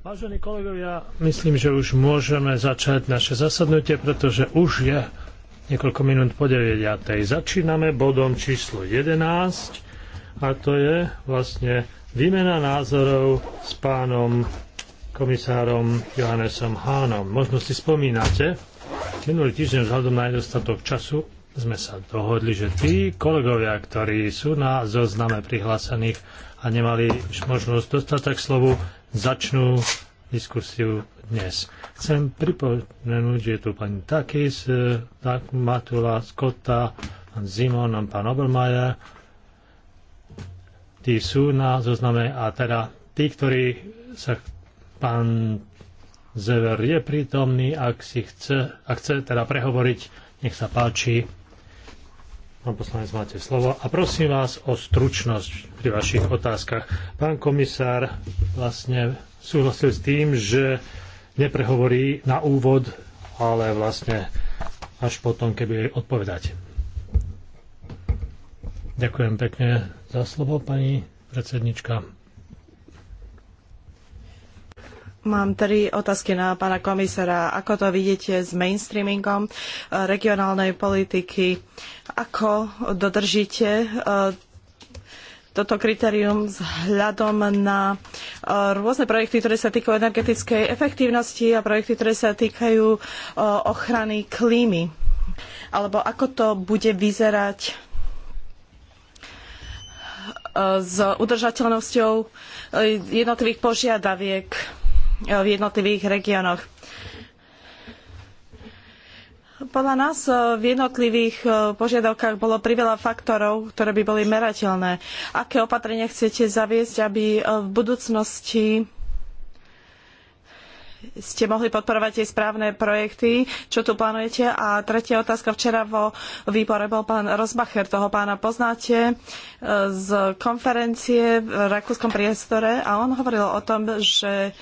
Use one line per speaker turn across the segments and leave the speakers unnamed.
Vážení kolegovia, myslím, že už môžeme začať naše zasadnutie, pretože už je niekoľko minút po 9. Začíname bodom číslo 11 a to je vlastne výmena názorov s pánom komisárom Johannesom Hánom. Možno si spomínate, minulý týždeň vzhľadom na nedostatok času sme sa dohodli, že tí kolegovia, ktorí sú na zozname prihlásených a nemali už možnosť dostať tak slovu, začnú diskusiu dnes. Chcem pripomenúť, že je tu pani Takis, eh, tak Matula, Skotta, pán Zimon a pán Obermajer. Tí sú na zozname a teda tí, ktorí sa pán Zever je prítomný, ak si chce, ak chce teda prehovoriť, nech sa páči. Pán poslanec, máte slovo. A prosím vás o stručnosť pri vašich otázkach. Pán komisár vlastne súhlasil s tým, že neprehovorí na úvod, ale vlastne až potom, keby odpovedať. Ďakujem pekne za slovo, pani predsednička.
Mám tri otázky na pána komisára. Ako to vidíte s mainstreamingom eh, regionálnej politiky? Ako dodržíte eh, toto kritérium vzhľadom na eh, rôzne projekty, ktoré sa týkajú energetickej efektívnosti a projekty, ktoré sa týkajú ochrany klímy? Alebo ako to bude vyzerať s udržateľnosťou jednotlivých požiadaviek Eh, v jednotlivých regiónoch. Podľa nás eh, v jednotlivých eh, požiadavkách bolo priveľa faktorov, ktoré by boli merateľné. Aké opatrenia chcete zaviesť, aby v budúcnosti ste mohli podporovať tie správne projekty, čo tu plánujete. A tretia otázka včera vo výbore bol pán Rozbacher, toho pána poznáte z konferencie v rakúskom priestore a on hovoril o tom, že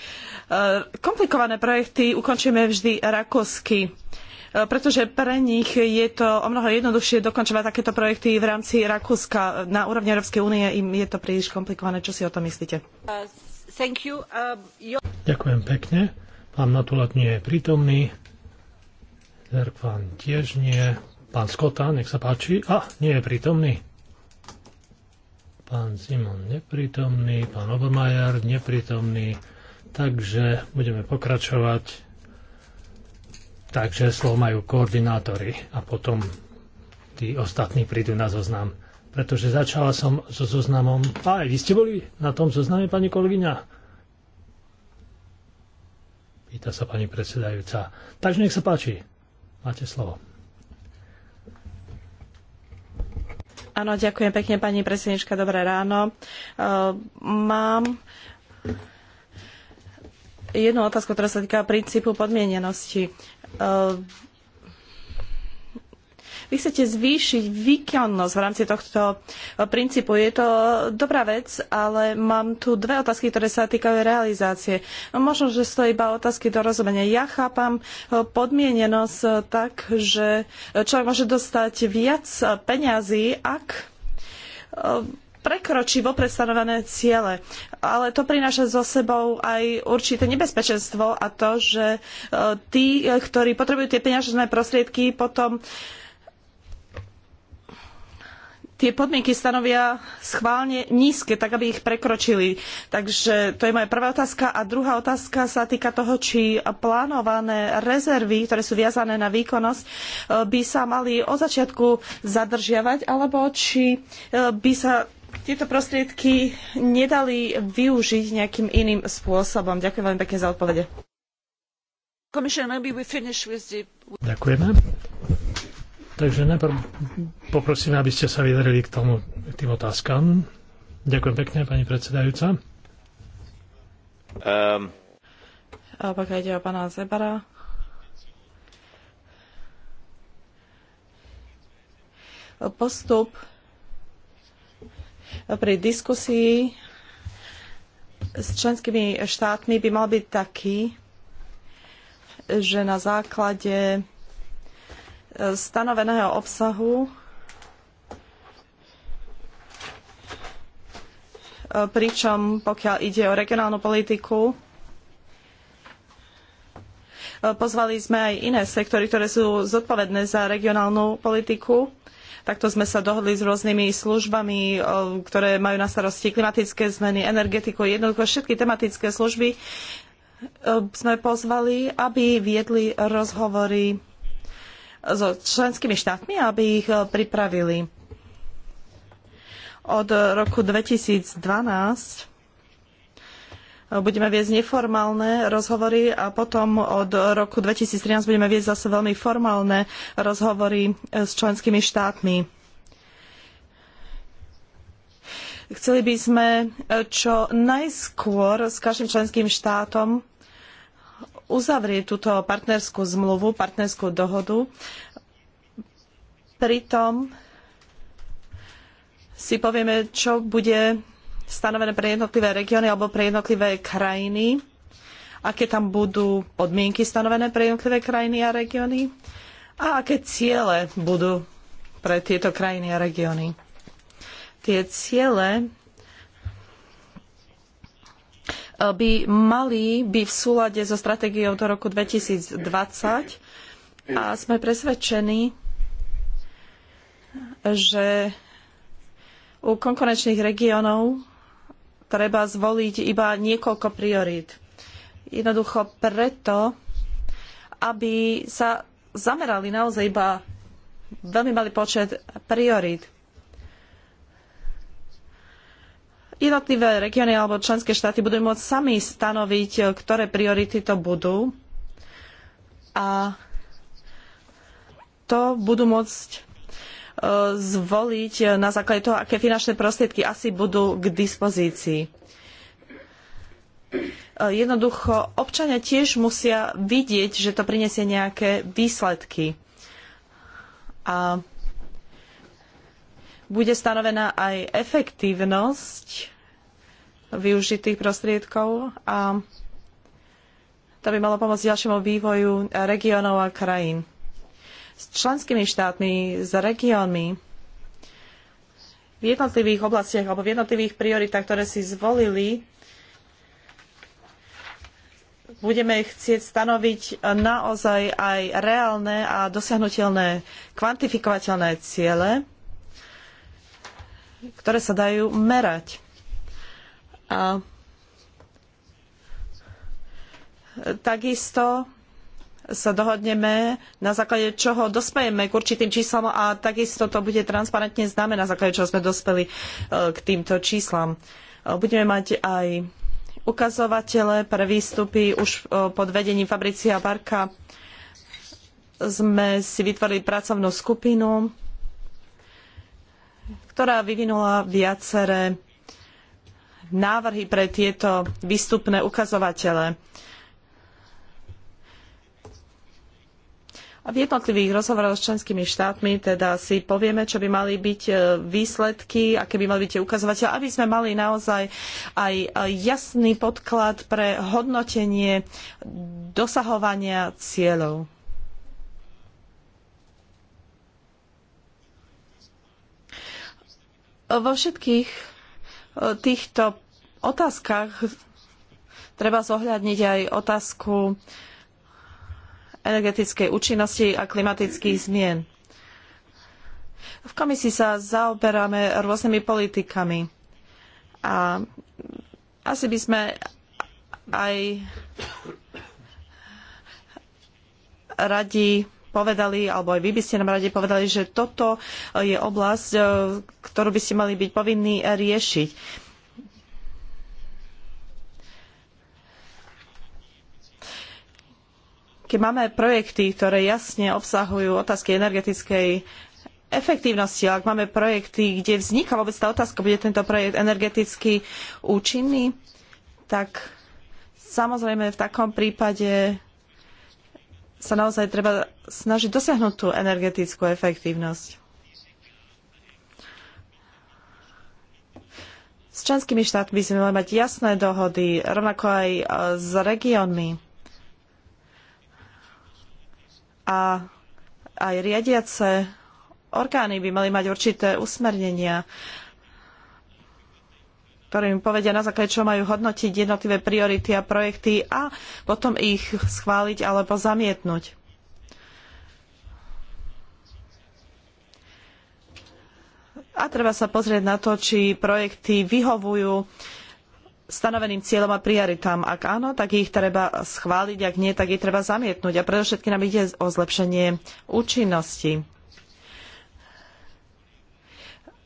Eh, komplikované projekty ukončíme vždy rakúsky eh, pretože pre nich je to omnoho jednoduchšie dokončovať takéto projekty v rámci Rakúska. Na úrovni Európskej únie im je to príliš komplikované. Čo si o tom myslíte? Eh,
Ďakujem pekne. Pán Matulat nie je prítomný. Zerkván tiež nie. Pán Skota, nech sa páči. A, nie je prítomný. Pán Simon neprítomný, pán Obermajer neprítomný, Takže budeme pokračovať. Takže slovo majú koordinátory a potom tí ostatní prídu na zoznam. Pretože začala som so zoznamom. A aj vy ste boli na tom zozname, pani kolegyňa? Pýta sa pani predsedajúca. Takže nech sa páči. Máte slovo.
Áno, ďakujem pekne, pani predsednička. Dobré ráno. Uh, mám jednu otázku, ktorá sa týka princípu podmienenosti. Ehm, vy chcete zvýšiť výkonnosť v rámci tohto princípu. Je to dobrá vec, ale mám tu dve otázky, ktoré sa týkajú realizácie. Možno, že sú to iba otázky do rozumenia. Ja chápam podmienenosť tak, že človek môže dostať viac peňazí, ak prekročí vopred stanovené ciele. Ale to prináša so sebou aj určité nebezpečenstvo a to, že e, tí, ktorí potrebujú tie peňažné prostriedky, potom tie podmienky stanovia schválne nízke, tak aby ich prekročili. Takže to je moja prvá otázka. A druhá otázka sa týka toho, či plánované rezervy, ktoré sú viazané na výkonnosť, e, by sa mali od začiatku zadržiavať, alebo či e, by sa tieto prostriedky nedali využiť nejakým iným spôsobom. Ďakujem veľmi pekne za odpovede.
Ďakujeme. Takže najprv poprosíme, aby ste sa vyjadrili k, tomu, k tým otázkam. Ďakujem pekne, pani predsedajúca. Um.
A pak ide o pána Zebara, postup pri diskusii s členskými štátmi by mal byť taký, že na základe e, stanoveného obsahu e, pričom pokiaľ ide o regionálnu politiku, e, pozvali sme aj iné sektory, ktoré sú zodpovedné za regionálnu politiku Takto sme sa dohodli s rôznymi službami, ktoré majú na starosti klimatické zmeny, energetiku, jednoducho všetky tematické služby sme pozvali, aby viedli rozhovory so členskými štátmi, aby ich pripravili. Od roku 2012 budeme viesť neformálne rozhovory a potom od roku 2013 budeme viesť zase veľmi formálne rozhovory e, s členskými štátmi. Chceli by sme e, čo najskôr s každým členským štátom uzavrieť túto partnerskú zmluvu, partnerskú dohodu. Pritom si povieme, čo bude stanovené pre jednotlivé regióny alebo pre jednotlivé krajiny, aké tam budú podmienky stanovené pre jednotlivé krajiny a regióny a aké ciele budú pre tieto krajiny a regióny. Tie ciele eh, by mali byť v súlade so stratégiou do roku 2020 a sme presvedčení, že u konkurenčných regiónov treba zvoliť iba niekoľko priorít. Jednoducho preto, aby sa zamerali naozaj iba veľmi malý počet priorít. Jednotlivé regióny alebo členské štáty budú môcť sami stanoviť, ktoré priority to budú a to budú môcť zvoliť e, na základe toho, aké finančné prostriedky asi budú k dispozícii. E, jednoducho, občania tiež musia vidieť, že to prinesie nejaké výsledky. A bude stanovená aj efektívnosť využitých prostriedkov a to by malo pomôcť ďalšiemu vývoju regiónov a krajín s členskými štátmi, s regiónmi v jednotlivých oblastiach alebo v jednotlivých prioritách, ktoré si zvolili, budeme chcieť stanoviť naozaj aj reálne a dosiahnutelné kvantifikovateľné ciele, ktoré sa dajú merať. A takisto sa dohodneme, na základe čoho dospejeme k určitým číslam a takisto to bude transparentne známe, na základe čoho sme dospeli e, k týmto číslam. E, budeme mať aj ukazovatele pre výstupy už e, pod vedením Fabricia Barka. Sme si vytvorili pracovnú skupinu, ktorá vyvinula viaceré návrhy pre tieto výstupné ukazovatele A v jednotlivých rozhovoroch s členskými štátmi teda si povieme, čo by mali byť e, výsledky, aké by mali byť tie aby sme mali naozaj aj e, jasný podklad pre hodnotenie dosahovania cieľov. Vo všetkých e, týchto otázkach treba zohľadniť aj otázku energetickej účinnosti a klimatických zmien. V komisii sa zaoberáme rôznymi politikami a asi by sme aj radi povedali, alebo aj vy by ste nám radi povedali, že toto je oblasť, ktorú by ste mali byť povinní riešiť. Keď máme projekty, ktoré jasne obsahujú otázky energetickej efektívnosti, ak máme projekty, kde vzniká vôbec tá otázka, bude tento projekt energeticky účinný, tak samozrejme v takom prípade sa naozaj treba snažiť dosiahnuť tú energetickú efektívnosť. S členskými štátmi by sme mali mať jasné dohody, rovnako aj e, s regiónmi a aj riadiace orgány by mali mať určité usmernenia, ktoré im povedia na základe, čo majú hodnotiť jednotlivé priority a projekty a potom ich schváliť alebo zamietnúť. A treba sa pozrieť na to, či projekty vyhovujú stanoveným cieľom a prioritám. Ak áno, tak ich treba schváliť, ak nie, tak ich treba zamietnúť. A predovšetkým nám ide o zlepšenie účinnosti.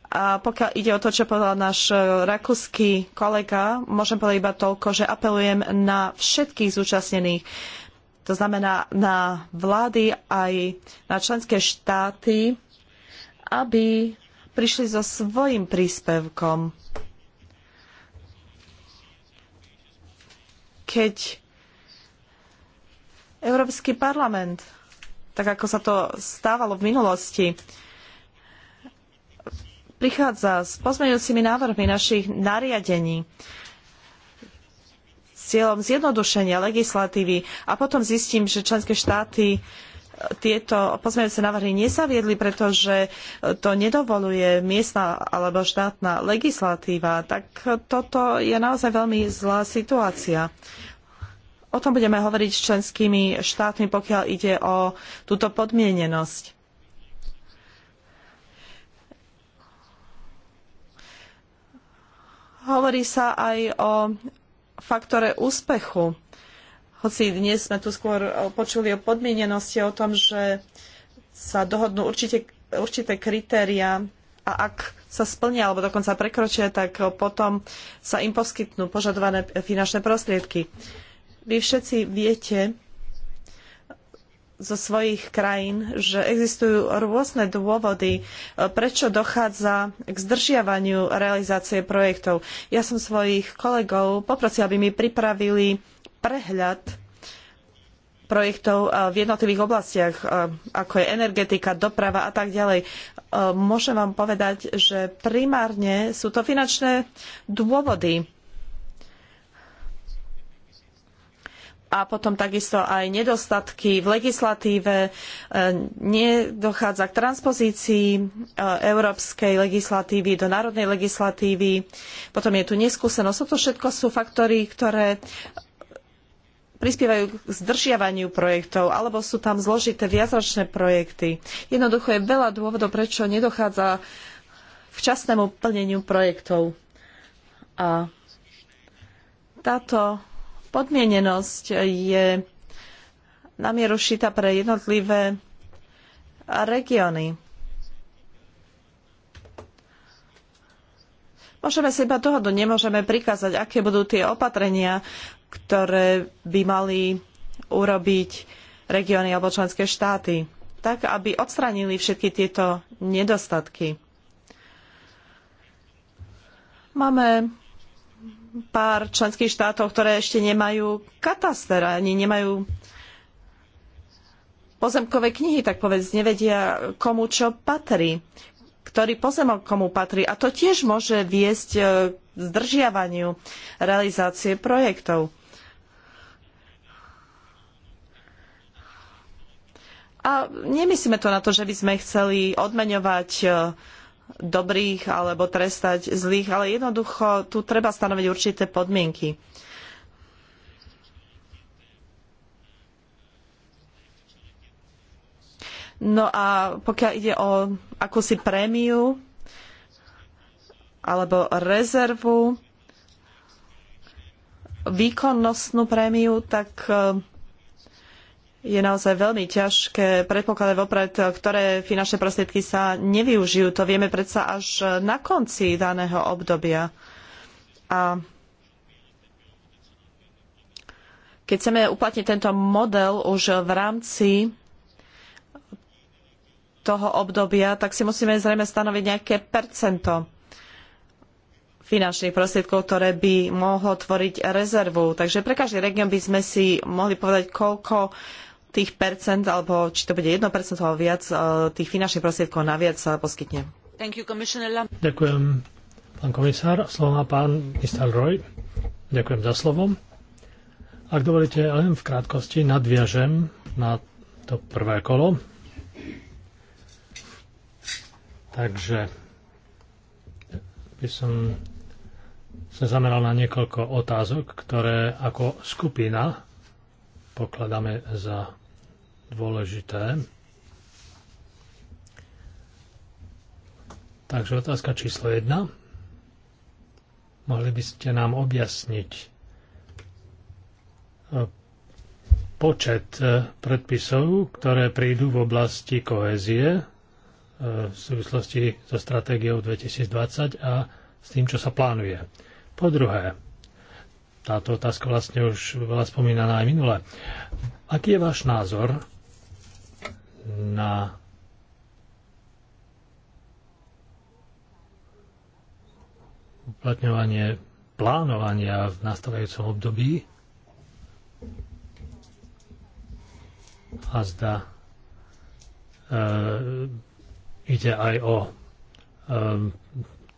A pokiaľ ide o to, čo povedal náš e, rakúsky kolega, môžem povedať iba toľko, že apelujem na všetkých zúčastnených, to znamená na vlády aj na členské štáty, aby prišli so svojím príspevkom keď Európsky parlament, tak ako sa to stávalo v minulosti, prichádza s pozmeňujúcimi návrhmi našich nariadení s cieľom zjednodušenia legislatívy a potom zistím, že členské štáty tieto pozmeňujúce návrhy nezaviedli, pretože to nedovoluje miestna alebo štátna legislatíva, tak toto je naozaj veľmi zlá situácia. O tom budeme hovoriť s členskými štátmi, pokiaľ ide o túto podmienenosť. Hovorí sa aj o faktore úspechu hoci dnes sme tu skôr eh, počuli o podmienenosti, o tom, že sa dohodnú určite, určité kritéria a ak sa splnia alebo dokonca prekročia, tak potom sa im poskytnú požadované finančné prostriedky. Vy všetci viete zo svojich krajín, že existujú rôzne dôvody, eh, prečo dochádza k zdržiavaniu realizácie projektov. Ja som svojich kolegov poprosila, aby mi pripravili prehľad projektov eh, v jednotlivých oblastiach, eh, ako je energetika, doprava a tak ďalej. Eh, môžem vám povedať, že primárne sú to finančné dôvody. A potom takisto aj nedostatky v legislatíve. Nedochádza k transpozícii európskej legislatívy do národnej legislatívy. Potom je tu neskúsenosť. Toto všetko sú faktory, ktoré prispievajú k zdržiavaniu projektov, alebo sú tam zložité viacročné projekty. Jednoducho je veľa dôvodov, prečo nedochádza k včasnému plneniu projektov. A táto podmienenosť je na mieru šita pre jednotlivé regióny. Môžeme si iba dohodu, nemôžeme prikázať, aké budú tie opatrenia, ktoré by mali urobiť regióny alebo členské štáty, tak aby odstránili všetky tieto nedostatky. Máme pár členských štátov, ktoré ešte nemajú kataster, ani nemajú pozemkové knihy, tak povedz, nevedia, komu čo patrí, ktorý pozemok komu patrí. A to tiež môže viesť e, zdržiavaniu realizácie projektov. A nemyslíme to na to, že by sme chceli odmeňovať e, dobrých alebo trestať zlých, ale jednoducho tu treba stanoviť určité podmienky. No a pokiaľ ide o akúsi prémiu, alebo rezervu, výkonnostnú prémiu, tak eh, je naozaj veľmi ťažké predpokladať vopred, eh, ktoré finančné prostriedky sa nevyužijú. To vieme predsa až eh, na konci daného obdobia. A keď chceme uplatniť tento model už v rámci toho obdobia, tak si musíme zrejme stanoviť nejaké percento finančných prostriedkov, ktoré by mohlo tvoriť rezervu. Takže pre každý región by sme si mohli povedať, koľko tých percent, alebo či to bude 1% alebo viac, e, tých finančných prostriedkov naviac sa e, poskytne. You,
Ďakujem, pán komisár. Slovo má pán Mr. Roy. Ďakujem za slovo. Ak dovolíte, len v krátkosti nadviažem na to prvé kolo. Takže by som sa zameral na niekoľko otázok, ktoré ako skupina pokladáme za dôležité. Takže otázka číslo 1. Mohli by ste nám objasniť e, počet e, predpisov, ktoré prídu v oblasti kohezie e, v súvislosti so stratégiou 2020 a s tým, čo sa plánuje. Po druhé, táto otázka vlastne už bola spomínaná aj minule. Aký je váš názor na uplatňovanie plánovania v nastávajúcom období a zda e, ide aj o e,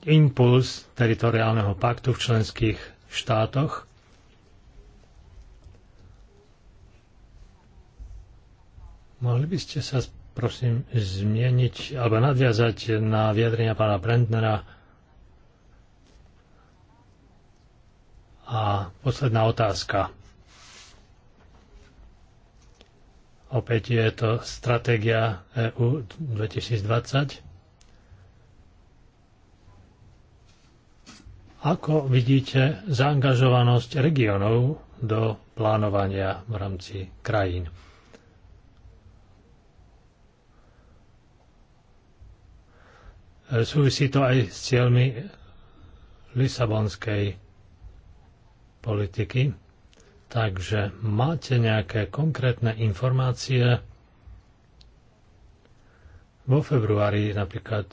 impuls teritoriálneho paktu v členských štátoch. Mohli by ste sa prosím zmieniť alebo nadviazať na vyjadrenia pána Brentnera. A posledná otázka. Opäť je to stratégia EU 2020. Ako vidíte zaangažovanosť regionov do plánovania v rámci krajín? Súvisí to aj s cieľmi Lisabonskej politiky. Takže máte nejaké konkrétne informácie? Vo februári napríklad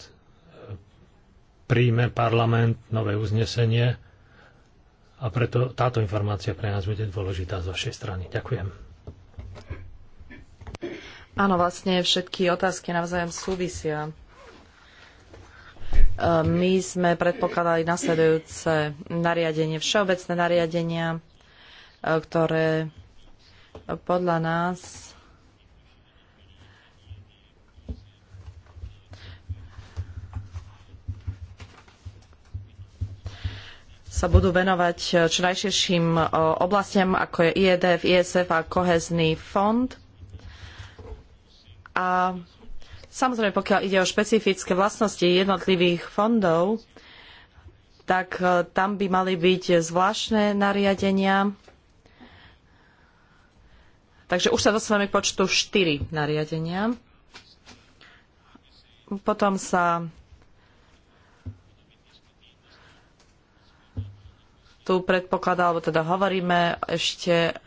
príjme parlament nové uznesenie a preto táto informácia pre nás bude dôležitá z vašej strany. Ďakujem.
Áno, vlastne všetky otázky navzájom súvisia. Ehm, my sme predpokladali nasledujúce nariadenie, všeobecné nariadenia, ehm, ktoré podľa nás sa budú venovať eh, čo najširším eh, oblastiam, ako je IEDF, ISF e a kohezný fond. A samozrejme, pokiaľ ide o špecifické vlastnosti jednotlivých fondov, tak eh, tam by mali byť zvláštne nariadenia. Takže už sa dostávame k počtu 4 nariadenia. Potom sa tu predpokladá, alebo teda hovoríme ešte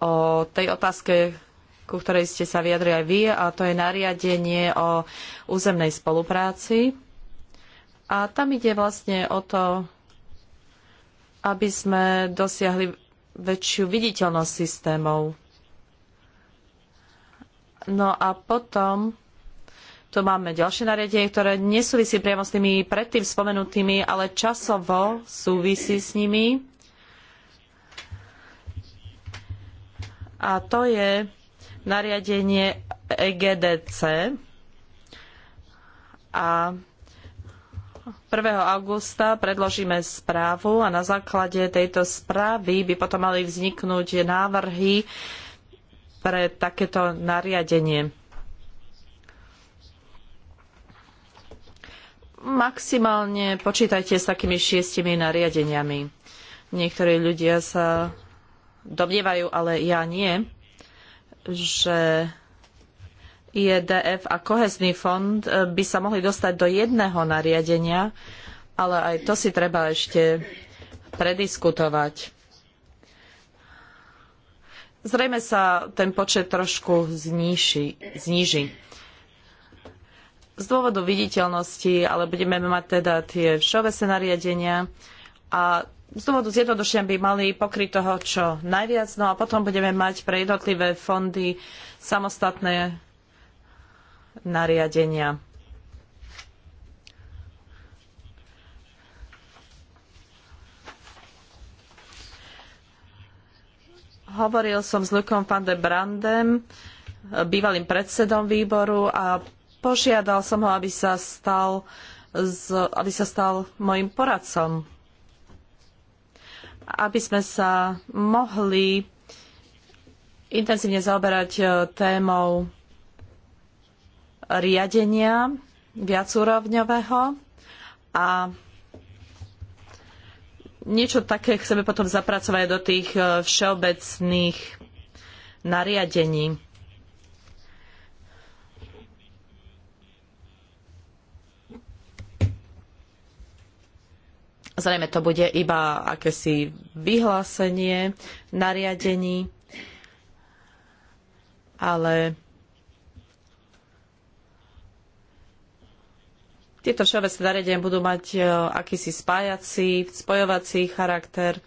o tej otázke, ku ktorej ste sa vyjadri aj vy, a to je nariadenie o územnej spolupráci. A tam ide vlastne o to, aby sme dosiahli väčšiu viditeľnosť systémov. No a potom tu máme ďalšie nariadenie, ktoré nesúvisí priamo s tými predtým spomenutými, ale časovo súvisí s nimi. A to je nariadenie EGDC. A 1. augusta predložíme správu a na základe tejto správy by potom mali vzniknúť návrhy pre takéto nariadenie maximálne počítajte s takými šiestimi nariadeniami. Niektorí ľudia sa domnievajú, ale ja nie, že IEDF a kohezný fond e, by sa mohli dostať do jedného nariadenia, ale aj to si treba ešte prediskutovať. Zrejme sa ten počet trošku zníži. zníži z dôvodu viditeľnosti, ale budeme mať teda tie všeobecné nariadenia a z dôvodu zjednodušenia by mali pokryť toho čo najviac, no a potom budeme mať pre jednotlivé fondy samostatné nariadenia. Hovoril som s Lukom van de Brandem, bývalým predsedom výboru a Požiadal som ho, aby sa stal, aby sa stal mojim poradcom. Aby sme sa mohli intenzívne zaoberať e, témou riadenia viacúrovňového a niečo také chceme potom zapracovať do tých e, všeobecných nariadení. Zrejme to bude iba akési vyhlásenie nariadení, ale tieto všeobecné nariadenia budú mať e, akýsi spájací, spojovací charakter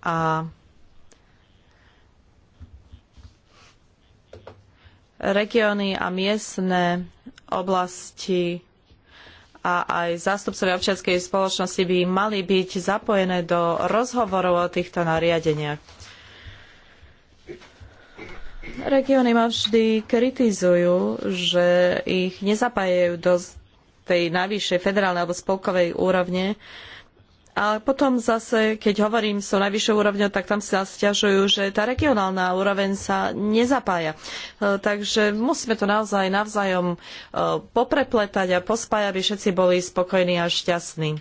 a regióny a miestne oblasti a aj zástupcovia občianskej spoločnosti by mali byť zapojené do rozhovorov o týchto nariadeniach. Regióny ma vždy kritizujú, že ich nezapájajú do tej najvyššej federálnej alebo spolkovej úrovne, ale potom zase, keď hovorím s so najvyššou úrovňou, tak tam sa stiažujú, že tá regionálna úroveň sa nezapája. E, takže musíme to naozaj navzájom e, poprepletať a pospájať, aby všetci boli spokojní a šťastní.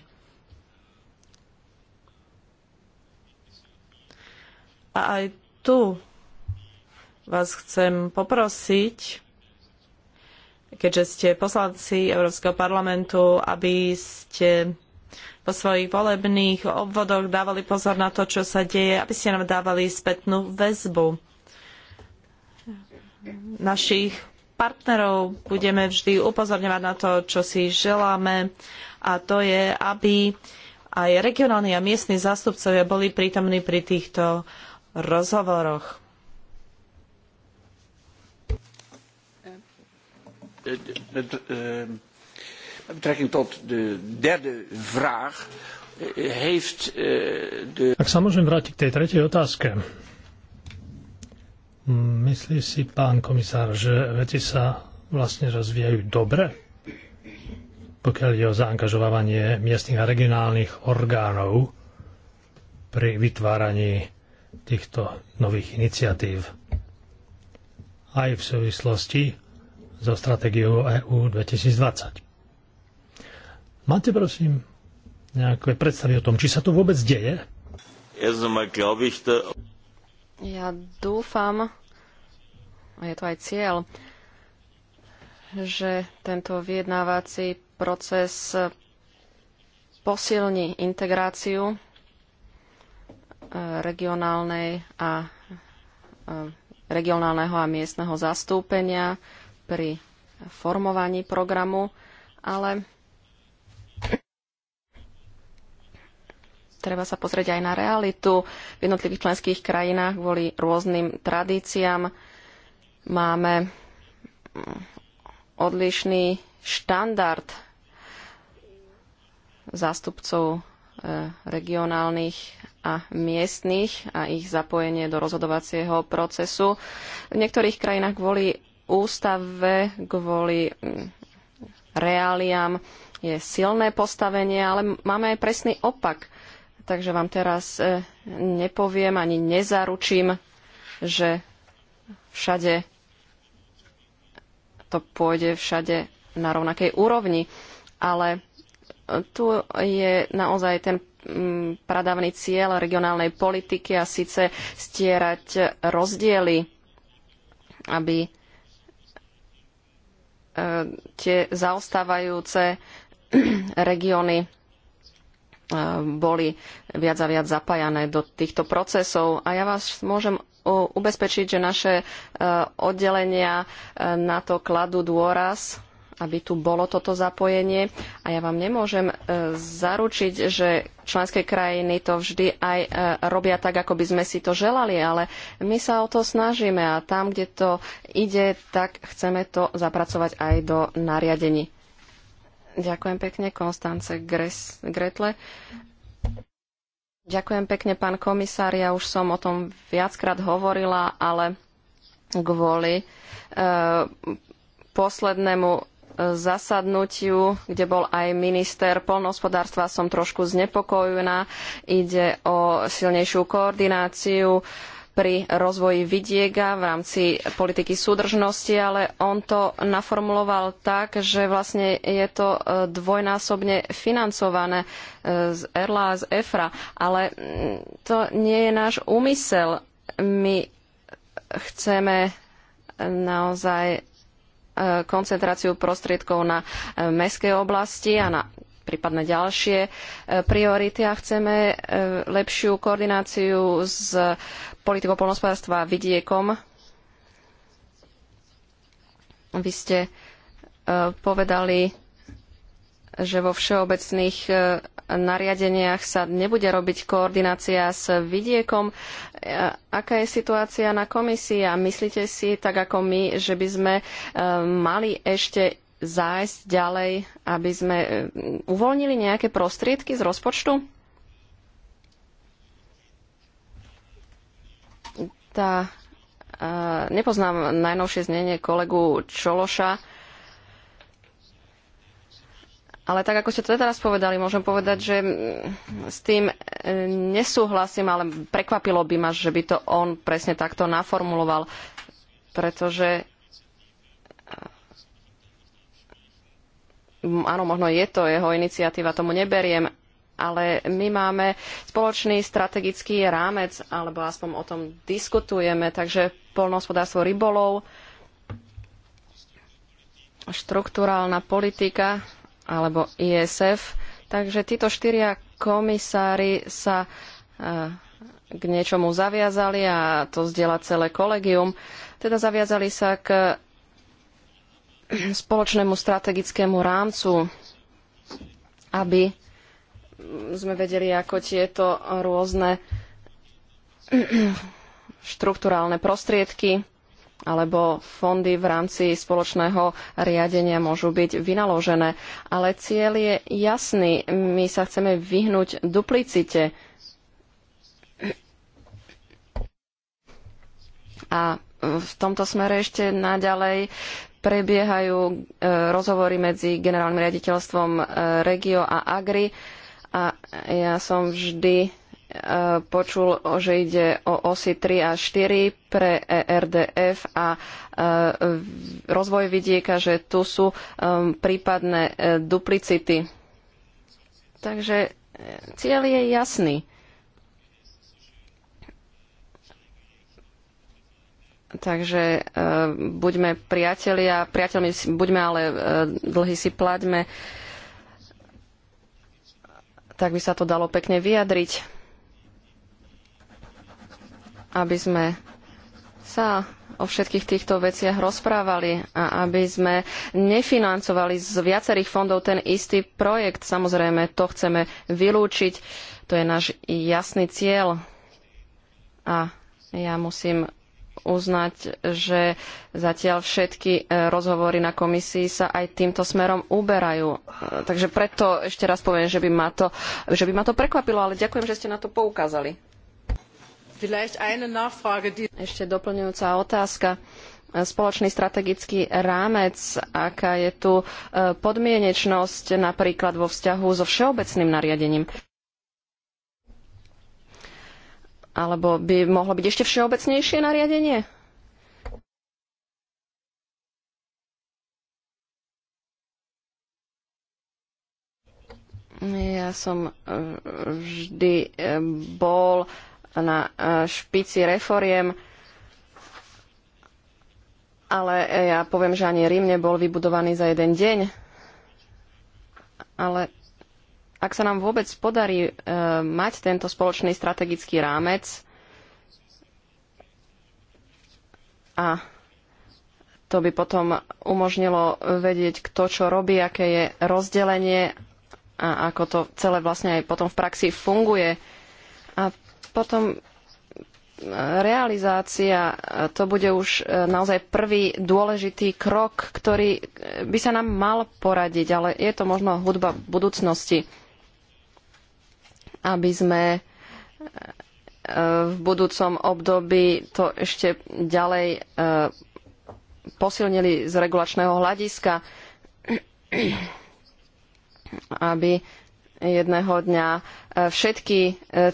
A aj tu vás chcem poprosiť, keďže ste poslanci Európskeho parlamentu, aby ste vo svojich volebných obvodoch dávali pozor na to, čo sa deje, aby ste nám dávali spätnú väzbu. Našich partnerov budeme vždy upozorňovať na to, čo si želáme a to je, aby aj regionálni a miestni zástupcovia boli prítomní pri týchto rozhovoroch.
Uh, uh, uh, Met betrekking tot de derde vraag eh, heeft eh, de... Ak sa môžem vrátiť k tej tretej otázke. Myslí si pán komisár, že veci sa vlastne rozvíjajú dobre? pokiaľ ide o zaangažovanie miestnych a regionálnych orgánov pri vytváraní týchto nových iniciatív. Aj v súvislosti so stratégiou EU 2020. Máte prosím nejaké predstavy o tom, či sa to vôbec deje?
Ja dúfam, a je to aj cieľ, že tento vyjednávací proces posilní integráciu e, regionálnej a e, regionálneho a miestneho zastúpenia pri formovaní programu, ale treba sa pozrieť aj na realitu. V jednotlivých členských krajinách kvôli rôznym tradíciám máme mm, odlišný štandard zástupcov e, regionálnych a miestnych a ich zapojenie do rozhodovacieho procesu. V niektorých krajinách kvôli ústave, kvôli mm, realiám je silné postavenie, ale máme aj presný opak. Takže vám teraz e, nepoviem ani nezaručím, že všade to pôjde všade na rovnakej úrovni. Ale tu je naozaj ten mm, pradávny cieľ regionálnej politiky a síce stierať rozdiely, aby e, tie zaostávajúce regióny boli viac a viac zapájané do týchto procesov. A ja vás môžem ubezpečiť, že naše e, oddelenia e, na to kladú dôraz, aby tu bolo toto zapojenie. A ja vám nemôžem e, zaručiť, že členské krajiny to vždy aj robia tak, ako by sme si to želali, ale my sa o to snažíme a tam, kde to ide, tak chceme to zapracovať aj do nariadení. Ďakujem pekne, Konstance Gretle. Ďakujem pekne, pán komisár. Ja už som o tom viackrát hovorila, ale kvôli e, poslednému e, zasadnutiu, kde bol aj minister poľnohospodárstva, som trošku znepokojená. Ide o silnejšiu koordináciu e, pri rozvoji vidieka v rámci politiky súdržnosti, ale on to naformuloval tak, že vlastne je to e, dvojnásobne financované e, z ERLA a z EFRA. Ale mm, to nie je náš úmysel. My chceme naozaj e, koncentráciu prostriedkov na mestské oblasti a na prípadne ďalšie e, priority a chceme e, lepšiu koordináciu s politikou polnospodárstva a vidiekom. Vy ste e, povedali, že vo všeobecných nariadeniach sa nebude robiť koordinácia s vidiekom. Aká je situácia na komisii a myslíte si, tak ako my, že by sme mali ešte zájsť ďalej, aby sme e, uvoľnili nejaké prostriedky z rozpočtu? Tá, e, nepoznám najnovšie znenie kolegu Čološa, ale tak, ako ste to teraz povedali, môžem povedať, že s tým e, nesúhlasím, ale prekvapilo by ma, že by to on presne takto naformuloval, pretože áno, možno je to jeho iniciatíva, tomu neberiem, ale my máme spoločný strategický rámec, alebo aspoň o tom diskutujeme, takže polnohospodárstvo rybolov, štruktúrálna politika alebo ISF. Takže títo štyria komisári sa e, k niečomu zaviazali a to zdieľa celé kolegium. Teda zaviazali sa k spoločnému strategickému rámcu, aby sme vedeli, ako tieto rôzne štruktúrálne prostriedky alebo fondy v rámci spoločného riadenia môžu byť vynaložené. Ale cieľ je jasný. My sa chceme vyhnúť duplicite. A v tomto smere ešte naďalej prebiehajú e, rozhovory medzi generálnym riaditeľstvom e, Regio a Agri a ja som vždy e, počul, že ide o osy 3 a 4 pre ERDF a rozvoj vidieka, že tu sú prípadné duplicity. Takže cieľ je jasný. Takže uh, buďme priatelia, priateľmi buďme, ale uh, e, dlhy si plaťme. Tak by sa to dalo pekne vyjadriť, aby sme sa o všetkých týchto veciach rozprávali a aby sme nefinancovali z viacerých fondov ten istý projekt. Samozrejme, to chceme vylúčiť. To je náš jasný cieľ. A ja musím uznať, že zatiaľ všetky e, rozhovory na komisii sa aj týmto smerom uberajú. E, takže preto ešte raz poviem, že by ma to, že by ma to prekvapilo, ale ďakujem, že ste na to poukázali. Ešte doplňujúca otázka e, spoločný strategický rámec, aká je tu podmienečnosť napríklad vo vzťahu so všeobecným nariadením. Alebo by mohlo byť ešte všeobecnejšie nariadenie? Ja som e, vždy e, bol na e, špici reforiem, ale ja poviem, že ani Rím nebol vybudovaný za jeden deň. Ale ak sa nám vôbec podarí e, mať tento spoločný strategický rámec a to by potom umožnilo vedieť, kto čo robí, aké je rozdelenie a ako to celé vlastne aj potom v praxi funguje. A potom e, realizácia, e, to bude už e, naozaj prvý dôležitý krok, ktorý by sa nám mal poradiť, ale je to možno hudba budúcnosti aby sme e, v budúcom období to ešte ďalej e, posilnili z regulačného hľadiska, aby jedného dňa e, všetky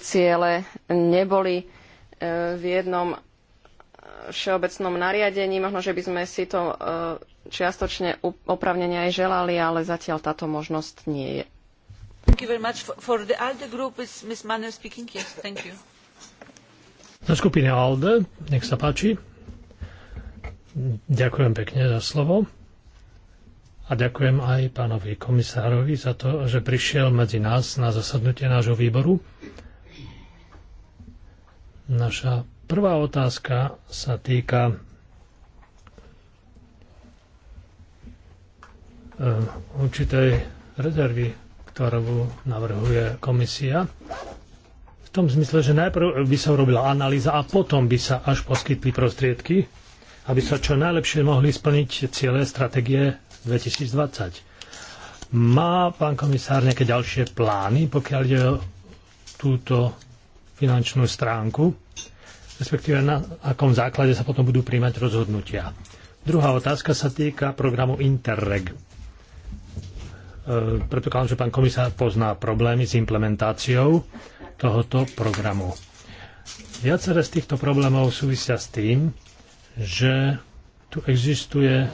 ciele neboli v jednom všeobecnom nariadení. Možno, že by sme si to čiastočne opravnenia aj želali, ale zatiaľ táto možnosť nie je.
Thank you ALDE e
Za skupine ALDE, nech sa páči. Ďakujem pekne za slovo. A ďakujem aj pánovi komisárovi za to, že prišiel medzi nás na zasadnutie nášho výboru. Naša prvá otázka sa týka eh, určitej rezervy ktorú navrhuje komisia. V tom zmysle, že najprv by sa urobila analýza a potom by sa až poskytli prostriedky, aby sa čo najlepšie mohli splniť ciele stratégie 2020. Má pán komisár nejaké ďalšie plány, pokiaľ ide o túto finančnú stránku, respektíve na akom základe sa potom budú príjmať rozhodnutia. Druhá otázka sa týka programu Interreg E, predpokladám, že pán komisár pozná problémy s implementáciou tohoto programu. Viacere z týchto problémov súvisia s tým, že tu existuje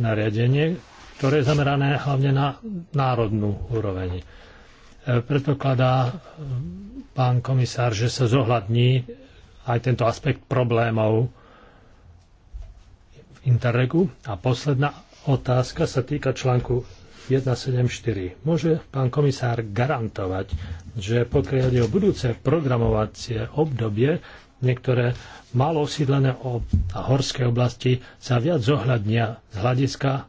nariadenie, ktoré je zamerané hlavne na národnú úroveň. E, predpokladá e, pán komisár, že sa zohľadní aj tento aspekt problémov v Interregu. A posledná otázka sa týka článku 174. Môže pán komisár garantovať, že pokiaľ ide o budúce programovacie obdobie, niektoré malo osídlené a horské oblasti sa viac zohľadnia z hľadiska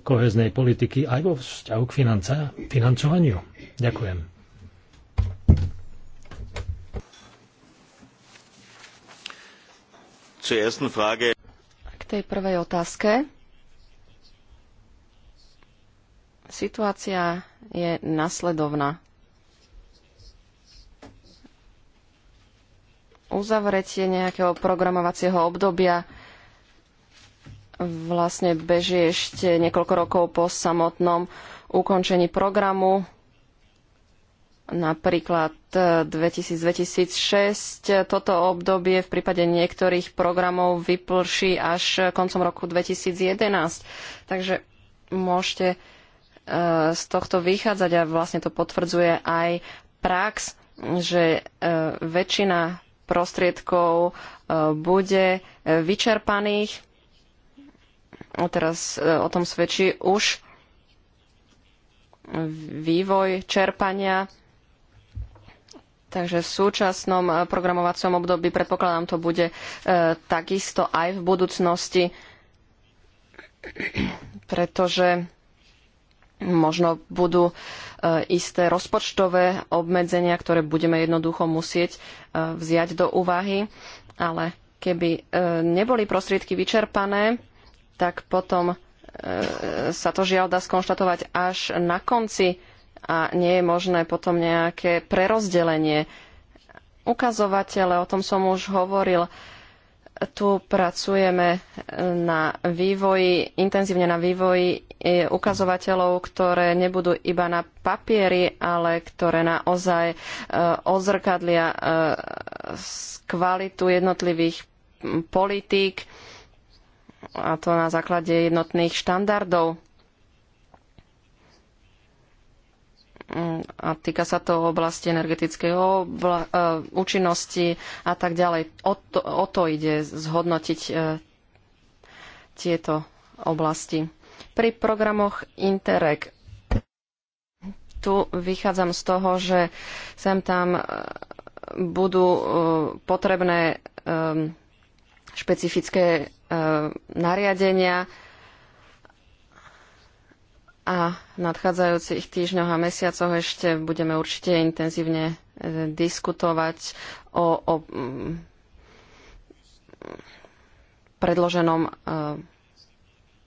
koheznej politiky aj vo vzťahu k financa, financovaniu. Ďakujem.
K tej prvej otázke Situácia je nasledovná. Uzavretie nejakého programovacieho obdobia vlastne beží ešte niekoľko rokov po samotnom ukončení programu napríklad 2000-2006. E, toto obdobie v prípade niektorých programov vyplší až koncom roku 2011. Takže môžete z tohto vychádzať a vlastne to potvrdzuje aj prax, že e, väčšina prostriedkov e, bude vyčerpaných. Teraz e, o tom svedčí už vývoj čerpania. Takže v súčasnom programovacom období predpokladám to bude takisto aj v budúcnosti, pretože možno budú e, isté rozpočtové obmedzenia, ktoré budeme jednoducho musieť e, vziať do úvahy, ale keby e, neboli prostriedky vyčerpané, tak potom sa to žiaľ dá skonštatovať až na konci a nie je možné potom nejaké prerozdelenie. Ukazovatele, o tom som už hovoril, tu pracujeme na vývoji, intenzívne na vývoji E, ukazovateľov, ktoré nebudú iba na papieri, ale ktoré naozaj e, ozrkadlia e, kvalitu jednotlivých politík a to na základe jednotných štandardov. Mm, a týka sa to oblasti energetickej obla- účinnosti a tak ďalej. O to, o to ide zhodnotiť tieto oblasti pri programoch Interreg. Tu vychádzam z toho, že sem tam e, budú e, potrebné e, špecifické nariadenia a v nadchádzajúcich týždňoch a mesiacoch ešte budeme určite intenzívne diskutovať o, o predloženom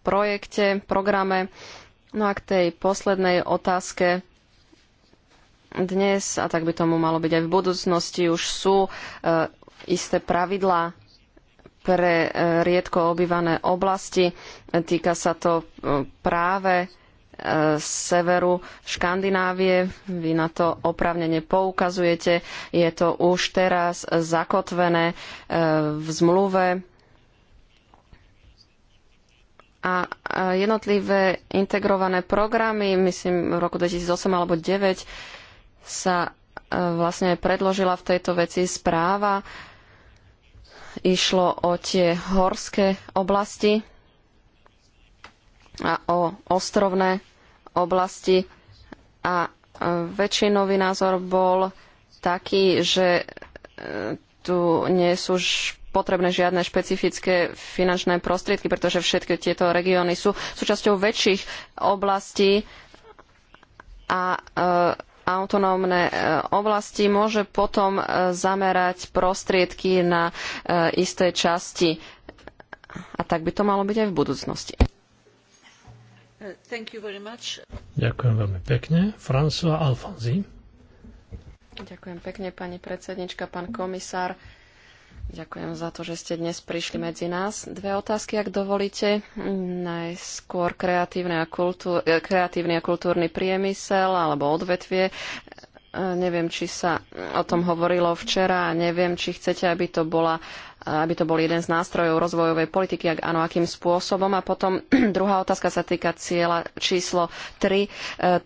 projekte, programe. No a k tej poslednej otázke dnes, a tak by tomu malo byť aj v budúcnosti, už sú e, isté pravidlá pre e, riedko obývané oblasti. Týka sa to e, práve z e, severu Škandinávie. Vy na to opravnenie poukazujete. Je to už teraz zakotvené e, v zmluve a jednotlivé integrované programy, myslím v roku 2008 alebo 2009, sa e, vlastne predložila v tejto veci správa. Išlo o tie horské oblasti a o ostrovné oblasti a e, väčšinový názor bol taký, že e, tu nie sú potrebné žiadne špecifické finančné prostriedky, pretože všetky tieto regióny sú súčasťou väčších oblastí a e, autonómne e, oblasti môže potom e, zamerať prostriedky na isté časti. A tak by to malo byť aj v budúcnosti.
Ďakujem veľmi pekne. François Alfonzi.
Ďakujem pekne, pani predsednička, pán komisár. Ďakujem za to, že ste dnes prišli medzi nás. Dve otázky, ak dovolíte. Najskôr kreatívny a, kultúr, eh, kreatívny a kultúrny priemysel alebo odvetvie. E, neviem, či sa e, o tom hovorilo včera a neviem, či chcete, aby to, bola, e, aby to bol jeden z nástrojov rozvojovej politiky, ak áno, akým spôsobom. A potom druhá otázka sa týka cieľa číslo 3.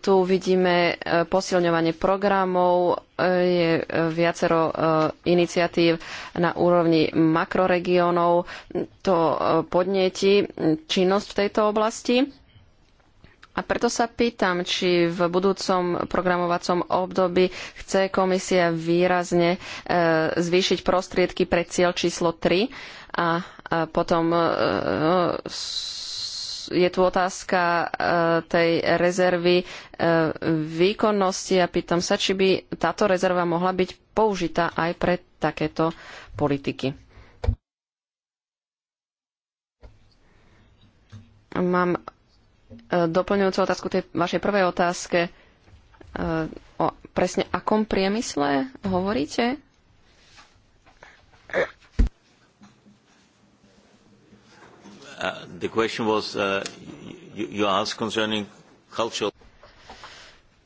Tu vidíme posilňovanie programov, je viacero iniciatív na úrovni makroregiónov. To podnieti činnosť v tejto oblasti a preto sa pýtam, či v budúcom programovacom období chce komisia výrazne e, zvýšiť prostriedky pre cieľ číslo 3 a, a potom e, e je tu otázka e, tej rezervy e, výkonnosti a pýtam sa, či by táto rezerva mohla byť použitá aj pre takéto politiky. Mám E, doplňujúcu otázku tej vašej prvej otázke. E, o presne akom priemysle hovoríte?
Uh, the question was, uh, you asked concerning cultural...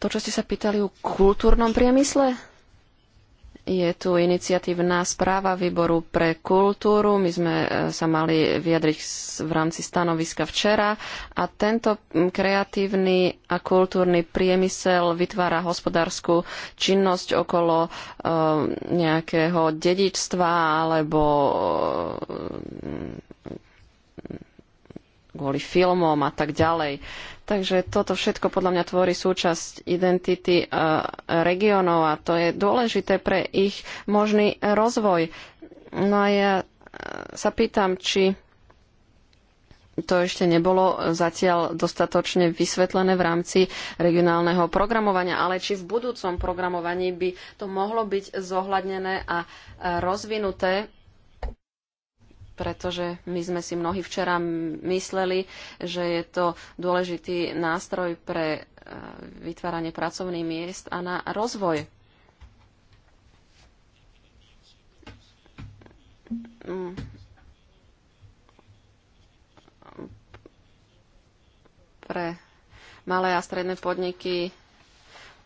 To, čo ste sa pýtali o kultúrnom priemysle? Je tu iniciatívna správa výboru pre kultúru. My sme sa mali vyjadriť v rámci stanoviska včera. A tento kreatívny a kultúrny priemysel vytvára hospodárskú činnosť okolo nejakého dedičstva alebo kvôli filmom a tak ďalej. Takže toto všetko podľa mňa tvorí súčasť identity eh, regiónov a to je dôležité pre ich možný rozvoj. No a ja eh, sa pýtam, či to ešte nebolo zatiaľ dostatočne vysvetlené v rámci regionálneho programovania, ale či v budúcom programovaní by to mohlo byť zohľadnené a eh, rozvinuté pretože my sme si mnohí včera mysleli, že je to dôležitý nástroj pre e, vytváranie pracovných miest a na rozvoj. Pre malé a stredné podniky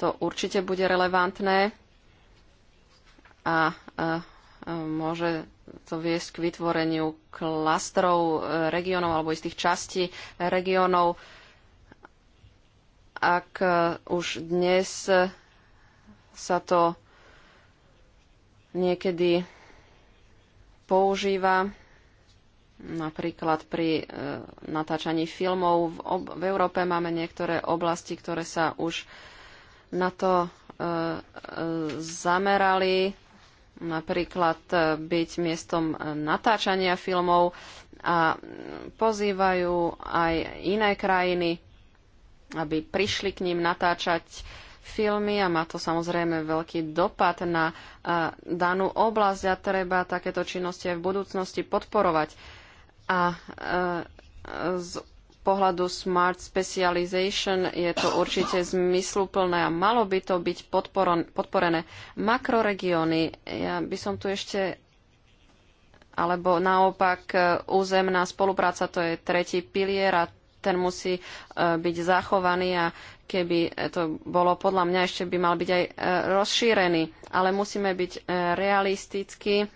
to určite bude relevantné a, a, e, a e, môže to viesť k vytvoreniu klastrov e, regionov alebo istých častí regionov. Ak e, už dnes e, sa to niekedy používa napríklad pri natáčaní filmov. V, v Európe máme niektoré oblasti, ktoré sa už na to zamerali napríklad e, byť miestom e, natáčania filmov a pozývajú aj iné krajiny, aby prišli k ním natáčať filmy a má to samozrejme veľký dopad na e, danú oblasť a treba takéto činnosti aj v budúcnosti podporovať. A z pohľadu Smart Specialization je to určite zmysluplné a malo by to byť podporon, podporené. Makroregióny, ja by som tu ešte alebo naopak e, územná spolupráca, to je tretí pilier a ten musí e, byť zachovaný a keby to bolo podľa mňa ešte by mal byť aj e, rozšírený. Ale musíme byť realistickí.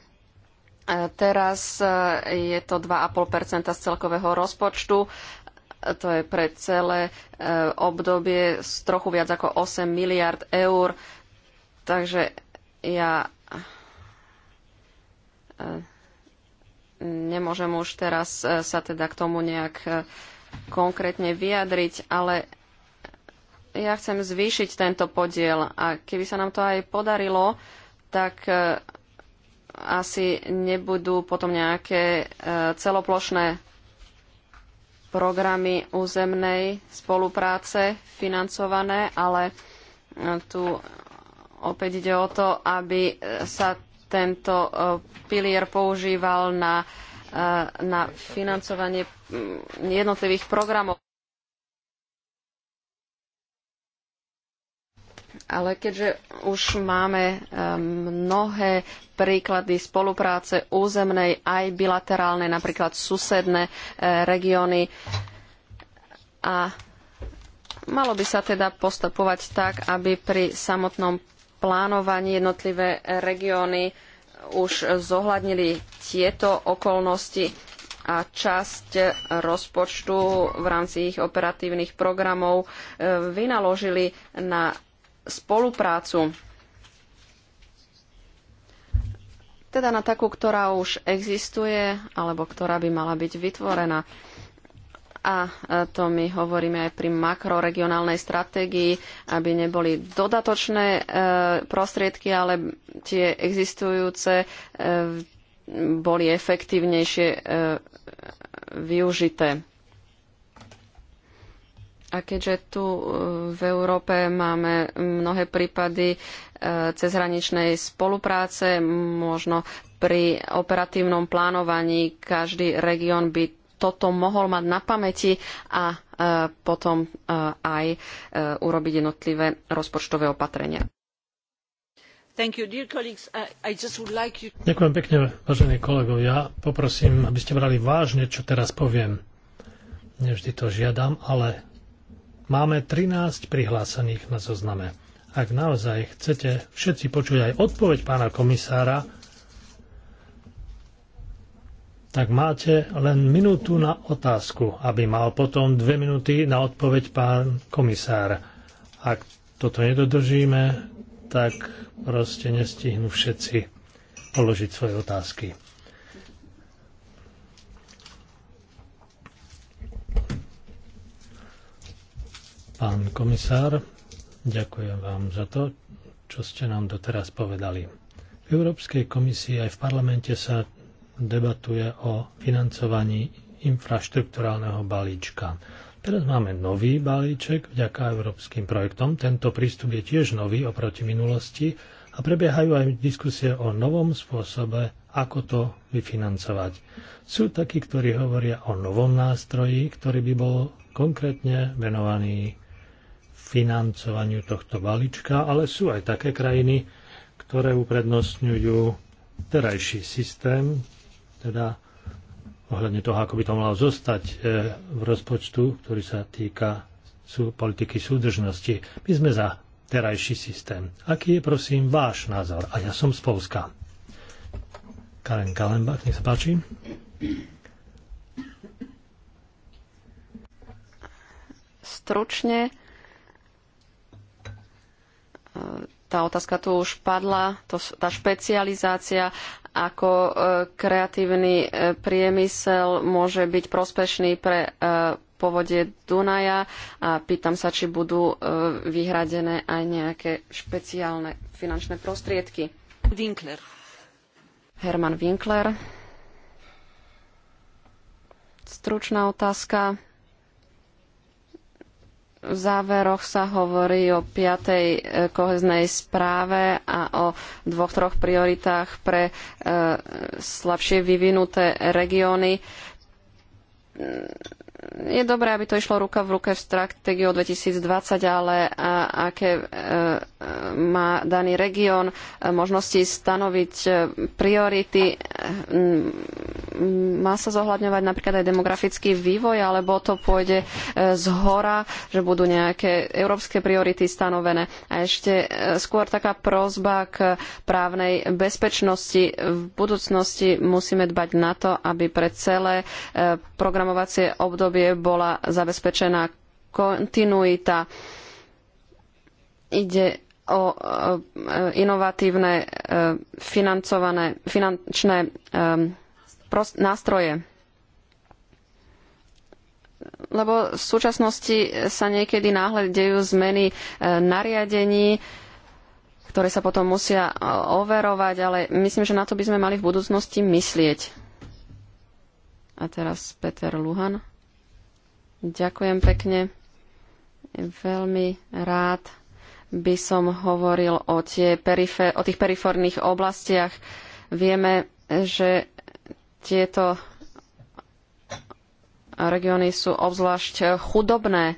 Teraz je to 2,5 z celkového rozpočtu to je pre celé e, obdobie z trochu viac ako 8 miliard eur. Takže ja e, nemôžem už teraz e, sa teda k tomu nejak konkrétne vyjadriť, ale ja chcem zvýšiť tento podiel a keby sa nám to aj podarilo, tak asi nebudú potom nejaké celoplošné programy územnej spolupráce financované, ale e, tu opäť ide o to, aby e, sa tento e, pilier používal na, na financovanie jednotlivých programov. Ale keďže už máme eh, mnohé príklady spolupráce územnej aj bilaterálnej, napríklad susedné eh, regióny, a malo by sa teda postupovať tak, aby pri samotnom plánovaní jednotlivé regióny už zohľadnili tieto okolnosti a časť eh, rozpočtu v rámci ich operatívnych programov vynaložili na spoluprácu. Teda na takú, ktorá už existuje, alebo ktorá by mala byť vytvorená. A e, to my hovoríme aj pri makroregionálnej stratégii, aby neboli dodatočné e, prostriedky, ale tie existujúce e, boli efektívnejšie využité. A keďže tu e, v Európe máme mnohé prípady e, cezhraničnej spolupráce, možno pri operatívnom plánovaní každý región by toto mohol mať na pamäti a e, potom aj urobiť jednotlivé rozpočtové opatrenia.
Ďakujem pekne, vážení kolegov. Ja poprosím, aby ste brali vážne, čo teraz poviem. Nevždy to žiadam, ale Máme 13 prihlásených na zozname. Ak naozaj chcete všetci počuť aj odpoveď pána komisára, tak máte len minútu na otázku, aby mal potom dve minúty na odpoveď pán komisár. Ak toto nedodržíme, tak proste nestihnú všetci položiť svoje otázky. Pán komisár, ďakujem vám za to, čo ste nám doteraz povedali. V Európskej komisii aj v parlamente sa debatuje o financovaní infraštruktúrálneho balíčka. Teraz máme nový balíček vďaka európskym projektom. Tento prístup je tiež nový oproti minulosti a prebiehajú aj diskusie o novom spôsobe, ako to vyfinancovať. Sú takí, ktorí hovoria o novom nástroji, ktorý by bol konkrétne venovaný financovaniu tohto balíčka, ale sú aj také krajiny, ktoré uprednostňujú terajší systém, teda ohľadne toho, ako by to malo zostať e, v rozpočtu, ktorý sa týka politiky súdržnosti. My sme za terajší systém. Aký je, prosím, váš názor? A ja som z Polska. Karen Kalenbach, nech sa páči.
Stručne tá otázka tu už padla, to, tá špecializácia, ako e, kreatívny e, priemysel môže byť prospešný pre e, povode Dunaja a pýtam sa, či budú vyhradené aj nejaké špeciálne finančné prostriedky. Winkler. Herman Winkler. Stručná otázka záveroch sa hovorí o piatej e, koheznej správe a o dvoch, troch prioritách pre e, slabšie vyvinuté regióny je dobré, aby to išlo ruka v ruke v stratégiu 2020, ale aké e, e, má daný región e, možnosti stanoviť priority, má sa zohľadňovať napríklad aj demografický vývoj, alebo to pôjde z hora, že budú nejaké európske priority stanovené. A ešte skôr taká prozba k právnej bezpečnosti. V budúcnosti musíme dbať na to, aby pre celé programovacie obdobie obdobie bola zabezpečená kontinuita. Ide o e, inovatívne e, financované, finančné e, nástroje. Lebo v súčasnosti sa niekedy náhle dejú zmeny nariadení, ktoré sa potom musia overovať, ale myslím, že na to by sme mali v budúcnosti myslieť. A teraz Peter Luhan. Ďakujem pekne. Veľmi rád by som hovoril o, tie perifé, o tých periférnych oblastiach. Vieme, že tieto regióny sú obzvlášť chudobné,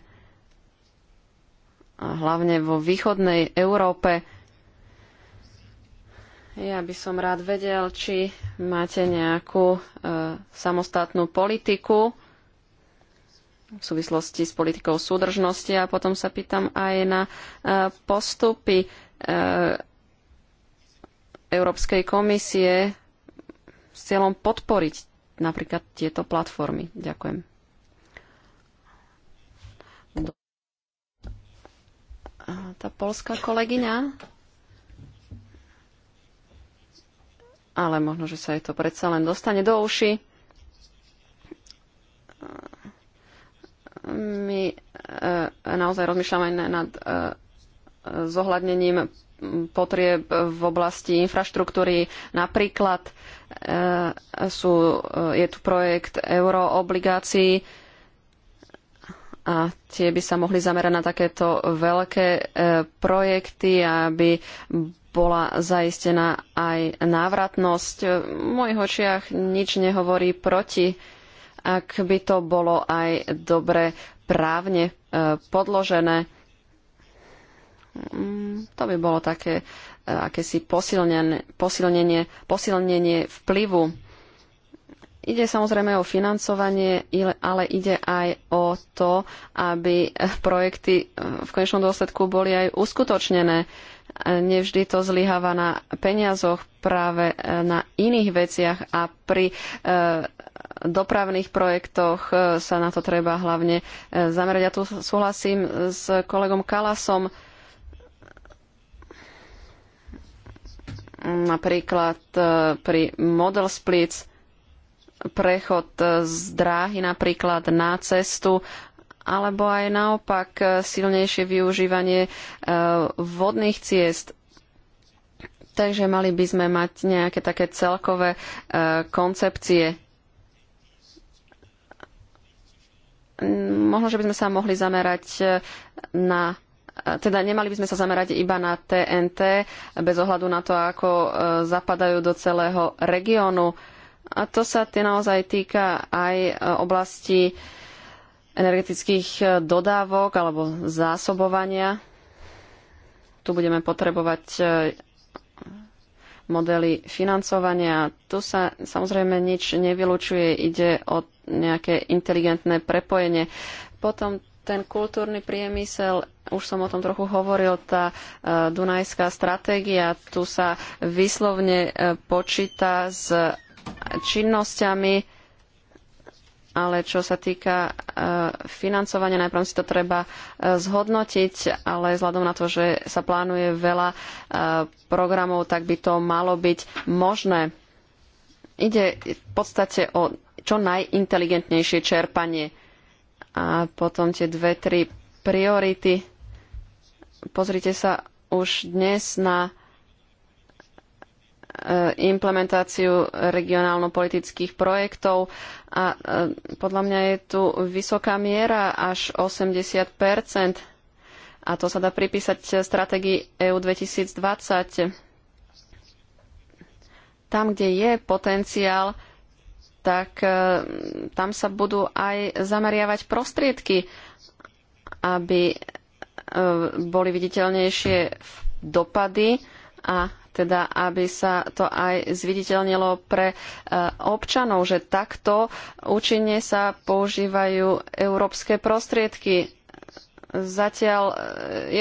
hlavne vo východnej Európe. Ja by som rád vedel, či máte nejakú e, samostatnú politiku v súvislosti s politikou súdržnosti a potom sa pýtam aj na e, postupy e, Európskej komisie s cieľom podporiť napríklad tieto platformy. Ďakujem. Tá polská kolegyňa. Ale možno, že sa jej to predsa len dostane do uši. My e, naozaj rozmýšľame aj nad e, zohľadnením potrieb v oblasti infraštruktúry. Napríklad e, sú, je tu projekt euroobligácií a tie by sa mohli zamerať na takéto veľké projekty, aby bola zaistená aj návratnosť. V mojich očiach nič nehovorí proti ak by to bolo aj dobre právne e, podložené. Mm, to by bolo také e, akési posilnenie, posilnenie, posilnenie vplyvu. Ide samozrejme o financovanie, ale ide aj o to, aby projekty e, v konečnom dôsledku boli aj uskutočnené. Nevždy to zlyháva na peniazoch, práve na iných veciach a pri dopravných projektoch e, sa na to treba hlavne e, zamerať. Ja tu súhlasím s kolegom Kalasom. Napríklad e, pri model splits prechod z dráhy napríklad na cestu alebo aj naopak silnejšie využívanie vodných ciest takže mali by sme mať nejaké také celkové koncepcie. možno, že by sme sa mohli zamerať e, na e, teda nemali by sme sa zamerať iba na TNT bez ohľadu na to, ako e, zapadajú do celého regiónu. A to sa tie naozaj týka aj oblasti energetických dodávok alebo zásobovania. Tu budeme potrebovať modely financovania. Tu sa samozrejme nič nevylučuje, ide o nejaké inteligentné prepojenie. Potom ten kultúrny priemysel, už som o tom trochu hovoril, tá e, Dunajská stratégia, tu sa vyslovne e, počíta s činnosťami, ale čo sa týka e, financovania, najprv si to treba e, zhodnotiť, ale vzhľadom na to, že sa plánuje veľa e, programov, tak by to malo byť možné. Ide v podstate o čo najinteligentnejšie čerpanie a potom tie dve, tri priority. Pozrite sa už dnes na E, implementáciu regionálno-politických projektov a e, podľa mňa je tu vysoká miera až 80 a to sa dá pripísať stratégii EU 2020. Tam, kde je potenciál, tak e, tam sa budú aj zameriavať prostriedky, aby boli viditeľnejšie dopady a teda aby sa to aj zviditeľnilo pre e, občanov, že takto účinne sa používajú európske prostriedky. Zatiaľ e,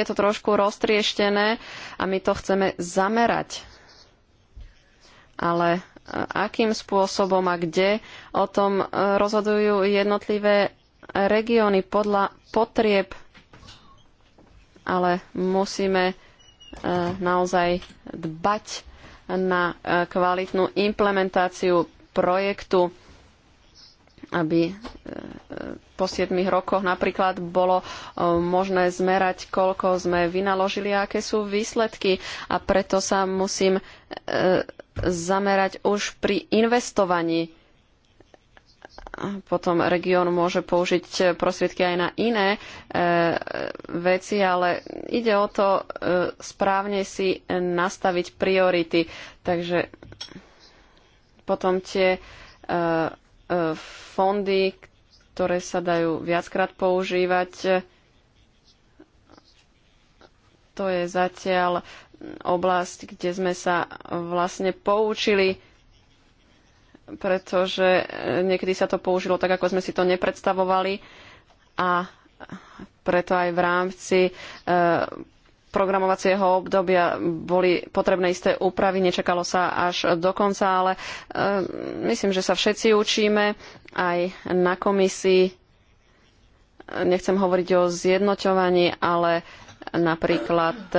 je to trošku roztrieštené a my to chceme zamerať. Ale e, akým spôsobom a kde, o tom rozhodujú jednotlivé regióny podľa potrieb. Ale musíme Eh, naozaj dbať na eh, kvalitnú implementáciu projektu, aby eh, po 7 rokoch napríklad bolo možné zmerať, koľko sme vynaložili a aké sú výsledky. A preto sa musím zamerať už pri investovaní potom región môže použiť prostriedky aj na iné e, veci, ale ide o to e, správne si nastaviť priority. Takže potom tie e, e fondy, ktoré sa dajú viackrát používať, e, to je zatiaľ oblasť, kde sme sa vlastne poučili pretože e, niekedy sa to použilo tak, ako sme si to nepredstavovali a preto aj v rámci e, programovacieho obdobia boli potrebné isté úpravy, nečakalo sa až do konca, ale e, myslím, že sa všetci učíme aj na komisii. Nechcem hovoriť o zjednoťovaní, ale napríklad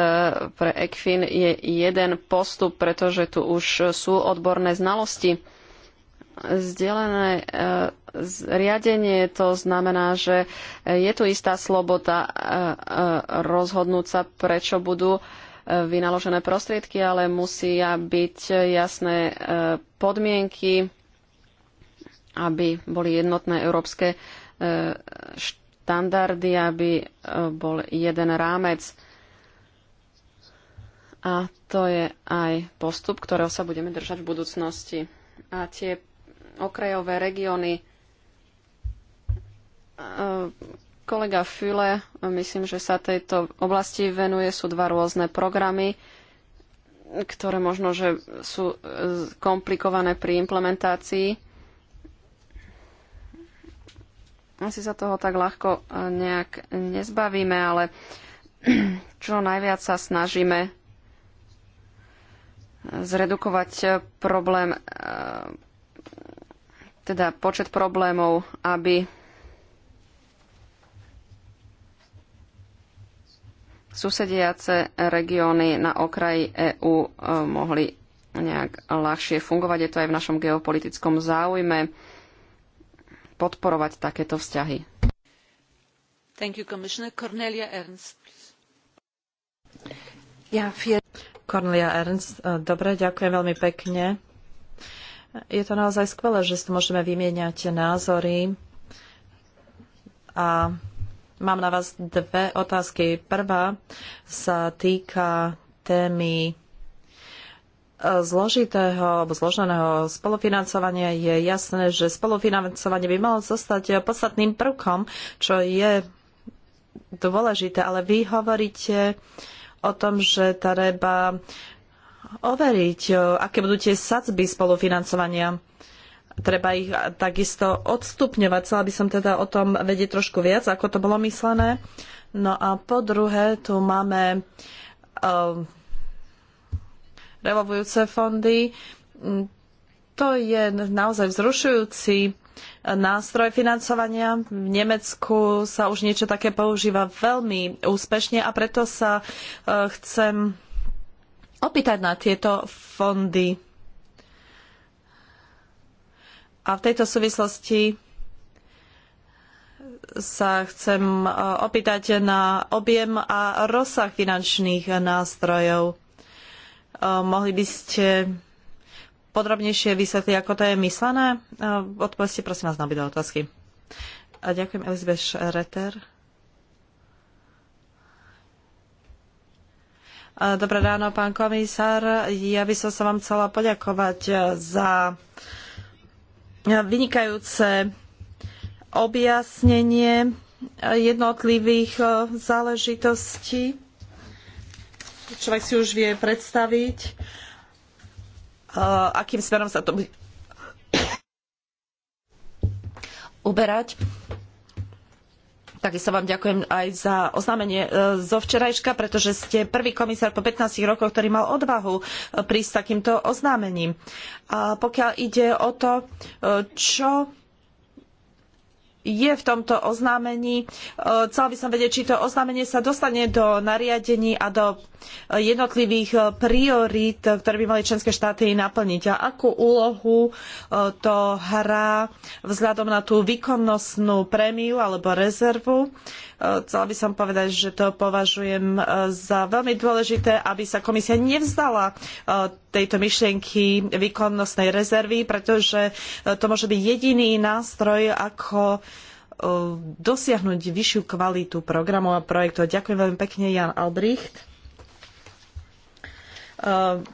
pre ECFIN je jeden postup, pretože tu už sú odborné znalosti zdelené e, riadenie to znamená, že je tu istá sloboda e, e, rozhodnúť sa, prečo budú vynaložené prostriedky, ale musia byť jasné podmienky, aby boli jednotné európske štandardy, aby bol jeden rámec. A to je aj postup, ktorého sa budeme držať v budúcnosti. A tie okrajové regióny. Kolega Füle, myslím, že sa tejto oblasti venuje, sú dva rôzne programy, ktoré možno, že sú e, komplikované pri implementácii. Asi sa toho tak ľahko e, nejak nezbavíme, ale čo najviac sa snažíme e, zredukovať problém teda počet problémov, aby susediace regióny na okraji EÚ e, mohli nejak ľahšie fungovať. Je to aj v našom geopolitickom záujme podporovať takéto vzťahy.
Thank you, Commissioner. Cornelia Ernst. Ja, Cornelia Ernst, e, dobre, ďakujem veľmi pekne. Je to naozaj skvelé, že si môžeme vymieňať názory. A mám na vás dve otázky. Prvá sa týka témy e, zložitého alebo zloženého spolufinancovania je jasné, že spolufinancovanie by malo zostať podstatným prvkom, čo je dôležité, ale vy hovoríte o tom, že treba overiť, e, aké budú tie sadzby spolufinancovania. Treba ich takisto odstupňovať. Chcela by som teda o tom vedieť trošku viac, ako to bolo myslené. No a po druhé, tu máme uh, revolvujúce fondy. Mm, to je naozaj vzrušujúci e, nástroj financovania. V Nemecku sa už niečo také používa veľmi úspešne a preto sa chcem opýtať na tieto fondy. A v tejto súvislosti sa chcem e, opýtať na objem a rozsah finančných nástrojov. E, mohli by ste podrobnejšie vysvetliť, ako to je myslené? E, odpovedzte prosím vás na obidve otázky. A ďakujem Elizabeth Reter. Dobré ráno, pán komisár. Ja by som sa vám chcela poďakovať za vynikajúce objasnenie jednotlivých e, záležitostí. Človek si už vie predstaviť, e, akým smerom sa to bude uberať. Takisto vám ďakujem aj za oznámenie e, zo včerajška, pretože ste prvý komisár po 15 rokoch, ktorý mal odvahu e, prísť s takýmto oznámením. A pokiaľ ide o to, e, čo je v tomto oznámení. Chcela by som vedieť, či to oznámenie sa dostane do nariadení a do jednotlivých eh, priorít, eh, ktoré by mali členské štáty naplniť. A akú úlohu eh, to hrá vzhľadom na tú výkonnostnú prémiu alebo rezervu? Chcela by som povedať, že to považujem za veľmi dôležité, aby sa komisia nevzdala tejto myšlienky výkonnostnej rezervy, pretože to môže byť jediný nástroj, ako dosiahnuť vyššiu kvalitu programov a projektov. Ďakujem veľmi pekne, Jan Albricht. Ehm,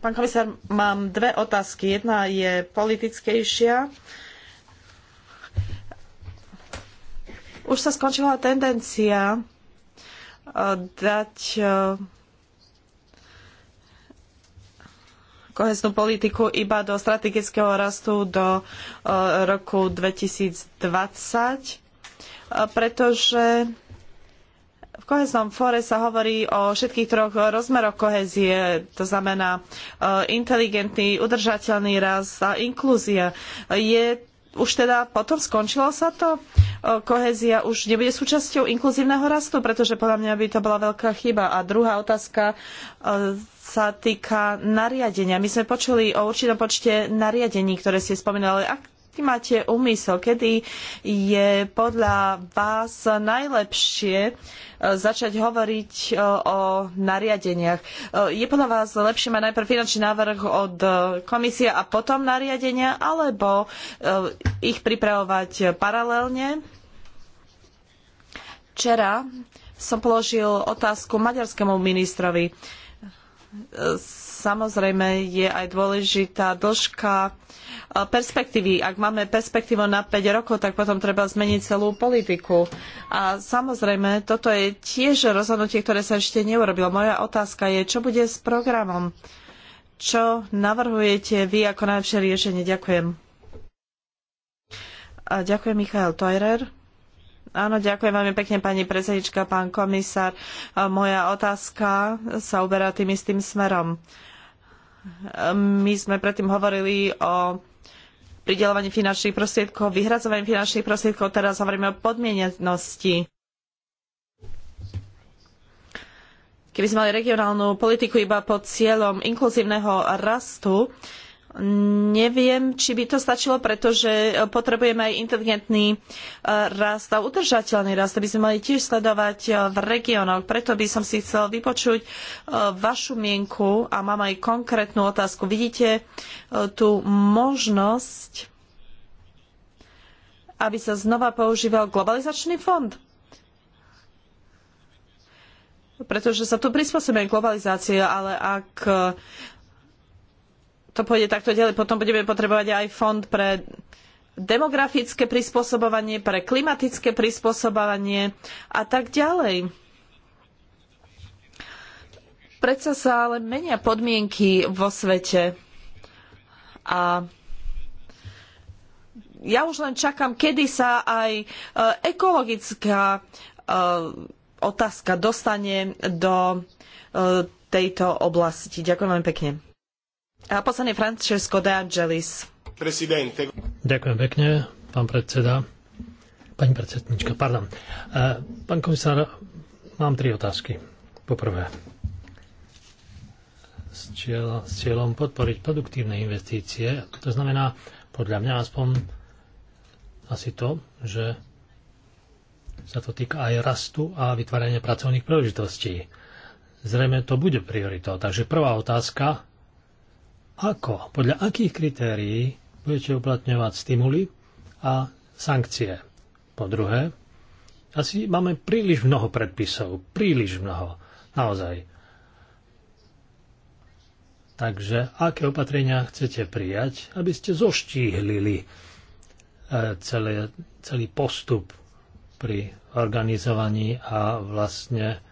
pán komisár, mám dve otázky. Jedna je politickejšia. Už sa skončila tendencia eh, dať eh, koheznú politiku iba do strategického rastu do eh, roku 2020, pretože koheznom fóre sa hovorí o všetkých troch rozmeroch kohézie, to znamená e, inteligentný, udržateľný rast a inklúzia. Je už teda potom skončilo sa to? E, Kohézia už nebude súčasťou inkluzívneho rastu, pretože podľa mňa by to bola veľká chyba. A druhá otázka e, sa týka nariadenia. My sme počuli o určitom počte nariadení, ktoré ste spomínali aký máte úmysel, kedy je podľa vás najlepšie e, začať hovoriť e, o nariadeniach. E, je podľa vás lepšie mať najprv finančný návrh od komisie a potom nariadenia, alebo ich pripravovať paralelne? Včera som položil otázku maďarskému ministrovi. Samozrejme je aj dôležitá dĺžka E, perspektívy. Ak máme perspektívu na 5 rokov, tak potom treba zmeniť celú politiku. A samozrejme, toto je tiež rozhodnutie, ktoré sa ešte neurobilo. Moja otázka je, čo bude s programom? Čo navrhujete vy ako najlepšie riešenie? Ďakujem. A ďakujem, Michal Teurer. Áno, ďakujem veľmi pekne, pani predsednička, pán komisár. Moja otázka sa uberá tým istým smerom. Ehm, my sme predtým hovorili o pridelovaní finančných prostriedkov, vyhradzovaní finančných prostriedkov, teraz hovoríme o podmienenosti. Keby sme mali regionálnu politiku iba pod cieľom inkluzívneho rastu, neviem, či by to stačilo, pretože potrebujeme aj inteligentný e, rast a udržateľný rast. aby sme mali tiež sledovať e, v regiónoch. Preto by som si chcel vypočuť e, vašu mienku a mám aj konkrétnu otázku. Vidíte tú možnosť, aby sa znova používal globalizačný fond? pretože sa tu prispôsobuje globalizácii, ale ak to pôjde takto ďalej, potom budeme potrebovať aj fond pre demografické prispôsobovanie, pre klimatické prispôsobovanie a tak ďalej. Predsa sa ale menia podmienky vo svete. A ja už len čakám, kedy sa aj e, ekologická e, otázka dostane do e, tejto oblasti. Ďakujem veľmi pekne. A poslanie Francesco De Angelis. Presidente.
Ďakujem pekne, pán predseda. Pani predsednička, pardon. E, pán komisár, mám tri otázky. Poprvé, s, cieľ, s cieľom podporiť produktívne investície, to znamená, podľa mňa aspoň asi to, že sa to týka aj rastu a vytvárania pracovných príležitostí. Zrejme to bude prioritou. Takže prvá otázka, ako, podľa akých kritérií budete uplatňovať stimuly a sankcie? Po druhé, asi máme príliš mnoho predpisov, príliš mnoho, naozaj. Takže aké opatrenia chcete prijať, aby ste zoštíhlili e, celý, celý postup pri organizovaní a vlastne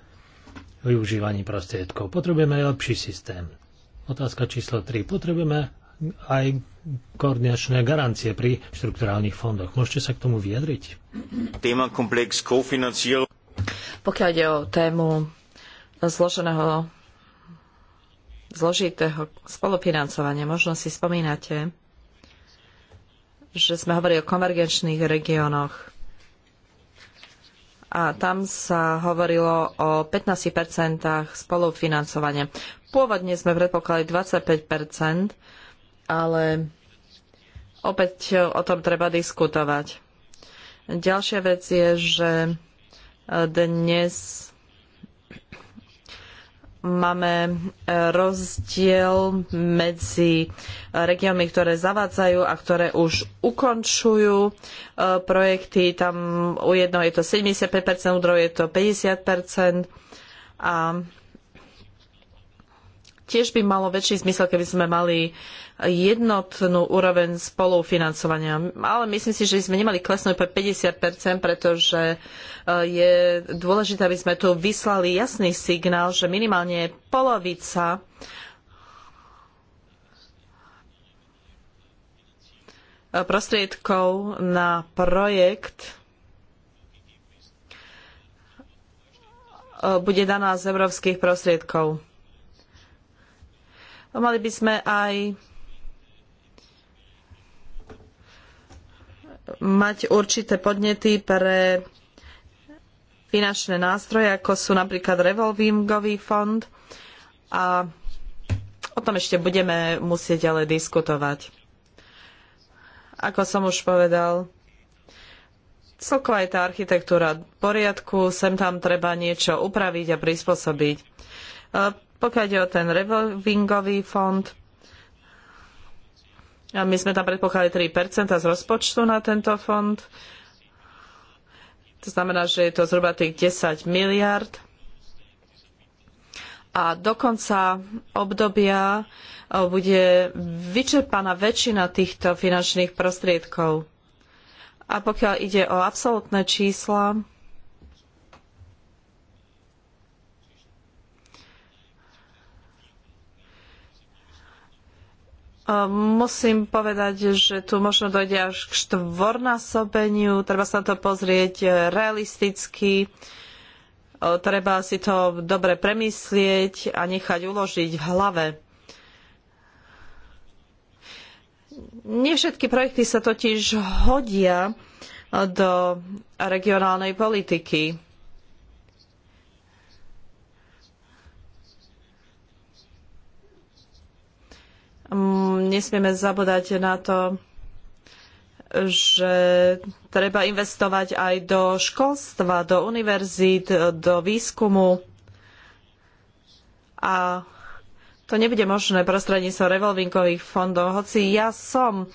využívaní prostriedkov. Potrebujeme lepší systém. Otázka číslo 3. Potrebujeme aj koordinačné garancie pri štrukturálnych fondoch. Môžete sa k tomu vyjadriť?
Téma komplex kofinanciel.
Pokiaľ ide o tému zloženého zložitého spolufinancovania, možno si spomínate, že sme hovorili o konvergenčných regiónoch a tam sa hovorilo o 15% spolufinancovania. Pôvodne sme predpokladali 25 ale opäť o tom treba diskutovať. Ďalšia vec je, že dnes máme rozdiel medzi regiónmi, ktoré zavádzajú a ktoré už ukončujú e, projekty. Tam u jednoho je to 75%, u druhého je to 50%. A tiež by malo väčší zmysel, keby sme mali jednotnú úroveň spolufinancovania. Ale myslím si, že sme nemali klesnúť po 50%, pretože eh, je dôležité, aby sme tu vyslali jasný signál, že minimálne polovica prostriedkov na projekt eh, bude daná z európskych prostriedkov. No, mali by sme aj mať určité podnety pre finančné nástroje, ako sú napríklad revolvingový fond a o tom ešte budeme musieť ďalej diskutovať. Ako som už povedal, celková je tá architektúra v poriadku, sem tam treba niečo upraviť a prispôsobiť. Pokiaľ ide o ten revolvingový fond, a my sme tam predpokladali 3% z rozpočtu na tento fond. To znamená, že je to zhruba tých 10 miliard. A do konca obdobia eh, bude vyčerpaná väčšina týchto finančných prostriedkov. A pokiaľ ide o absolútne čísla, Musím povedať, že tu možno dojde až k štvornásobeniu, treba sa na to pozrieť eh, realisticky, eh, treba si to dobre premyslieť a nechať uložiť v hlave. Nie všetky projekty sa totiž hodia eh, do regionálnej politiky. Mm, nesmieme zabúdať na to, že treba investovať aj do školstva, do univerzít, do výskumu. A to nebude možné prostredníctvom revolvingových fondov, hoci ja som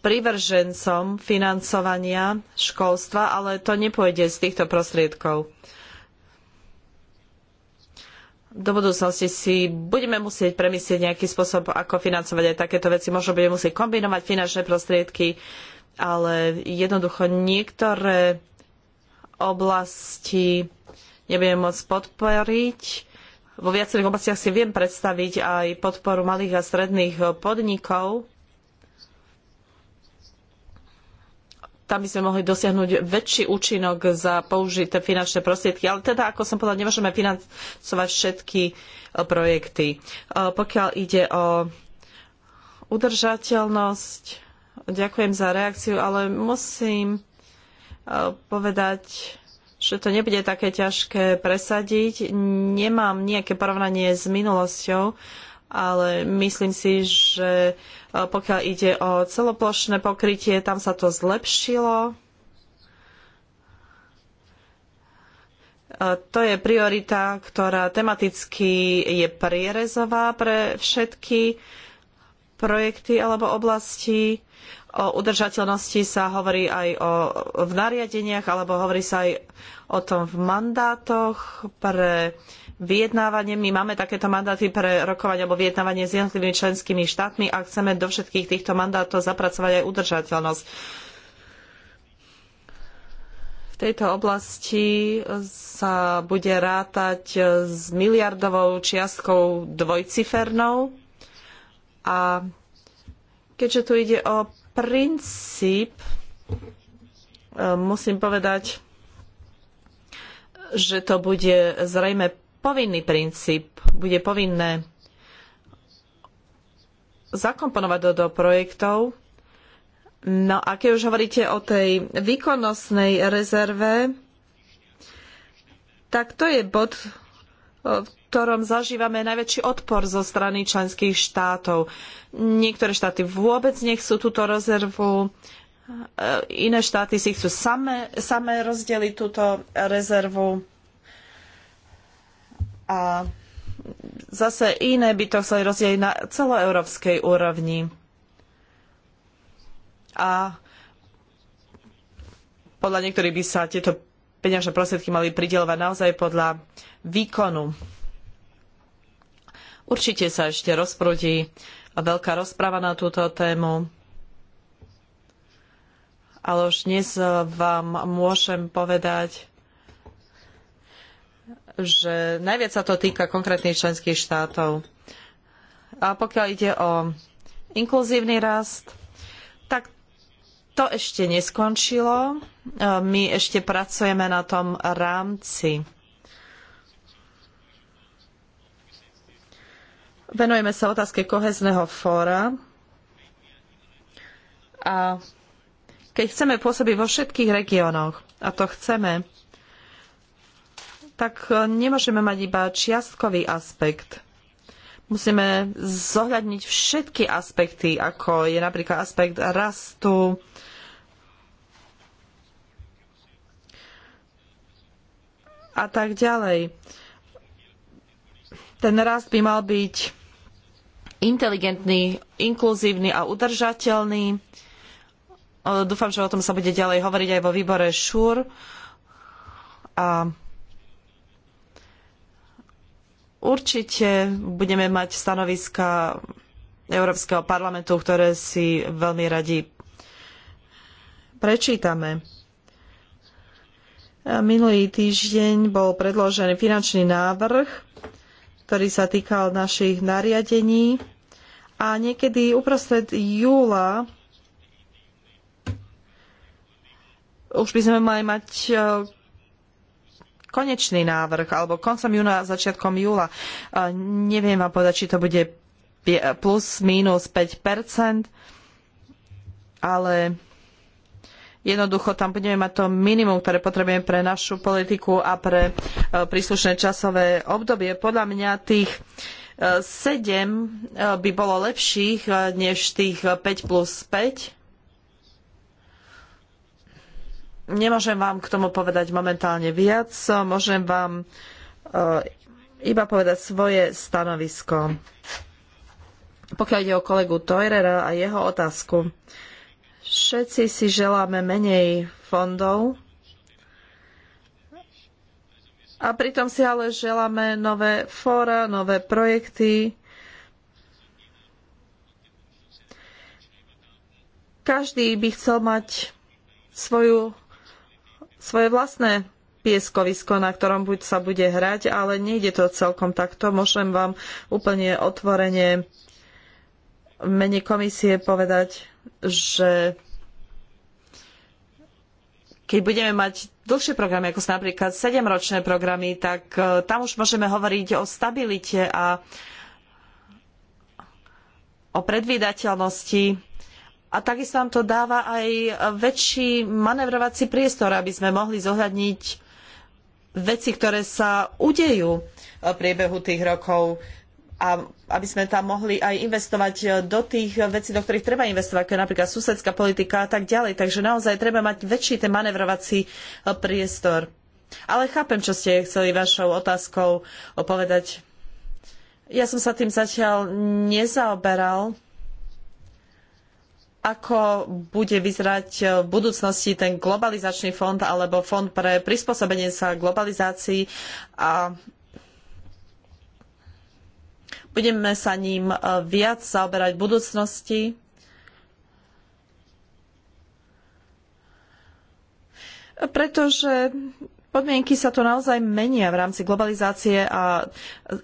privržencom financovania školstva, ale to nepôjde z týchto prostriedkov do budúcnosti si budeme musieť premyslieť nejaký spôsob, ako financovať aj takéto veci. Možno budeme musieť kombinovať finančné prostriedky, ale jednoducho niektoré oblasti nebudeme môcť podporiť. Vo viacerých oblastiach si viem predstaviť aj podporu malých a stredných podnikov, tam by sme mohli dosiahnuť väčší účinok za použité finančné prostriedky. Ale teda, ako som povedala, nemôžeme financovať všetky e, projekty. E, pokiaľ ide o udržateľnosť, ďakujem za reakciu, ale musím e, povedať, že to nebude také ťažké presadiť. Nemám nejaké porovnanie s minulosťou, ale myslím si, že e, pokiaľ ide o celoplošné pokrytie, tam sa to zlepšilo. E, to je priorita, ktorá tematicky je prierezová pre všetky projekty alebo oblasti. O udržateľnosti sa hovorí aj o, v nariadeniach, alebo hovorí sa aj o tom v mandátoch pre uh, vyjednávanie. My máme takéto mandáty pre rokovanie alebo vyjednávanie s jednotlivými členskými štátmi a chceme do všetkých týchto mandátov zapracovať aj udržateľnosť. V tejto oblasti sa bude rátať s miliardovou čiastkou dvojcifernou a keďže tu ide o princíp, e, musím povedať, že to bude zrejme povinný princíp, bude povinné zakomponovať do, do projektov. No a keď už hovoríte o tej výkonnostnej rezerve, tak to je bod, v ktorom zažívame najväčší odpor zo strany členských štátov. Niektoré štáty vôbec nechcú túto rezervu, e, iné štáty si chcú samé rozdeliť túto rezervu. A zase iné by to chceli rozdeliť na celoeurópskej úrovni. A podľa niektorých by sa tieto peňažné prostriedky mali pridelovať naozaj podľa výkonu. Určite sa ešte rozprúdi veľká rozprava na túto tému. Ale už dnes vám môžem povedať, že najviac sa to týka konkrétnych členských štátov. A pokiaľ ide o inkluzívny rast, tak to ešte neskončilo. My ešte pracujeme na tom rámci. Venujeme sa otázke kohezného fóra a keď chceme pôsobiť vo všetkých regiónoch, a to chceme, tak e, nemôžeme mať iba čiastkový aspekt. Musíme zohľadniť všetky aspekty, ako je napríklad aspekt rastu, a tak ďalej. Ten rast by mal byť inteligentný, inkluzívny a udržateľný. E, dúfam, že o tom sa bude ďalej hovoriť aj vo výbore ŠUR. A Určite budeme mať stanoviska Európskeho parlamentu, ktoré si veľmi radi prečítame. Minulý týždeň bol predložený finančný návrh, ktorý sa týkal našich nariadení a niekedy uprostred júla už by sme mali mať konečný návrh, alebo koncom júna, začiatkom júla. E, neviem vám povedať, či to bude plus, minus 5 ale jednoducho tam budeme mať to minimum, ktoré potrebujeme pre našu politiku a pre e, príslušné časové obdobie. Podľa mňa tých e, sedem by bolo lepších než tých 5 plus 5 Nemôžem vám k tomu povedať momentálne viac, môžem vám eh, iba povedať svoje stanovisko. Pokiaľ ide o kolegu Teurera a jeho otázku, všetci si želáme menej fondov a pritom si ale želáme nové fóra, nové projekty, každý by chcel mať svoju svoje vlastné pieskovisko, na ktorom buď sa bude hrať, ale nejde to celkom takto. Môžem vám úplne otvorene v mene komisie povedať, že keď budeme mať dlhšie programy, ako sú napríklad sedemročné programy, tak e, tam už môžeme hovoriť o stabilite a o predvídateľnosti a takisto nám to dáva aj väčší manevrovací priestor, aby sme mohli zohľadniť veci, ktoré sa udejú v priebehu tých rokov a aby sme tam mohli aj investovať do tých vecí, do ktorých treba investovať, ako je napríklad susedská politika a tak ďalej. Takže naozaj treba mať väčší ten manevrovací priestor. Ale chápem, čo ste chceli vašou otázkou povedať. Ja som sa tým zatiaľ nezaoberal ako bude vyzerať v budúcnosti ten globalizačný fond alebo fond pre prispôsobenie sa globalizácii a budeme sa ním e, viac zaoberať v budúcnosti. Pretože podmienky sa tu naozaj menia v rámci globalizácie a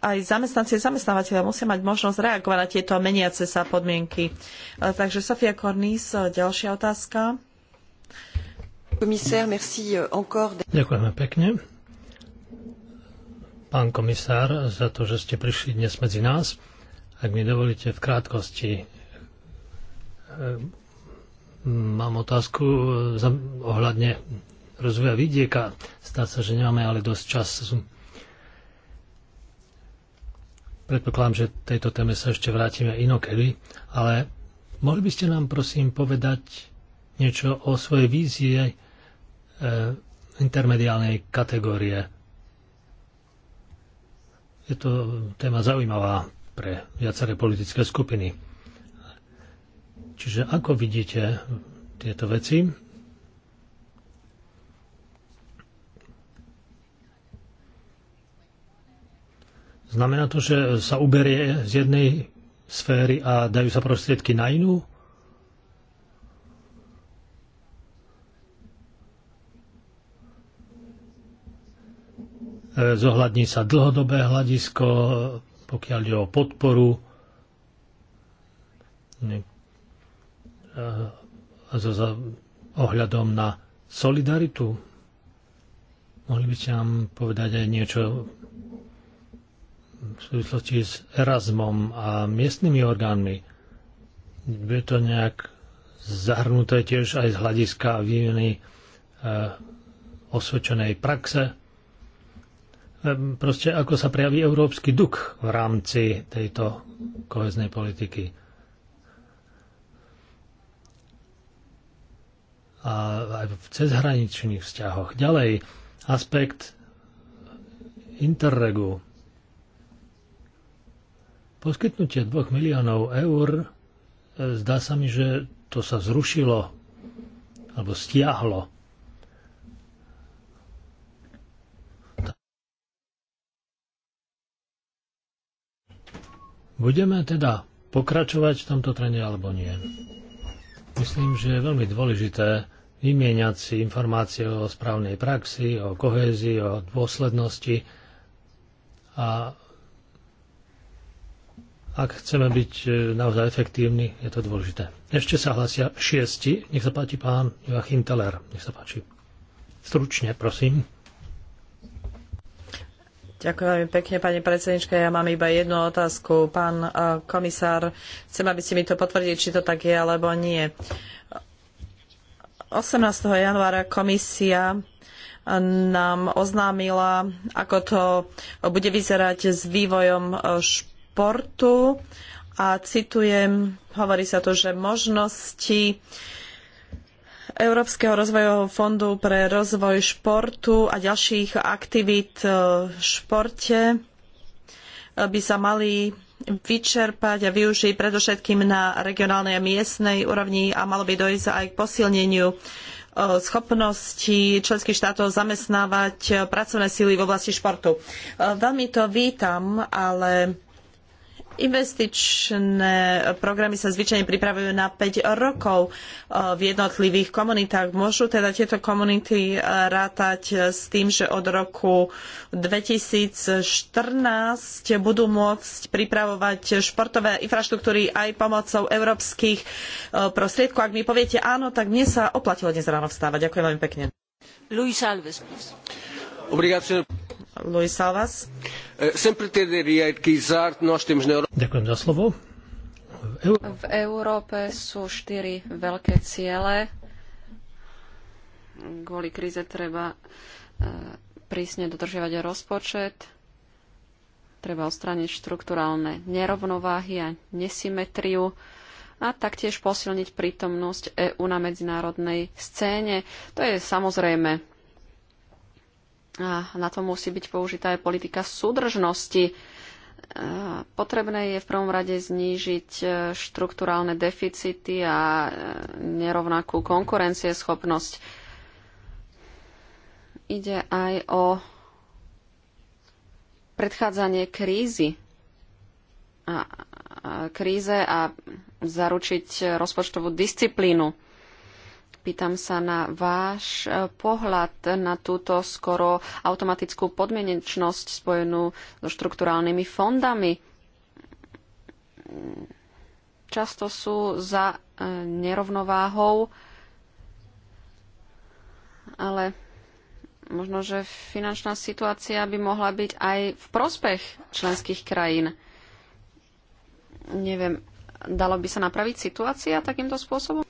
aj zamestnanci a zamestnávateľia musia mať možnosť reagovať na tieto meniace sa podmienky. E, takže Sofia Kornis, e, ďalšia otázka. Komisár, merci e, encore.
Ďakujeme pekne. Pán komisár, za to, že ste prišli dnes medzi nás. Ak mi dovolíte v krátkosti, mám otázku ohľadne rozvoja vidieka. Stá sa, že nemáme ale dosť času. Predpokladám, že tejto téme sa ešte vrátime inokedy, ale mohli by ste nám prosím povedať niečo o svojej vízie e, intermediálnej kategórie. Je to téma zaujímavá pre viaceré politické skupiny. Čiže ako vidíte tieto veci Znamená to, že sa uberie z jednej sféry a dajú sa prostriedky na inú? E, zohľadní sa dlhodobé hľadisko, pokiaľ ide o podporu so e, ohľadom na solidaritu. Mohli by ste nám povedať aj niečo v súvislosti s Erasmom a miestnymi orgánmi. Je to nejak zahrnuté tiež aj z hľadiska výmeny e, osvedčenej praxe. E, proste ako sa prejaví európsky duch v rámci tejto koheznej politiky. A aj v cezhraničných vzťahoch. Ďalej, aspekt interregu, Poskytnutie 2 miliónov eur e, zdá sa mi, že to sa zrušilo alebo stiahlo. Budeme teda pokračovať v tomto trende alebo nie? Myslím, že je veľmi dôležité vymieňať si informácie o správnej praxi, o kohézii, o dôslednosti a ak chceme byť e, naozaj efektívni, je to dôležité. Ešte sa hlasia šiesti. Nech sa páči pán Joachim Teller. Nech sa páči. Stručne, prosím.
Ďakujem veľmi pekne, pani predsednička. Ja mám iba jednu otázku. Pán e, komisár, chcem, aby ste mi to potvrdili, či to tak je, alebo nie. 18. januára komisia nám oznámila, ako to bude vyzerať s vývojom šport portu a citujem, hovorí sa tu, že možnosti Európskeho rozvojového fondu pre rozvoj športu a ďalších aktivít v športe by sa mali vyčerpať a využiť predovšetkým na regionálnej a miestnej úrovni a malo by dojsť aj k posilneniu e, schopnosti členských štátov zamestnávať e, pracovné sily v oblasti športu. E, veľmi to vítam, ale Investičné programy sa zvyčajne pripravujú na 5 rokov eh, v jednotlivých komunitách. Môžu teda tieto komunity eh, rátať eh, s tým, že od roku 2014 budú môcť pripravovať športové infraštruktúry aj pomocou európskych prostriedkov. Ak mi poviete áno, tak mne sa oplatilo dnes ráno vstávať. Ďakujem veľmi pekne.
Luis Alves,
please. Luis Salvas. Eh,
Ďakujem za slovo.
V Európe sú štyri veľké ciele. Kvôli kríze treba eh, prísne dodržiavať rozpočet, treba odstrániť štrukturálne nerovnováhy a nesymetriu a taktiež posilniť prítomnosť EÚ na medzinárodnej scéne. To je samozrejme a na to musí byť použitá aj politika súdržnosti. E, potrebné je v prvom rade znížiť e, štruktúrálne deficity a e, nerovnakú konkurencieschopnosť. Ide aj o predchádzanie krízy a, a kríze a zaručiť rozpočtovú disciplínu. Pýtam sa na váš e, pohľad na túto skoro automatickú podmienečnosť spojenú so štrukturálnymi fondami. Často sú za e, nerovnováhou, ale možno, že finančná situácia by mohla byť aj v prospech členských krajín. Neviem, dalo by sa napraviť situácia takýmto spôsobom?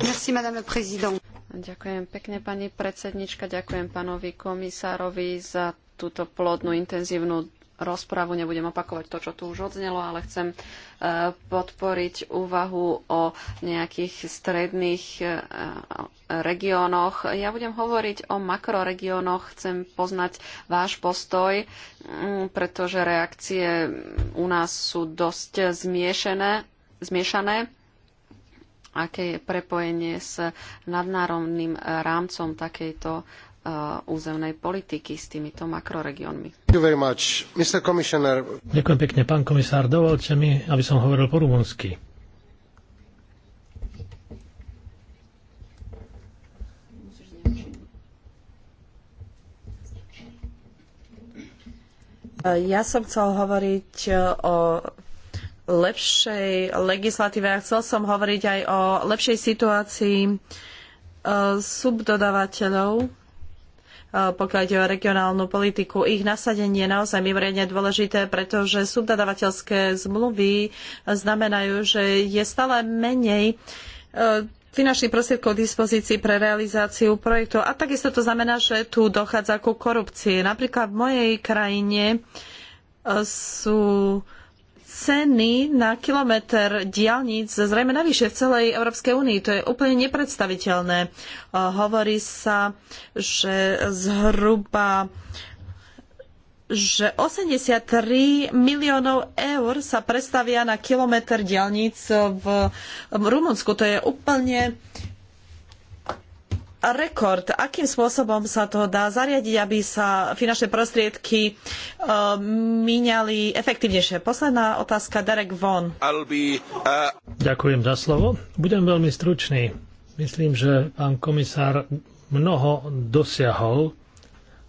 Ďakujem pekne, pani predsednička. Ďakujem pánovi komisárovi za túto plodnú, intenzívnu rozpravu. Nebudem opakovať to, čo tu už odznelo, ale chcem e, podporiť úvahu o nejakých stredných e, regiónoch. Ja budem hovoriť o makroregiónoch. Chcem poznať váš postoj, pretože reakcie u nás sú dosť zmiešené, zmiešané aké je prepojenie s nadnárodným eh, rámcom takejto eh, územnej politiky s týmito makroregiónmi.
Ďakujem pekne, pán komisár. Dovolte mi, aby som hovoril po rumunsky.
Ja som chcel hovoriť eh, o lepšej legislatíve a chcel som hovoriť aj o lepšej situácii e, subdodávateľov, e, pokiaľ ide o regionálnu politiku. Ich nasadenie je naozaj mimoriadne dôležité, pretože subdodávateľské zmluvy znamenajú, že je stále menej e, finančných prostriedkov k dispozícii pre realizáciu projektov. A takisto to znamená, že tu dochádza ku korupcii. Napríklad v mojej krajine sú ceny na kilometr diálnic zrejme navyše v celej Európskej únii. To je úplne nepredstaviteľné. E, hovorí sa, že zhruba že 83 miliónov eur sa prestavia na kilometr diaľnic v Rumunsku. To je úplne rekord, akým spôsobom sa to dá zariadiť, aby sa finančné prostriedky uh, míňali efektívnejšie. Posledná otázka, Derek Von. Be, uh...
Ďakujem za slovo. Budem veľmi stručný. Myslím, že pán komisár mnoho dosiahol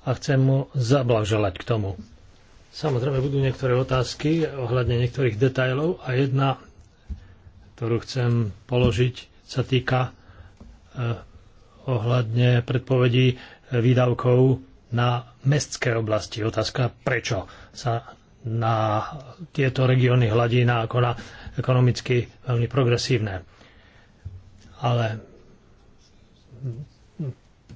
a chcem mu zablaželať k tomu. Samozrejme budú niektoré otázky ohľadne niektorých detajlov a jedna, ktorú chcem položiť, sa týka uh, ohľadne predpovedí eh, výdavkov na mestské oblasti. Otázka, prečo sa na tieto regióny hľadí na, ako na ekonomicky veľmi progresívne. Ale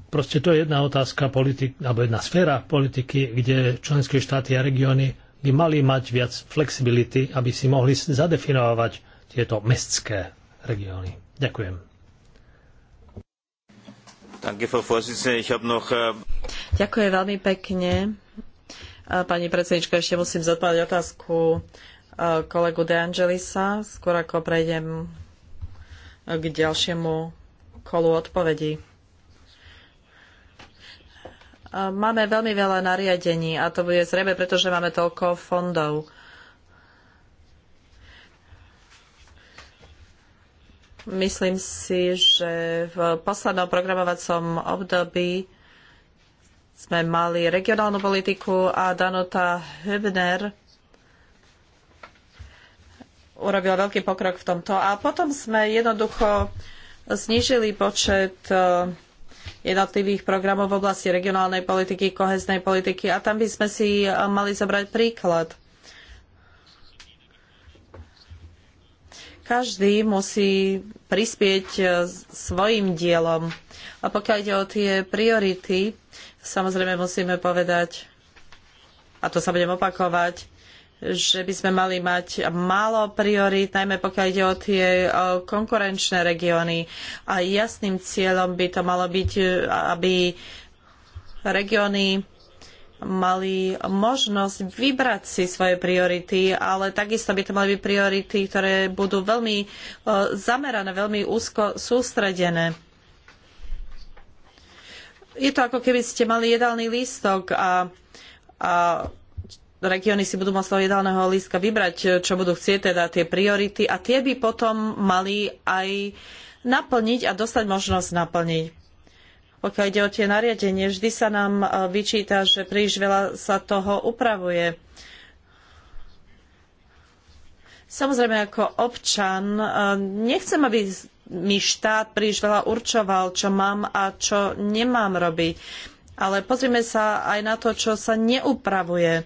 proste to je jedna otázka politik, alebo jedna sféra politiky, kde členské štáty a regióny by mali mať viac flexibility, aby si mohli zadefinovať tieto mestské regióny. Ďakujem. Äh,
Ďakujem veľmi pekne. Pani predsednička, ešte musím zodpovedať otázku e, kolegu De Angelisa, skôr ako prejdem k ďalšiemu kolu odpovedí. Máme veľmi veľa nariadení a to bude zrejme, pretože máme toľko fondov. Myslím si, že v poslednom programovacom období sme mali regionálnu politiku a Danuta Hübner urobila veľký pokrok v tomto. A potom sme jednoducho znížili počet e, jednotlivých programov v oblasti regionálnej politiky, koheznej politiky a tam by sme si e, mali zobrať príklad. Každý musí prispieť e, svojim dielom. A pokiaľ ide o tie priority, samozrejme musíme povedať, a to sa budem opakovať, že by sme mali mať málo priorít, najmä pokiaľ ide o tie e, konkurenčné regióny. A jasným cieľom by to malo byť, e, aby regióny mali možnosť vybrať si svoje priority, ale takisto by to mali byť priority, ktoré budú veľmi e, zamerané, veľmi úzko sústredené. Je to ako keby ste mali jedálny lístok a, a regióny si budú môcť toho jedálneho lístka vybrať, čo budú chcieť, teda tie priority a tie by potom mali aj naplniť a dostať možnosť naplniť. Pokiaľ ide o tie nariadenie, vždy sa nám e, vyčíta, že príliš veľa sa toho upravuje. Samozrejme, ako občan, e, nechcem, aby mi štát príliš veľa určoval, čo mám a čo nemám robiť. Ale pozrime sa aj na to, čo sa neupravuje. Uh,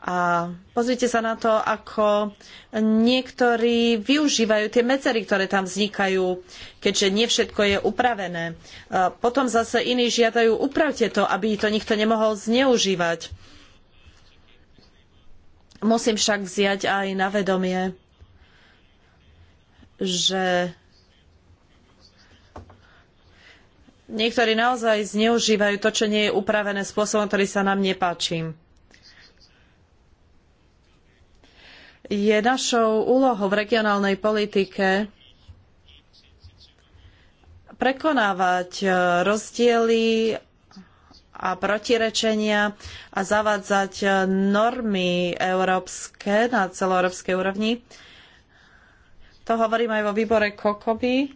a pozrite sa na to, ako niektorí využívajú tie medzery, ktoré tam vznikajú, keďže nie všetko je upravené. E, potom zase iní žiadajú, upravte to, aby to nikto nemohol zneužívať. Musím však vziať aj na vedomie, že niektorí naozaj zneužívajú to, čo nie je upravené spôsobom, ktorý sa nám nepáči. Je našou úlohou v regionálnej politike prekonávať e, rozdiely a protirečenia a zavádzať e, normy európske na celoeurópskej úrovni. To hovorím aj vo výbore Kokoby.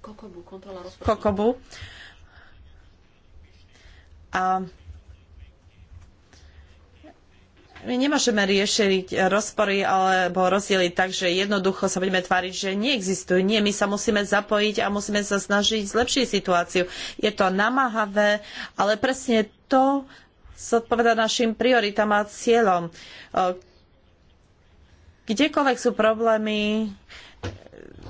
Kokobu, kontrola rozpočtu. Kokobu.
A my nemôžeme riešiť rozpory alebo rozdiely tak, že jednoducho sa budeme tváriť, že neexistujú. Nie, my sa musíme zapojiť a musíme sa snažiť zlepšiť situáciu. Je to namáhavé, ale presne to zodpoveda našim prioritám a cieľom. Kdekoľvek sú problémy,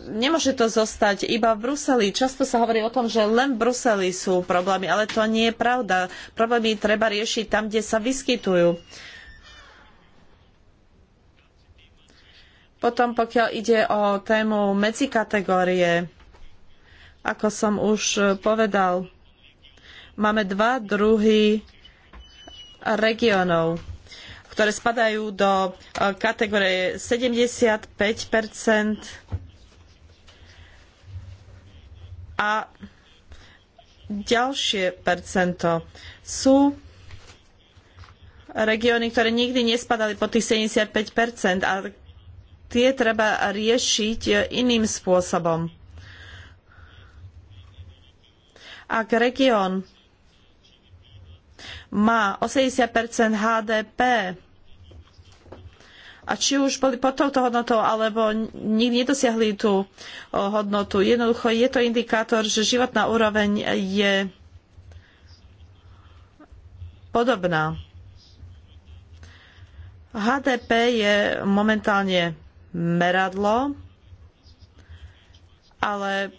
nemôže to zostať iba v Bruseli. Často sa hovorí o tom, že len v Bruseli sú problémy, ale to nie je pravda. Problémy treba riešiť tam, kde sa vyskytujú Potom pokiaľ ide o tému medzikategórie, ako som už povedal, máme dva druhy regiónov, ktoré spadajú do e, kategórie 75 a ďalšie percento. Sú regióny, ktoré nikdy nespadali pod tých 75 a tie treba riešiť iným spôsobom. Ak región má 80 HDP a či už boli pod touto hodnotou alebo nikdy nedosiahli tú hodnotu, jednoducho je to indikátor, že životná úroveň je podobná. HDP je momentálne meradlo, ale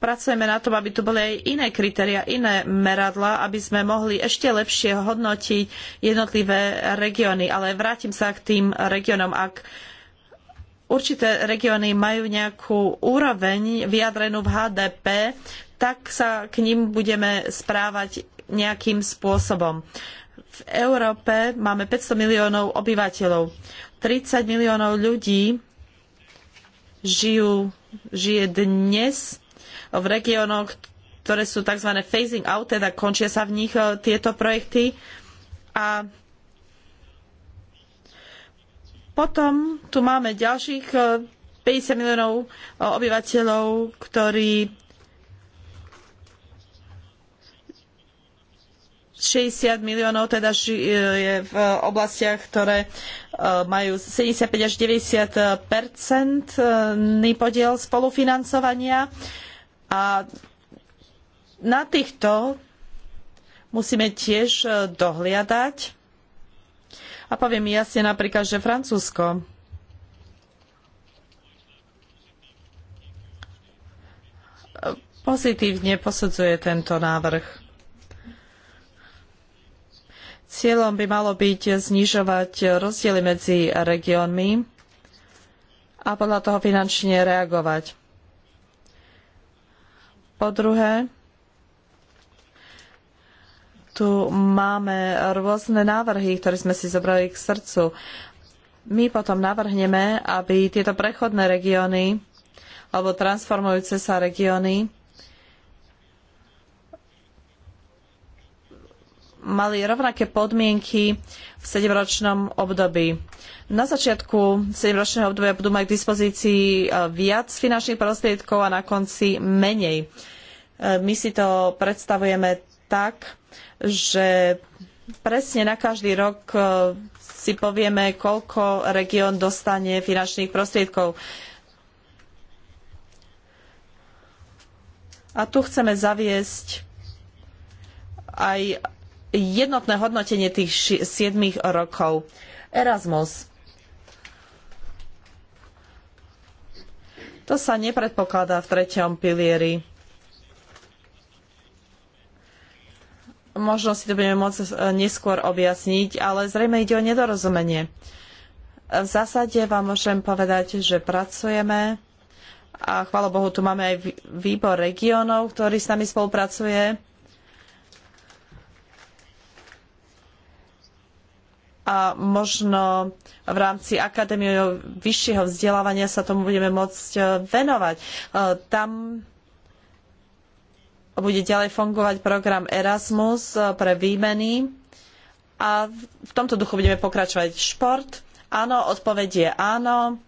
pracujeme na tom, aby tu boli aj iné kritéria, iné meradlá, aby sme mohli ešte lepšie hodnotiť jednotlivé regióny. Ale vrátim sa k tým regiónom. Ak určité regióny majú nejakú úroveň vyjadrenú v HDP, tak sa k ním budeme správať nejakým spôsobom. V Európe máme 500 miliónov obyvateľov. 30 miliónov ľudí žijú, žije dnes v regiónoch, ktoré sú tzv. phasing out, teda končia sa v nich e, tieto projekty. A potom tu máme ďalších 50 e, miliónov e, obyvateľov, ktorí 60 miliónov teda e, je v e, oblastiach, ktoré e, majú 75 až 90 percentný podiel spolufinancovania a na týchto musíme tiež dohliadať. A poviem jasne napríklad, že Francúzsko pozitívne posudzuje tento návrh Cieľom by malo byť znižovať rozdiely medzi regiónmi a podľa toho finančne reagovať. Po druhé, tu máme rôzne návrhy, ktoré sme si zobrali k srdcu. My potom navrhneme, aby tieto prechodné regióny alebo transformujúce sa regióny mali rovnaké podmienky v 7-ročnom období. Na začiatku 7-ročného obdobia budú mať k dispozícii e, viac finančných prostriedkov a na konci menej. E, my si to predstavujeme tak, že presne na každý rok e, si povieme, koľko región dostane finančných prostriedkov. A tu chceme zaviesť aj jednotné hodnotenie tých 7 rokov. Erasmus. To sa nepredpokladá v treťom pilieri. Možno si to budeme môcť eh, neskôr objasniť, ale zrejme ide o nedorozumenie. V zásade vám môžem povedať, že pracujeme a chvála Bohu, tu máme aj výbor regiónov, ktorý s nami spolupracuje a možno v rámci akadémie vyššieho vzdelávania sa tomu budeme môcť e, venovať. E, tam bude ďalej fungovať program Erasmus e, pre výmeny a v tomto duchu budeme pokračovať. Šport, áno, odpovedie áno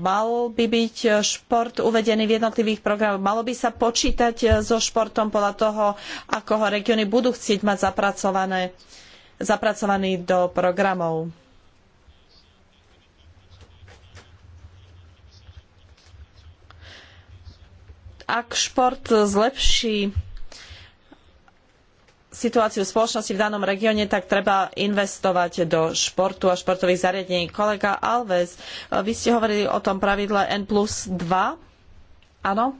mal by byť šport uvedený v jednotlivých programoch, malo by sa počítať so športom podľa toho, ako ho regióny budú chcieť mať zapracované zapracovaný do programov. Ak šport zlepší situáciu v spoločnosti v danom regióne, tak treba investovať do športu a športových zariadení. Kolega Alves, vy ste hovorili o tom pravidle N plus 2, áno?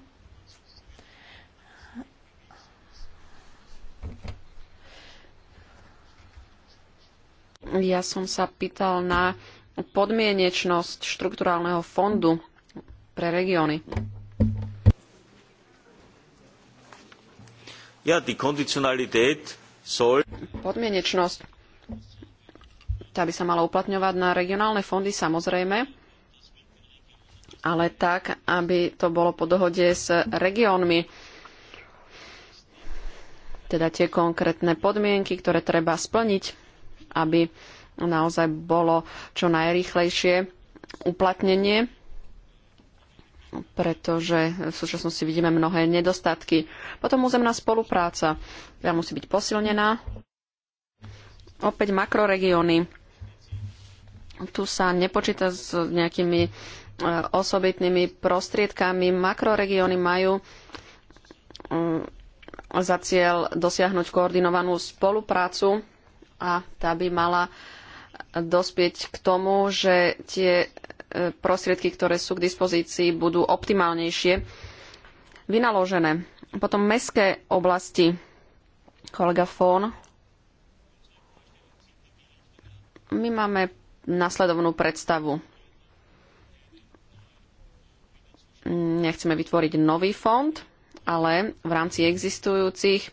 Ja som sa pýtal na podmienečnosť štrukturálneho fondu pre regióny.
Ja, die Konditionalität soll...
Podmienečnosť. Tá by sa mala uplatňovať na regionálne fondy samozrejme, ale tak, aby to bolo po dohode s regiónmi. Teda tie konkrétne podmienky, ktoré treba splniť aby naozaj bolo čo najrychlejšie uplatnenie, pretože v súčasnosti vidíme mnohé nedostatky. Potom územná spolupráca, ktorá musí byť posilnená. Opäť makroregióny. Tu sa nepočíta s nejakými e, osobitnými prostriedkami. Makroregióny majú mm, za cieľ dosiahnuť koordinovanú spoluprácu a tá by mala dospieť k tomu, že tie e, prostriedky, ktoré sú k dispozícii, budú optimálnejšie vynaložené. Potom mestské oblasti. Kolega Fón. My máme nasledovnú predstavu. Nechceme vytvoriť nový fond, ale v rámci existujúcich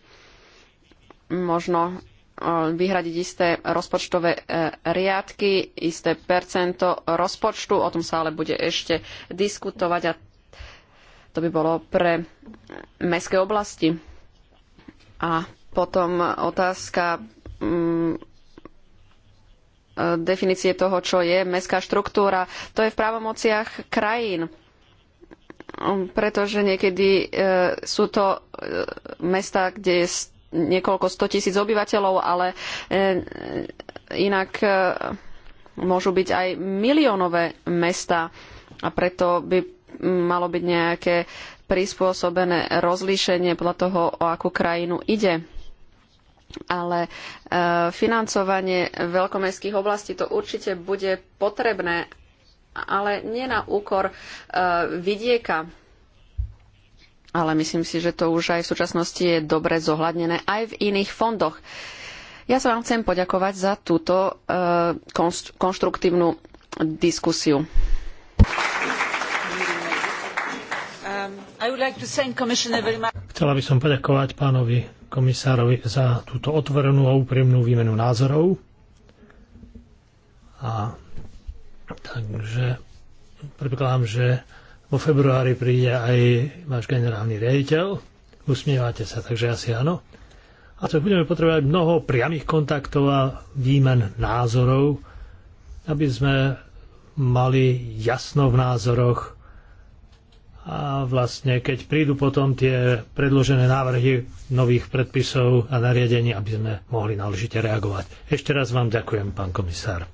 možno vyhradiť isté rozpočtové e, riadky, isté percento rozpočtu. O tom sa ale bude ešte diskutovať a to by bolo pre mestské oblasti. A potom otázka mm, definície toho, čo je mestská štruktúra. To je v právomociach krajín pretože niekedy e, sú to e, mesta, kde je niekoľko stotisíc obyvateľov, ale e, inak e, môžu byť aj miliónové mesta a preto by malo byť nejaké prispôsobené rozlíšenie podľa toho, o akú krajinu ide. Ale e, financovanie veľkomestských oblastí to určite bude potrebné, ale nie na úkor vidieka ale myslím si, že to už aj v súčasnosti je dobre zohľadnené aj v iných fondoch. Ja sa vám chcem poďakovať za túto e, konštruktívnu diskusiu. Um, Chcela by som poďakovať
pánovi komisárovi za túto otvorenú a úprimnú výmenu názorov. A takže predpokladám, že vo februári príde aj váš generálny riaditeľ. Usmievate sa, takže asi áno. A to budeme potrebovať mnoho priamých kontaktov a výmen názorov, aby sme mali jasno v názoroch a vlastne keď prídu potom tie predložené návrhy nových predpisov a nariadení, aby sme mohli náležite reagovať. Ešte raz vám ďakujem, pán komisár.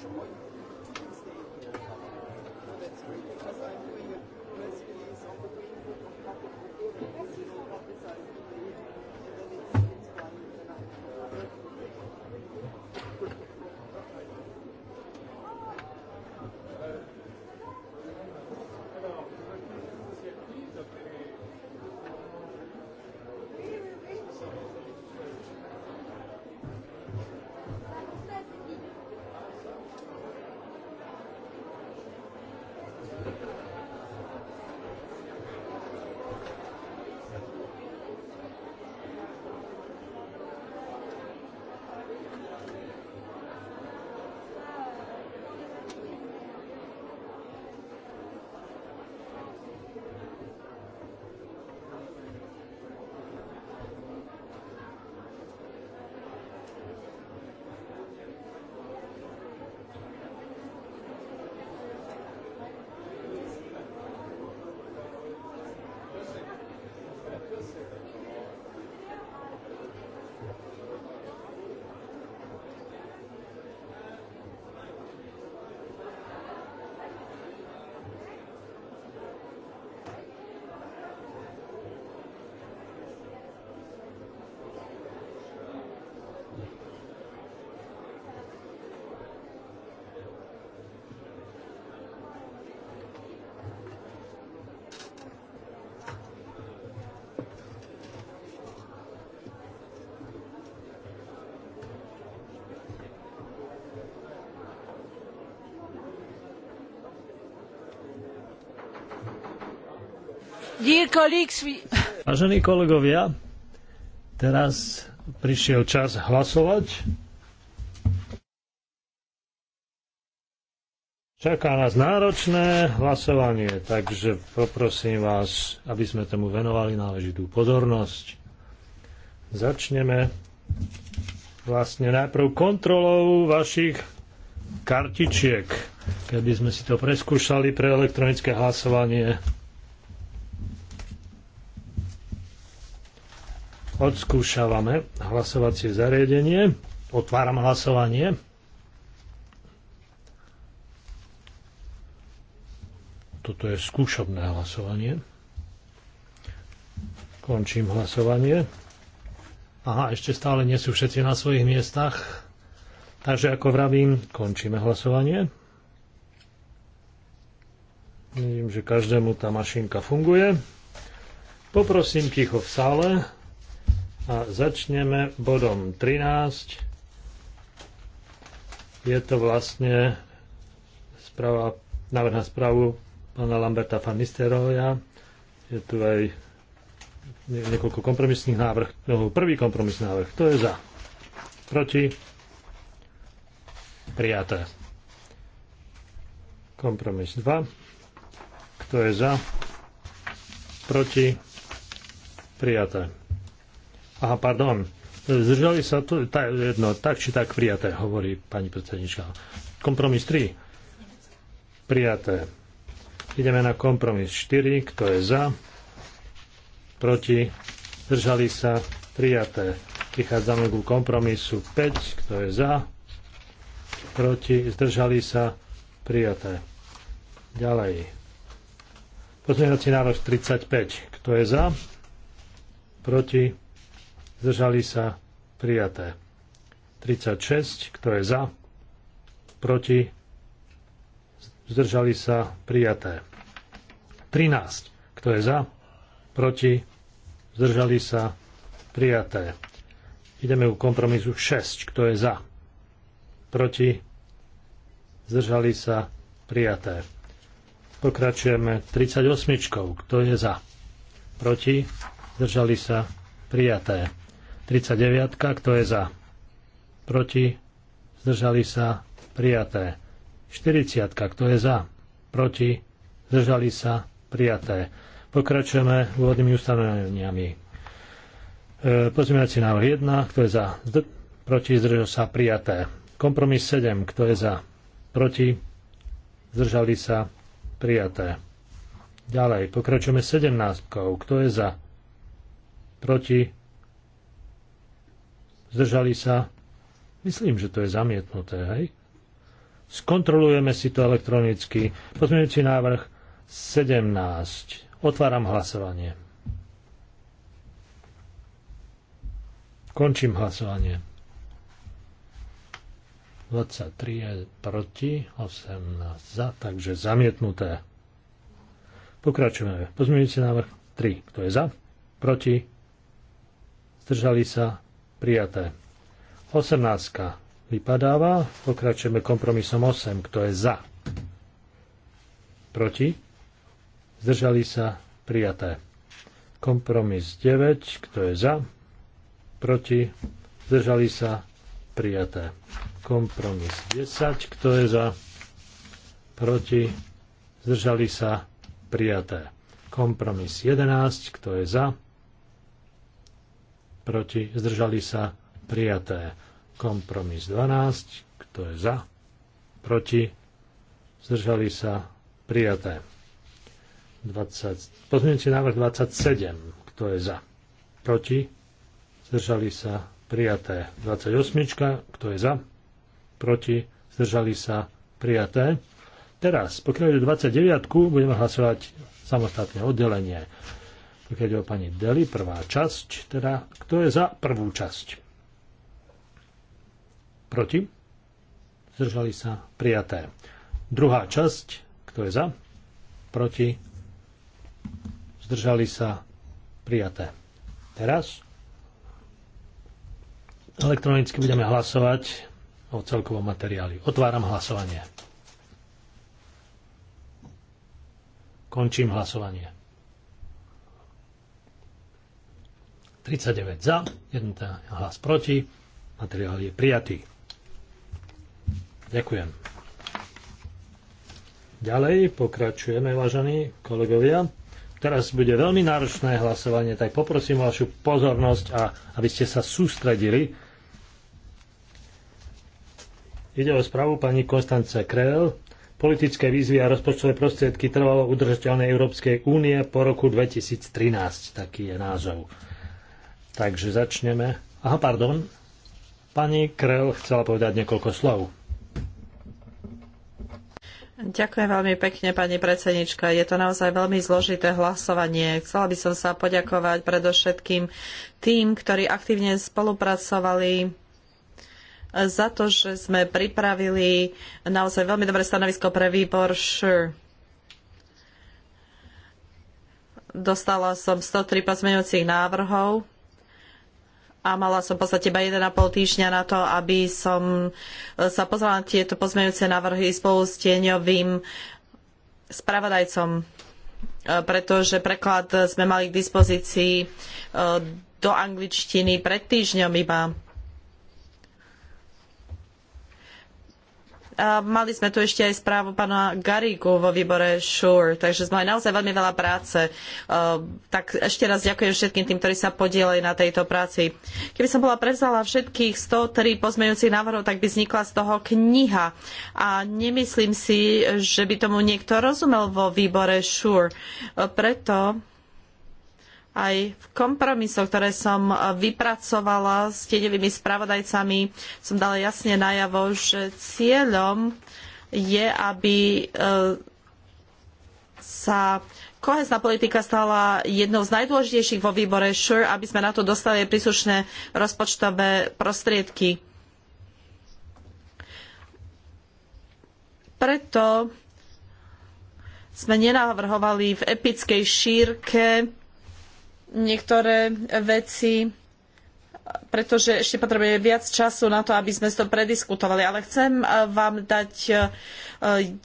Sure. You can stay here. That's great. Because I'm
Vážení kolegovia, teraz prišiel čas hlasovať. Čaká nás náročné hlasovanie, takže poprosím vás, aby sme tomu venovali náležitú pozornosť. Začneme vlastne najprv kontrolou vašich kartičiek, keby sme si to preskúšali pre elektronické hlasovanie. Odskúšavame hlasovacie zariadenie. Otváram hlasovanie. Toto je skúšobné hlasovanie. Končím hlasovanie. Aha, ešte stále nie sú všetci na svojich miestach. Takže ako vravím, končíme hlasovanie. Vidím, že každému tá mašinka funguje. Poprosím ticho v sále. A začneme bodom 13. Je to vlastne správa, návrh na správu pána Lamberta van Nisteroja. Je tu aj niekoľko kompromisných návrh. No, prvý kompromisný návrh, to je za. Proti? Prijaté. Kompromis 2. Kto je za? Proti? Prijaté. Aha, pardon. Zdržali sa tu, tá, jedno, tak či tak prijaté, hovorí pani predsednička. Kompromis 3. Prijaté. Ideme na kompromis 4. Kto je za? Proti? Zdržali sa? Prijaté. Prichádzame ku kompromisu 5. Kto je za? Proti? Zdržali sa? Prijaté. Ďalej. Pozmeňovací návrh 35. Kto je za? Proti? zdržali sa, prijaté. 36, kto je za, proti, zdržali sa, prijaté. 13, kto je za, proti, zdržali sa, prijaté. Ideme u kompromisu 6, kto je za, proti, zdržali sa, prijaté. Pokračujeme 38, kto je za, proti, zdržali sa, prijaté. 39. Kto je za? Proti? Zdržali sa? Prijaté. 40. Kto je za? Proti? Zdržali sa? Prijaté. Pokračujeme úvodnými ustanoveniami. E, Pozmeňovací návrh 1. Kto je za? Zd- proti? zdržali sa? Prijaté. Kompromis 7. Kto je za? Proti? Zdržali sa? Prijaté. Ďalej, pokračujeme 17. Kto je za? Proti? Zdržali sa? Myslím, že to je zamietnuté, hej? Skontrolujeme si to elektronicky. Pozmeňujúci návrh 17. Otváram hlasovanie. Končím hlasovanie. 23 je proti, 18 za, takže zamietnuté. Pokračujeme. Pozmeňujúci návrh 3. Kto je za? Proti? Zdržali sa? Prijaté. 18. Vypadáva. Pokračujeme kompromisom 8. Kto je za? Proti? Zdržali sa? Prijaté. Kompromis 9. Kto je za? Proti? Zdržali sa? Prijaté. Kompromis 10. Kto je za? Proti? Zdržali sa? Prijaté. Kompromis 11. Kto je za? proti, zdržali sa, prijaté. Kompromis 12, kto je za, proti, zdržali sa, prijaté. 20, si návrh 27, kto je za, proti, zdržali sa, prijaté. 28, kto je za, proti, zdržali sa, prijaté. Teraz, pokiaľ je 29, budeme hlasovať samostatné oddelenie. Pokiaľ je o pani Deli, prvá časť, teda kto je za prvú časť? Proti? Zdržali sa prijaté. Druhá časť, kto je za? Proti? Zdržali sa prijaté. Teraz elektronicky budeme hlasovať o celkovom materiáli. Otváram hlasovanie. Končím hlasovanie. 39 za, 1 hlas proti. Materiál je prijatý. Ďakujem. Ďalej pokračujeme, vážení kolegovia. Teraz bude veľmi náročné hlasovanie, tak poprosím vašu pozornosť a aby ste sa sústredili. Ide o správu pani Konstance Krell. Politické výzvy a rozpočtové prostriedky trvalo udržateľnej Európskej únie po roku 2013. Taký je názov. Takže začneme. Aha, pardon. Pani Krel chcela povedať niekoľko slov.
Ďakujem veľmi pekne, pani predsednička. Je to naozaj veľmi zložité hlasovanie. Chcela by som sa poďakovať predovšetkým tým, ktorí aktívne spolupracovali za to, že sme pripravili naozaj veľmi dobré stanovisko pre výbor SURE. Dostala som 103 pozmeňujúcich návrhov a mala som v podstate iba 1,5 týždňa na to, aby som e, sa pozvala na tieto pozmeňujúce návrhy spolu s tieňovým spravodajcom, e, pretože preklad sme mali k dispozícii e, do angličtiny pred týždňom iba. mali sme tu ešte aj správu pána Garigu vo výbore SURE, takže sme mali naozaj veľmi veľa práce. E, tak ešte raz ďakujem všetkým tým, ktorí sa podielali na tejto práci. Keby som bola prevzala všetkých 103 pozmeňujúcich návrhov, tak by vznikla z toho kniha. A nemyslím si, že by tomu niekto rozumel vo výbore SURE. E, preto aj v kompromisoch, ktoré som e, vypracovala s tieňovými spravodajcami, som dala jasne najavo, že cieľom je, aby e, sa kohezná politika stala jednou z najdôležitejších vo výbore SURE, aby sme na to dostali príslušné rozpočtové prostriedky. Preto sme nenavrhovali v epickej šírke niektoré veci, pretože ešte potrebujeme viac času na to, aby sme to prediskutovali. Ale chcem eh, vám dať eh,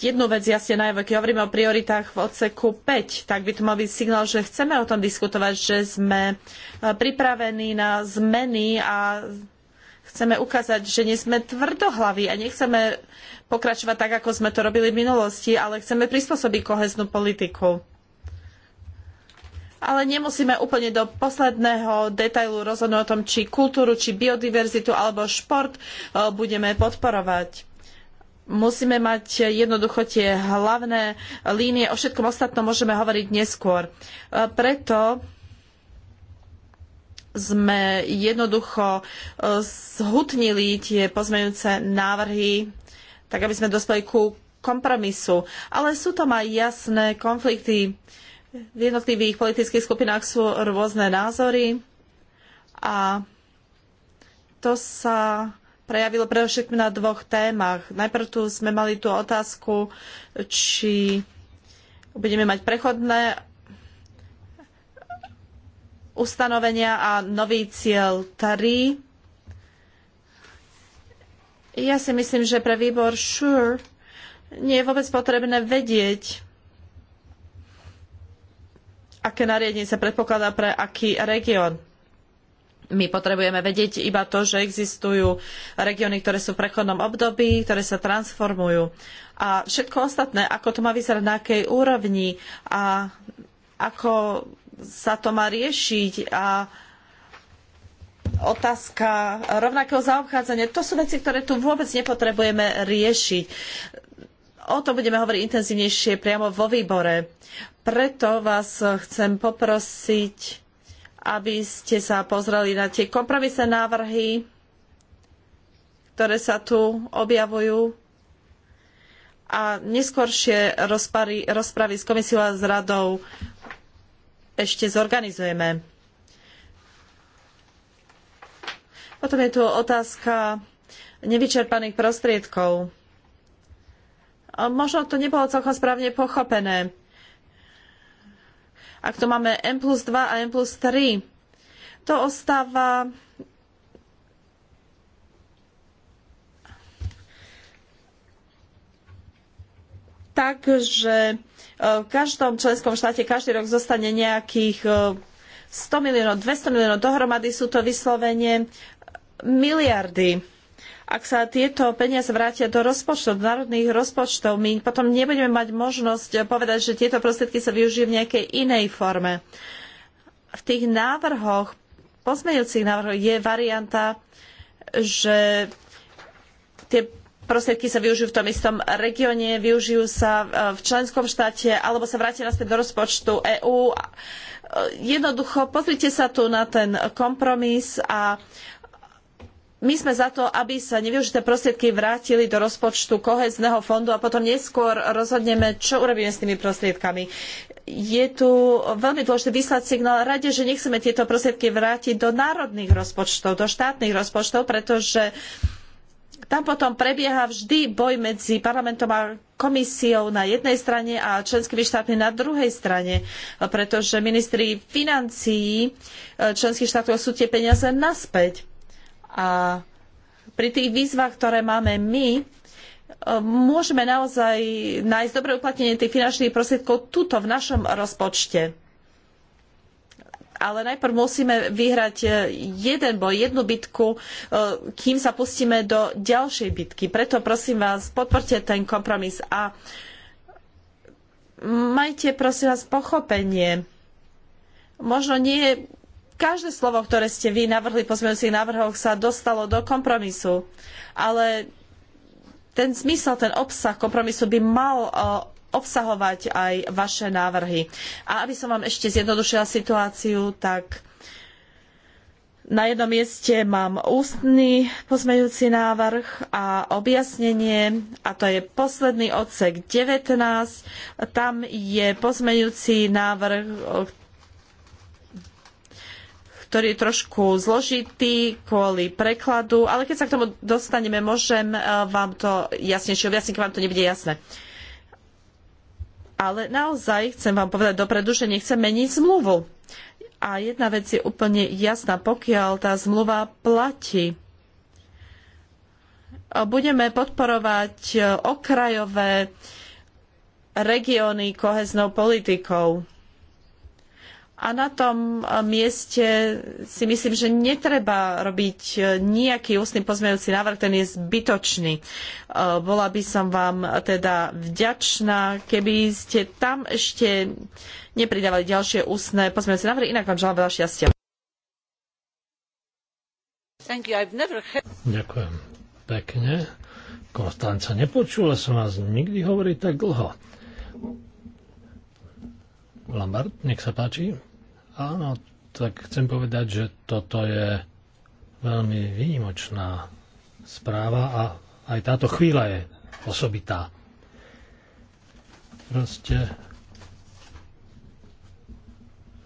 jednu vec jasne najavo. Keď hovoríme o prioritách v odseku 5, tak by to mal byť signál, že chceme o tom diskutovať, že sme eh, pripravení na zmeny a chceme ukázať, že nie sme tvrdohlaví a nechceme pokračovať tak, ako sme to robili v minulosti, ale chceme prispôsobiť koheznú politiku ale nemusíme úplne do posledného detailu rozhodnúť o tom, či kultúru, či biodiverzitu alebo šport e, budeme podporovať. Musíme mať jednoducho tie hlavné línie, o všetkom ostatnom môžeme hovoriť neskôr. E, preto sme jednoducho e, zhutnili tie pozmeňujúce návrhy, tak aby sme dospeli ku kompromisu. Ale sú tam aj jasné konflikty. Uh, v jednotlivých politických skupinách sú rôzne názory a to sa prejavilo predovšetkým na dvoch témach. Najprv tu sme mali tú otázku, či budeme mať prechodné ustanovenia a nový cieľ 3. Ja si myslím, že pre výbor SURE nie je vôbec potrebné vedieť, aké nariadenie sa predpokladá pre aký región. My potrebujeme vedieť iba to, že existujú regióny, ktoré sú v prechodnom období, ktoré sa transformujú. A všetko ostatné, ako to má vyzerať, na akej úrovni a ako sa to má riešiť a otázka rovnakého zaobchádzania, to sú veci, ktoré tu vôbec nepotrebujeme riešiť. O tom budeme hovoriť intenzívnejšie priamo vo výbore. Preto vás chcem poprosiť, aby ste sa pozreli na tie kompromisné návrhy, ktoré sa tu objavujú a neskôršie rozpravy, rozpravy s komisiou a s radou ešte zorganizujeme. Potom je tu otázka nevyčerpaných prostriedkov. Možno to nebolo celkom správne pochopené. Ak to máme M plus 2 a M plus 3, to ostáva tak, že e, v každom členskom štáte každý rok zostane nejakých 100 e, miliónov, 200 miliónov, dohromady sú to vyslovene miliardy ak sa tieto peniaze vrátia do rozpočtov, do národných rozpočtov, my potom nebudeme mať možnosť povedať, že tieto prostriedky sa využijú v nejakej inej forme. V tých návrhoch, pozmeňujúcich návrhoch je varianta, že tie prostriedky sa využijú v tom istom regióne, využijú sa e, v členskom štáte alebo sa vrátia naspäť do rozpočtu EÚ. E, jednoducho, pozrite sa tu na ten kompromis a uh, my sme za to, aby sa nevyužité prostriedky vrátili do rozpočtu kohézneho fondu a potom neskôr rozhodneme, čo urobíme s tými prostriedkami. Je tu veľmi dôležité vyslať signál rade, že nechceme tieto prostriedky vrátiť do národných rozpočtov, do štátnych rozpočtov, pretože tam potom prebieha vždy boj medzi parlamentom a komisiou na jednej strane a členskými štátmi na druhej strane, pretože ministri financií členských štátov sú tie peniaze naspäť a pri tých výzvach, ktoré máme my, e, môžeme naozaj nájsť dobre uplatnenie tých finančných prostriedkov tuto v našom rozpočte. Ale najprv musíme vyhrať e, jeden boj, jednu bitku, e, kým sa pustíme do ďalšej bitky. Preto prosím vás, podporte ten kompromis a majte prosím vás pochopenie. Možno nie každé slovo, ktoré ste vy navrhli po pozmeňujúcich návrhoch, sa dostalo do kompromisu. Ale ten zmysel, ten obsah kompromisu by mal e, obsahovať aj vaše návrhy. A aby som vám ešte zjednodušila situáciu, tak na jednom mieste mám ústny pozmeňujúci návrh a objasnenie, a to je posledný odsek 19. Tam je pozmeňujúci návrh, ktorý je trošku zložitý kvôli prekladu, ale keď sa k tomu dostaneme, môžem eh, vám to jasnejšie objasniť, vám to nebude jasné. Ale naozaj chcem vám povedať dopredu, že nechcem meniť zmluvu. A jedna vec je úplne jasná, pokiaľ tá zmluva platí. Budeme podporovať eh, okrajové regióny koheznou politikou a na tom e, mieste si myslím, že netreba robiť e, nejaký ústny pozmeňujúci návrh, ten je zbytočný. E, bola by som vám teda vďačná, keby ste tam ešte nepridávali ďalšie ústne pozmeňujúce návrhy, inak vám želám veľa šťastia. Heard...
Ďakujem pekne. Konstanca, nepočula som vás nikdy hovoriť tak dlho. Lambert, nech sa páči. Áno, tak chcem povedať, že toto je veľmi výnimočná správa a aj táto chvíľa je osobitá. Proste,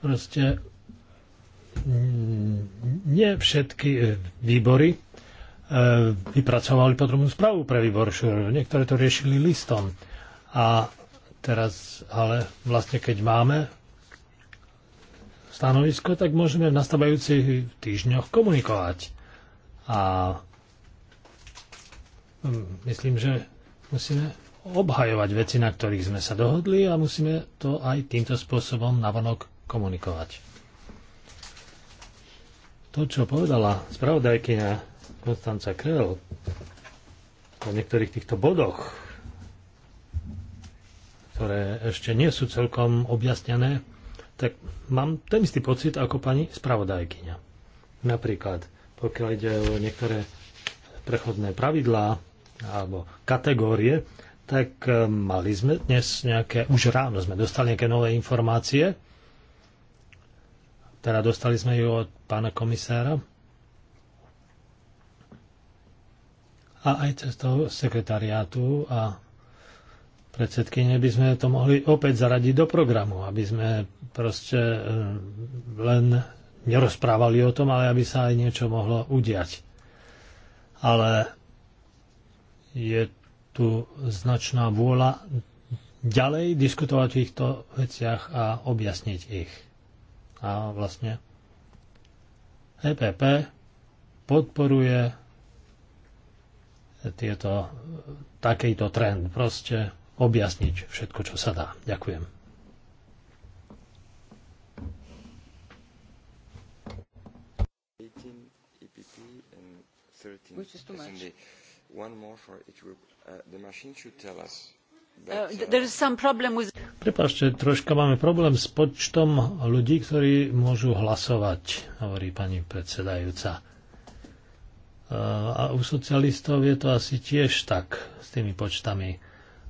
proste mm, nie všetky e, výbory e, vypracovali podrobnú správu pre výbor Šurov. Niektoré to riešili listom. A teraz, ale vlastne keď máme stanovisko, tak môžeme v nastávajúcich týždňoch komunikovať. A hm, myslím, že musíme obhajovať veci, na ktorých sme sa dohodli a musíme to aj týmto spôsobom navonok komunikovať. To, čo povedala spravodajkyňa Konstanca Krell o niektorých týchto bodoch, ktoré ešte nie sú celkom objasnené, tak mám ten istý pocit ako pani spravodajkyňa. Napríklad, pokiaľ ide o niektoré prechodné pravidlá alebo kategórie, tak e, mali sme dnes nejaké, už ráno sme dostali nejaké nové informácie, teda dostali sme ju od pána komisára a aj cez toho sekretariátu a predsedkyne by sme to mohli opäť zaradiť do programu, aby sme proste e, len nerozprávali o tom, ale aby sa aj niečo mohlo udiať. Ale je tu značná vôľa ďalej diskutovať o týchto veciach a objasniť ich. A vlastne EPP podporuje tieto, takýto trend. Proste objasniť všetko, čo sa dá. Ďakujem.
E uh, uh,
uh, Prepašte, troška máme problém s počtom ľudí, ktorí môžu hlasovať, hovorí pani predsedajúca. a u socialistov je to asi tiež tak s tými počtami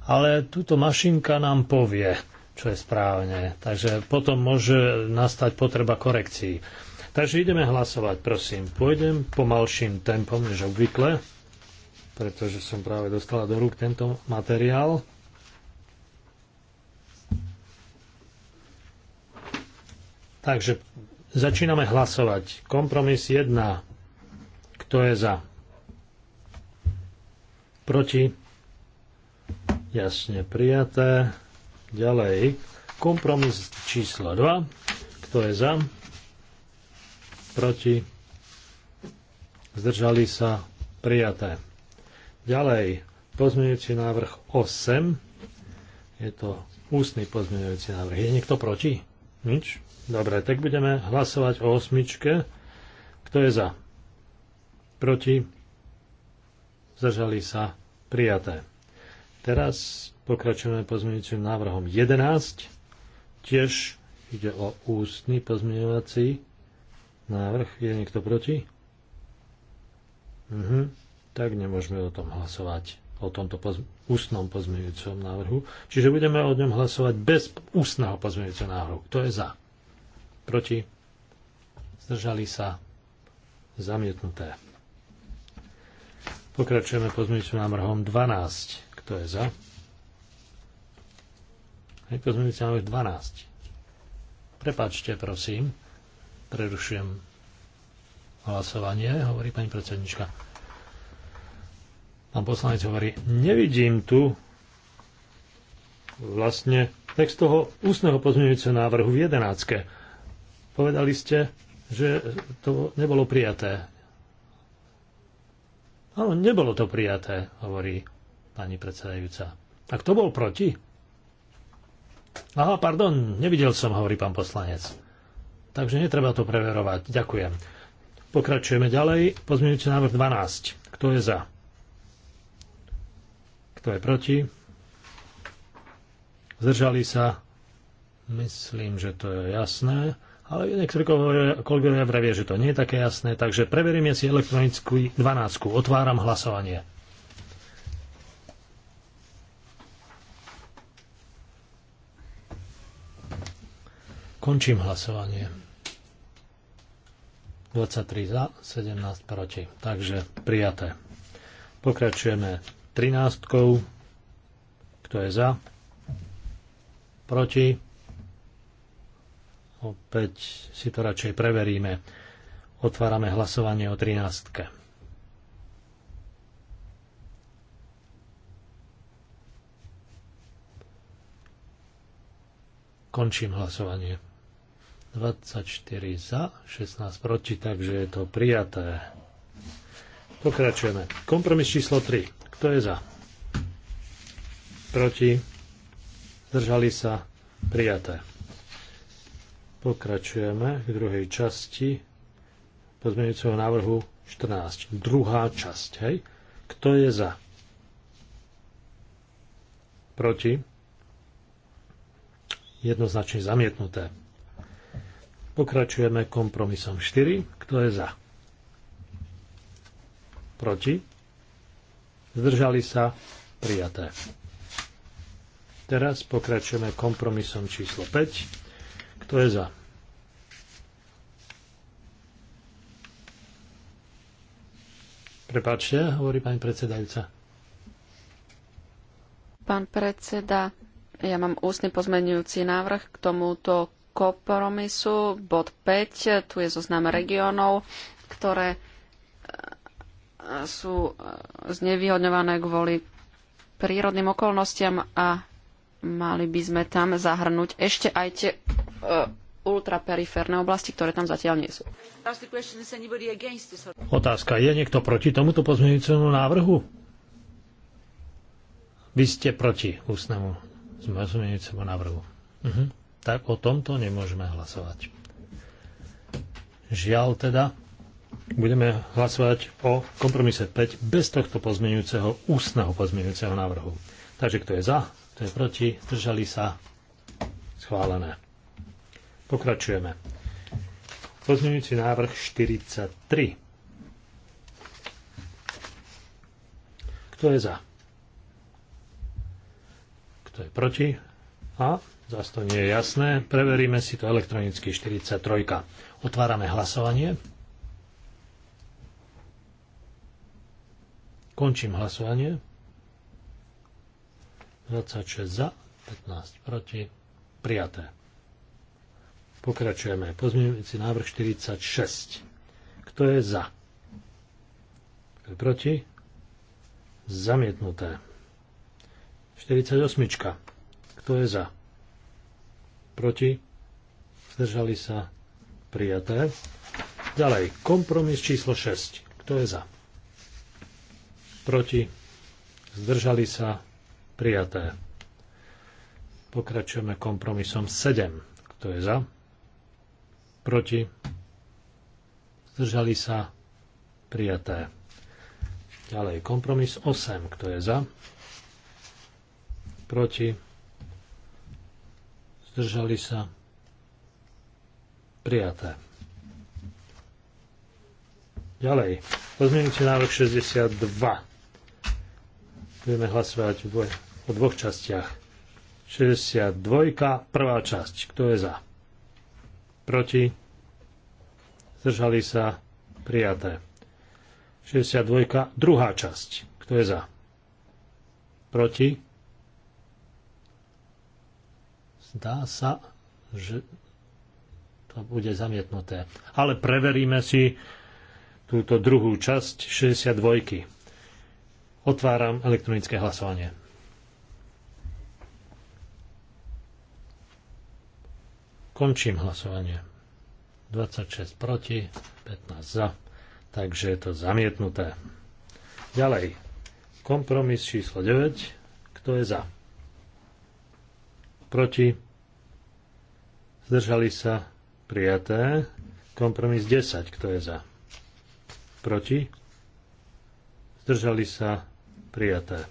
ale túto mašinka nám povie, čo je správne. Takže potom môže nastať potreba korekcií. Takže ideme hlasovať, prosím. Pôjdem pomalším tempom než obvykle, pretože som práve dostala do rúk tento materiál. Takže začíname hlasovať. Kompromis 1. Kto je za? Proti? Jasne prijaté. Ďalej. Kompromis číslo 2. Kto je za? Proti? Zdržali sa? Prijaté. Ďalej. Pozmeňujúci návrh 8. Je to ústny pozmeňujúci návrh. Je niekto proti? Nič? Dobre, tak budeme hlasovať o osmičke. Kto je za? Proti? Zdržali sa? Prijaté. Teraz pokračujeme pozmeňujúcim návrhom 11. Tiež ide o ústny pozmeňovací návrh. Je niekto proti? Uh-huh. Tak nemôžeme o tom hlasovať, o tomto poz... ústnom pozmeňujúcom návrhu. Čiže budeme o ňom hlasovať bez ústneho pozmeňujúceho návrhu. Kto je za? Proti? Zdržali sa? Zamietnuté. Pokračujeme pozmeňujúcim návrhom 12 kto je za? Hej, pozmeňujúci návrh 12. Prepačte, prosím. Prerušujem hlasovanie, hovorí pani predsednička. Pán poslanec hovorí, nevidím tu vlastne text toho ústneho pozmeňujúceho návrhu v 11. Povedali ste, že to nebolo prijaté. Áno, nebolo to prijaté, hovorí pani predsedajúca. A kto bol proti? Aha, pardon, nevidel som, hovorí pán poslanec. Takže netreba to preverovať. Ďakujem. Pokračujeme ďalej. Pozmienujúci návrh 12. Kto je za? Kto je proti? Zdržali sa? Myslím, že to je jasné. Ale niektorí kolegovia vravia, že to nie je také jasné, takže preveríme si elektronickú 12. Otváram hlasovanie. Končím hlasovanie. 23 za, 17 proti. Takže prijaté. Pokračujeme 13. Kto je za? Proti? Opäť si to radšej preveríme. Otvárame hlasovanie o 13. Končím hlasovanie. 24 za, 16 proti, takže je to prijaté. Pokračujeme. Kompromis číslo 3. Kto je za? Proti? Zdržali sa? Prijaté. Pokračujeme k druhej časti pozmeňujúceho návrhu 14. Druhá časť. Hej. Kto je za? Proti? Jednoznačne zamietnuté. Pokračujeme kompromisom 4. Kto je za? Proti? Zdržali sa? Prijaté. Teraz pokračujeme kompromisom číslo 5. Kto je za? Prepačte, hovorí pani predsedajúca.
Pán predseda, ja mám ústny pozmenujúci návrh k tomuto kompromisu, bod 5, tu je zoznam regiónov, ktoré e, sú e, znevýhodňované kvôli prírodným okolnostiam a mali by sme tam zahrnúť ešte aj tie uh, ultraperiférne oblasti, ktoré tam zatiaľ nie sú.
Otázka, je niekto proti tomuto pozmeňujúcemu návrhu? Vy ste proti ústnemu pozmeňujúcemu návrhu. Uh-huh tak o tomto nemôžeme hlasovať. Žiaľ teda, budeme hlasovať o kompromise 5 bez tohto pozmenujúceho, ústneho pozmenujúceho návrhu. Takže kto je za, kto je proti, držali sa, schválené. Pokračujeme. Pozmenujúci návrh 43. Kto je za? Kto je proti? A Zas to nie je jasné. Preveríme si to elektronicky 43. Otvárame hlasovanie. Končím hlasovanie. 26 za, 15 proti. Prijaté. Pokračujeme. si návrh 46. Kto je za? Kto je proti? Zamietnuté. 48. Kto je za? proti, zdržali sa prijaté. Ďalej, kompromis číslo 6. Kto je za? Proti, zdržali sa prijaté. Pokračujeme kompromisom 7. Kto je za? Proti, zdržali sa prijaté. Ďalej, kompromis 8. Kto je za? Proti, zdržali sa, prijaté. Ďalej, pozmienujúci návrh 62. Budeme hlasovať o dvoch častiach. 62, prvá časť. Kto je za? Proti? Zdržali sa? Prijaté. 62, druhá časť. Kto je za? Proti? zdá sa, že to bude zamietnuté. Ale preveríme si túto druhú časť 62. Otváram elektronické hlasovanie. Končím hlasovanie. 26 proti, 15 za. Takže je to zamietnuté. Ďalej. Kompromis číslo 9. Kto je za? Proti? Zdržali sa prijaté. Kompromis 10. Kto je za? Proti? Zdržali sa prijaté.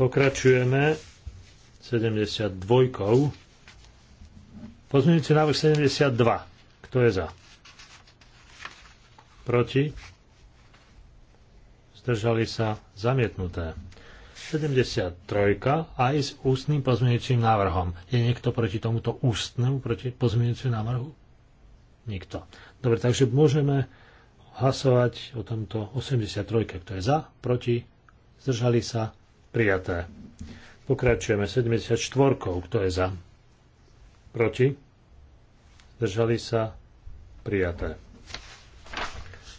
Pokračujeme 72. Pozmeňujúci návrh 72. Kto je za? Proti? Zdržali sa zamietnuté. 73 aj s ústnym pozmeňujúcim návrhom. Je niekto proti tomuto ústnemu proti pozmeňujúcim návrhu? Nikto. Dobre, takže môžeme hlasovať o tomto 83, kto je za, proti, zdržali sa, prijaté. Pokračujeme 74, kto je za, proti, zdržali sa, prijaté.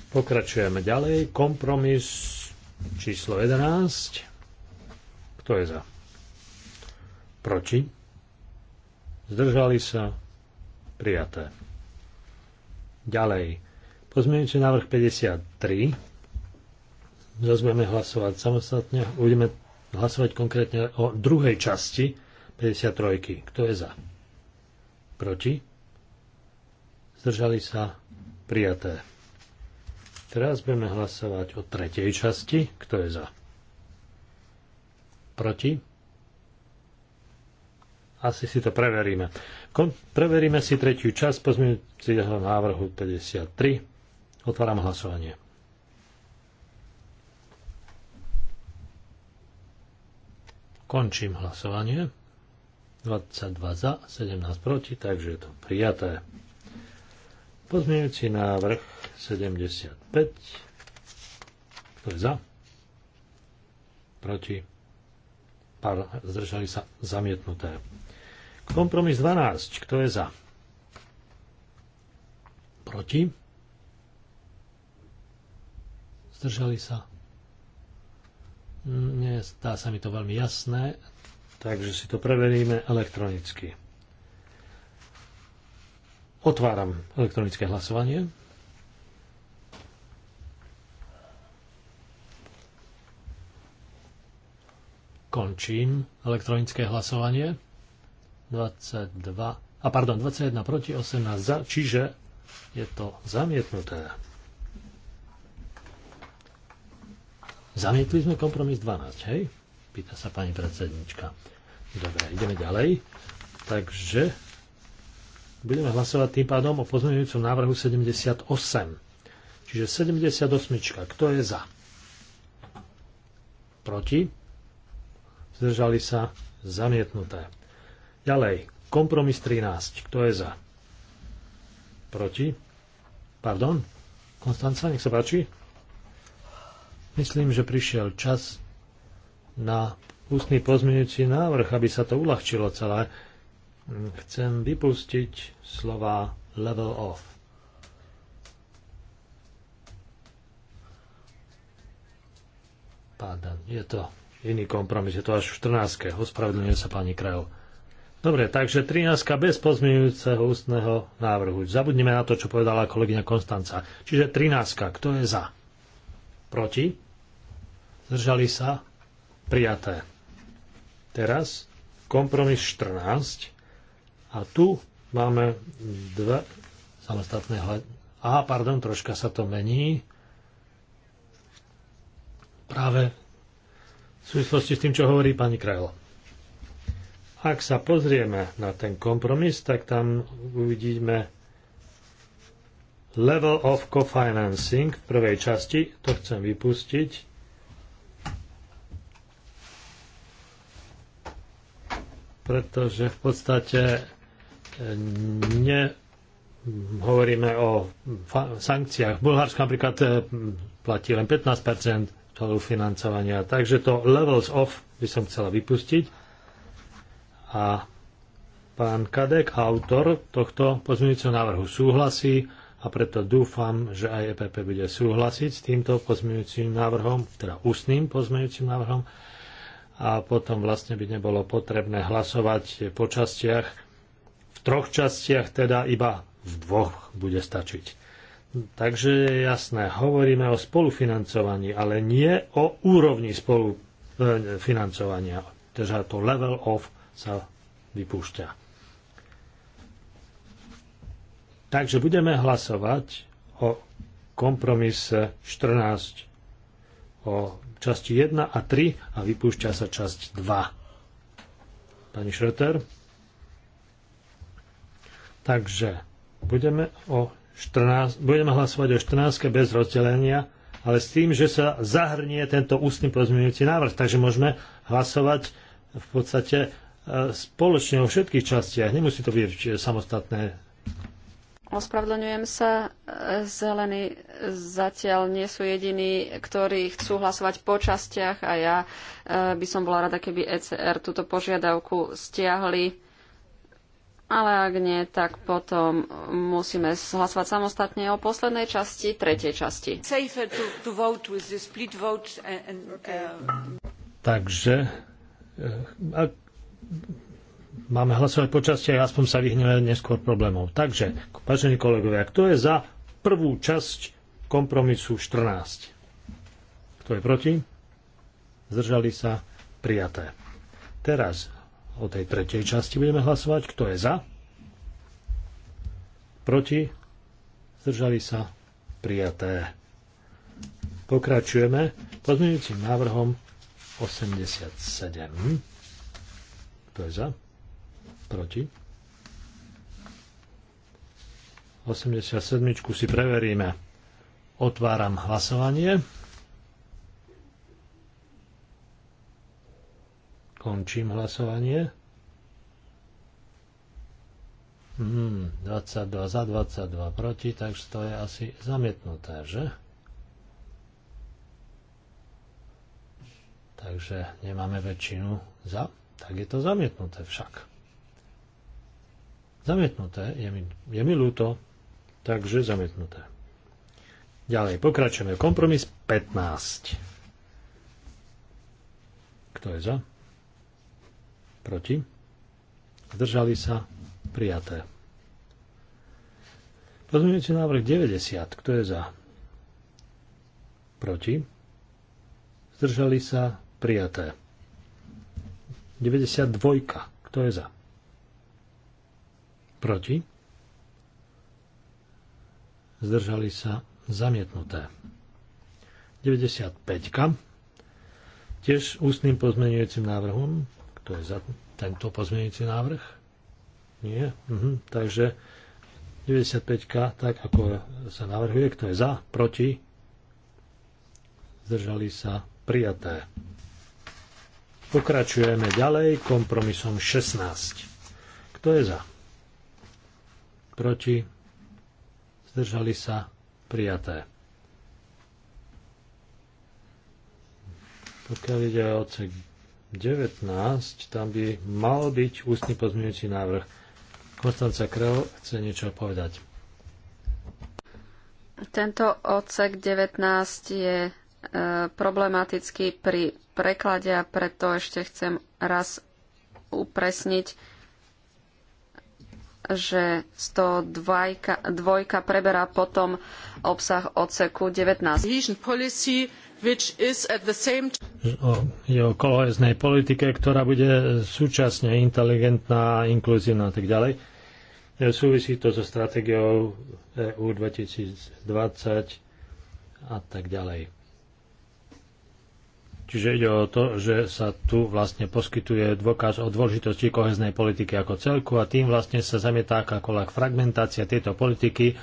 Pokračujeme ďalej. Kompromis číslo 11. Kto je za? Proti? Zdržali sa? Prijaté. Ďalej. Pozmeňujúci návrh 53. Zase budeme hlasovať samostatne. Budeme hlasovať konkrétne o druhej časti 53. Kto je za? Proti? Zdržali sa? Prijaté. Teraz budeme hlasovať o tretej časti. Kto je za? Proti? Asi si to preveríme. Kon- preveríme si tretiu časť pozmeňujúceho návrhu 53. Otváram hlasovanie. Končím hlasovanie. 22 za, 17 proti, takže je to prijaté. Pozmeňujúci návrh 75. Kto je za? Proti? pardon, zdržali sa zamietnuté. Kompromis 12. Kto je za? Proti? Zdržali sa? Mm, nie, zdá sa mi to veľmi jasné, takže si to preveríme elektronicky. Otváram elektronické hlasovanie. Končím elektronické hlasovanie. 22, a pardon, 21 proti 18 za, čiže je to zamietnuté. Zamietli sme kompromis 12, hej? Pýta sa pani predsednička. Dobre, ideme ďalej. Takže budeme hlasovať tým pádom o pozmeňujúcom návrhu 78. Čiže 78. Kto je za? Proti? zdržali sa, zamietnuté. Ďalej, kompromis 13, kto je za? Proti? Pardon? Konstanca, nech sa páči. Myslím, že prišiel čas na ústny pozmeňujúci návrh, aby sa to uľahčilo celé. Chcem vypustiť slova level off. Pardon, je to iný kompromis, je to až v 14. Ospravedlňuje sa pani krajov. Dobre, takže 13. bez pozmeňujúceho ústneho návrhu. Zabudnime na to, čo povedala kolegyňa Konstanca. Čiže 13. Kto je za? Proti? Zdržali sa? Prijaté. Teraz kompromis 14. A tu máme dva samostatné hľad... Aha, pardon, troška sa to mení. Práve v súvislosti s tým, čo hovorí pani Krajl. Ak sa pozrieme na ten kompromis, tak tam uvidíme level of cofinancing v prvej časti, to chcem vypustiť, pretože v podstate e, ne hovoríme o sankciách. Bulharsko napríklad e, platí len 15% toho financovania. Takže to levels off by som chcela vypustiť. A pán Kadek, autor tohto pozmeňujúceho návrhu, súhlasí a preto dúfam, že aj EPP bude súhlasiť s týmto pozmeňujúcim návrhom, teda ústnym pozmeňujúcim návrhom a potom vlastne by nebolo potrebné hlasovať po častiach. V troch častiach teda iba v dvoch bude stačiť. Takže je jasné, hovoríme o spolufinancovaní, ale nie o úrovni spolufinancovania. E, teda to level off sa vypúšťa. Takže budeme hlasovať o kompromise 14, o časti 1 a 3 a vypúšťa sa časť 2. Pani Šreter? Takže budeme o 14, budeme hlasovať o 14 bez rozdelenia, ale s tým, že sa zahrnie tento ústny pozmeňujúci návrh. Takže môžeme hlasovať v podstate e, spoločne o všetkých častiach. Nemusí to byť e, samostatné.
Ospravedlňujem sa, e, zelení zatiaľ nie sú jediní, ktorí chcú hlasovať po častiach a ja by som bola rada, keby ECR túto požiadavku stiahli ale ak nie, tak potom musíme hlasovať samostatne o poslednej časti, tretej časti. Uh,
Takže eh, ak máme hlasovať po časti, aspoň sa vyhneme neskôr problémov. Takže, vážení kolegovia, kto je za prvú časť kompromisu 14? Kto je proti? Zdržali sa prijaté. Teraz O tej tretej časti budeme hlasovať. Kto je za? Proti? Zdržali sa? Prijaté. Pokračujeme pozmeňujúcim návrhom 87. Kto je za? Proti? 87 si preveríme. Otváram hlasovanie. Končím hlasovanie. Hmm, 22 za, 22 proti, takže to je asi zamietnuté, že? Takže nemáme väčšinu za, tak je to zamietnuté však. Zamietnuté, je mi, je mi ľúto, takže zamietnuté. Ďalej, pokračujeme. Kompromis 15. Kto je za? Proti? Zdržali sa? Prijaté. Pozmeňujúci návrh 90. Kto je za? Proti? Zdržali sa? Prijaté. 92. Kto je za? Proti? Zdržali sa? Zamietnuté. 95. Tiež ústnym pozmeňujúcim návrhom kto je za tento pozmeňujúci návrh? Nie? Mhm. Takže 95K, tak ako sa navrhuje, kto je za, proti, zdržali sa prijaté. Pokračujeme ďalej kompromisom 16. Kto je za? Proti? Zdržali sa prijaté. Pokiaľ ide o odsek 19, tam by mal byť ústny pozmeňujúci návrh. Konstanca Krel chce niečo povedať.
Tento odsek 19 je e, problematický pri preklade a preto ešte chcem raz upresniť, že 102 dvojka preberá potom obsah odseku 19
o koheznej politike, ktorá bude súčasne inteligentná, inkluzívna a tak ďalej. E, súvisí to so stratégiou EU 2020 a tak ďalej. Čiže ide o to, že sa tu vlastne poskytuje dôkaz o dôležitosti koheznej politiky ako celku a tým vlastne sa zamietá akákoľvek fragmentácia tejto politiky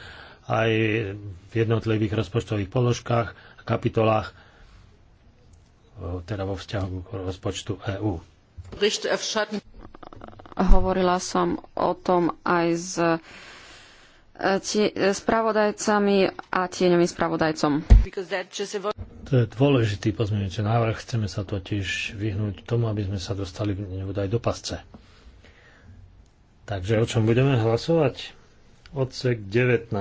aj v jednotlivých rozpočtových položkách, kapitolách E, teda vo vzťahu k rozpočtu EÚ.
Hovorila som o tom aj s e, e, spravodajcami a tieňovým spravodajcom. To
je dôležitý pozmeňujúci návrh. Chceme sa totiž vyhnúť tomu, aby sme sa dostali nevodaj do pasce. Takže o čom budeme hlasovať? Odsek 19,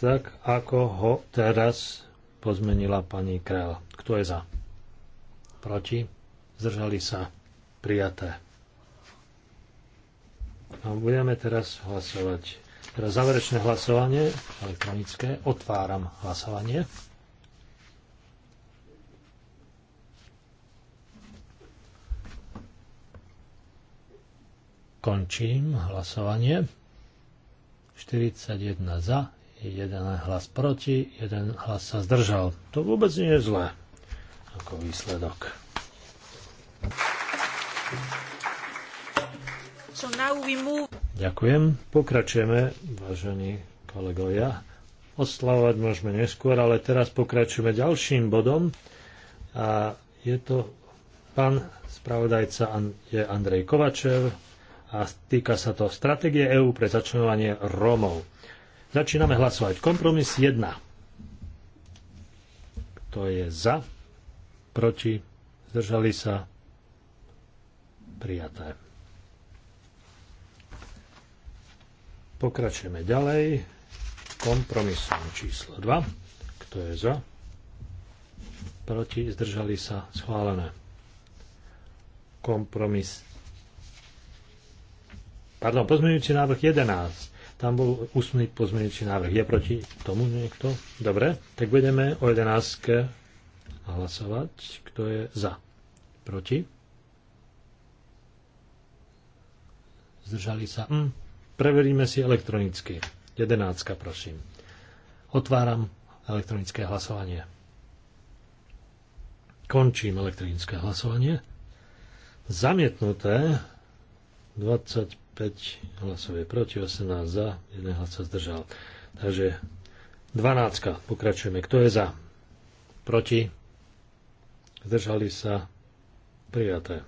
tak ako ho teraz pozmenila pani kráľa. Kto je za? proti, zdržali sa, prijaté. A budeme teraz hlasovať. Teraz záverečné hlasovanie elektronické. Otváram hlasovanie. Končím hlasovanie. 41 za, 1 hlas proti, 1 hlas sa zdržal. To vôbec nie je zlé ako výsledok.
So now we move...
Ďakujem. Pokračujeme, vážení kolegovia. Oslavovať môžeme neskôr, ale teraz pokračujeme ďalším bodom. A je to pán spravodajca je Andrej Kovačev a týka sa to stratégie EÚ pre začlenovanie Rómov. Začíname hlasovať. Kompromis 1. Kto je za? proti, zdržali sa, prijaté. Pokračujeme ďalej kompromisom číslo 2. Kto je za? Proti, zdržali sa, schválené. Kompromis. Pardon, pozmeňujúci návrh 11. Tam bol ústny pozmeňujúci návrh. Je proti tomu niekto? Dobre, tak budeme o 11 hlasovať. Kto je za? Proti? Zdržali sa? Mm. Preveríme si elektronicky. 11, prosím. Otváram elektronické hlasovanie. Končím elektronické hlasovanie. Zamietnuté 25 hlasov je proti, 18 za, 1 hlas sa zdržal. Takže 12. Pokračujeme. Kto je za? Proti? zdržali sa prijaté.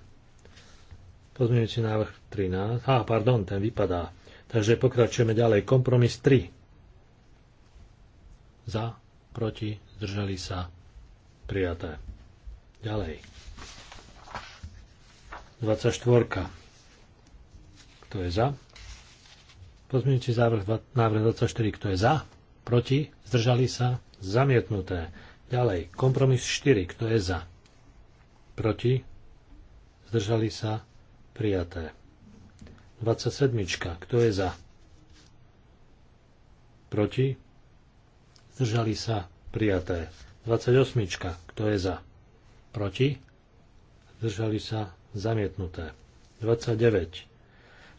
Pozmeňujúci návrh 13. Á, pardon, ten vypadá. Takže pokračujeme ďalej. Kompromis 3. Za, proti, zdržali sa prijaté. Ďalej. 24. Kto je za? Pozmeňujúci návrh, návrh 24. Kto je za? Proti? Zdržali sa? Zamietnuté. Ďalej. Kompromis 4. Kto je za? proti, zdržali sa, prijaté. 27. Kto je za? Proti? Zdržali sa, prijaté. 28. Kto je za? Proti? Zdržali sa, zamietnuté. 29.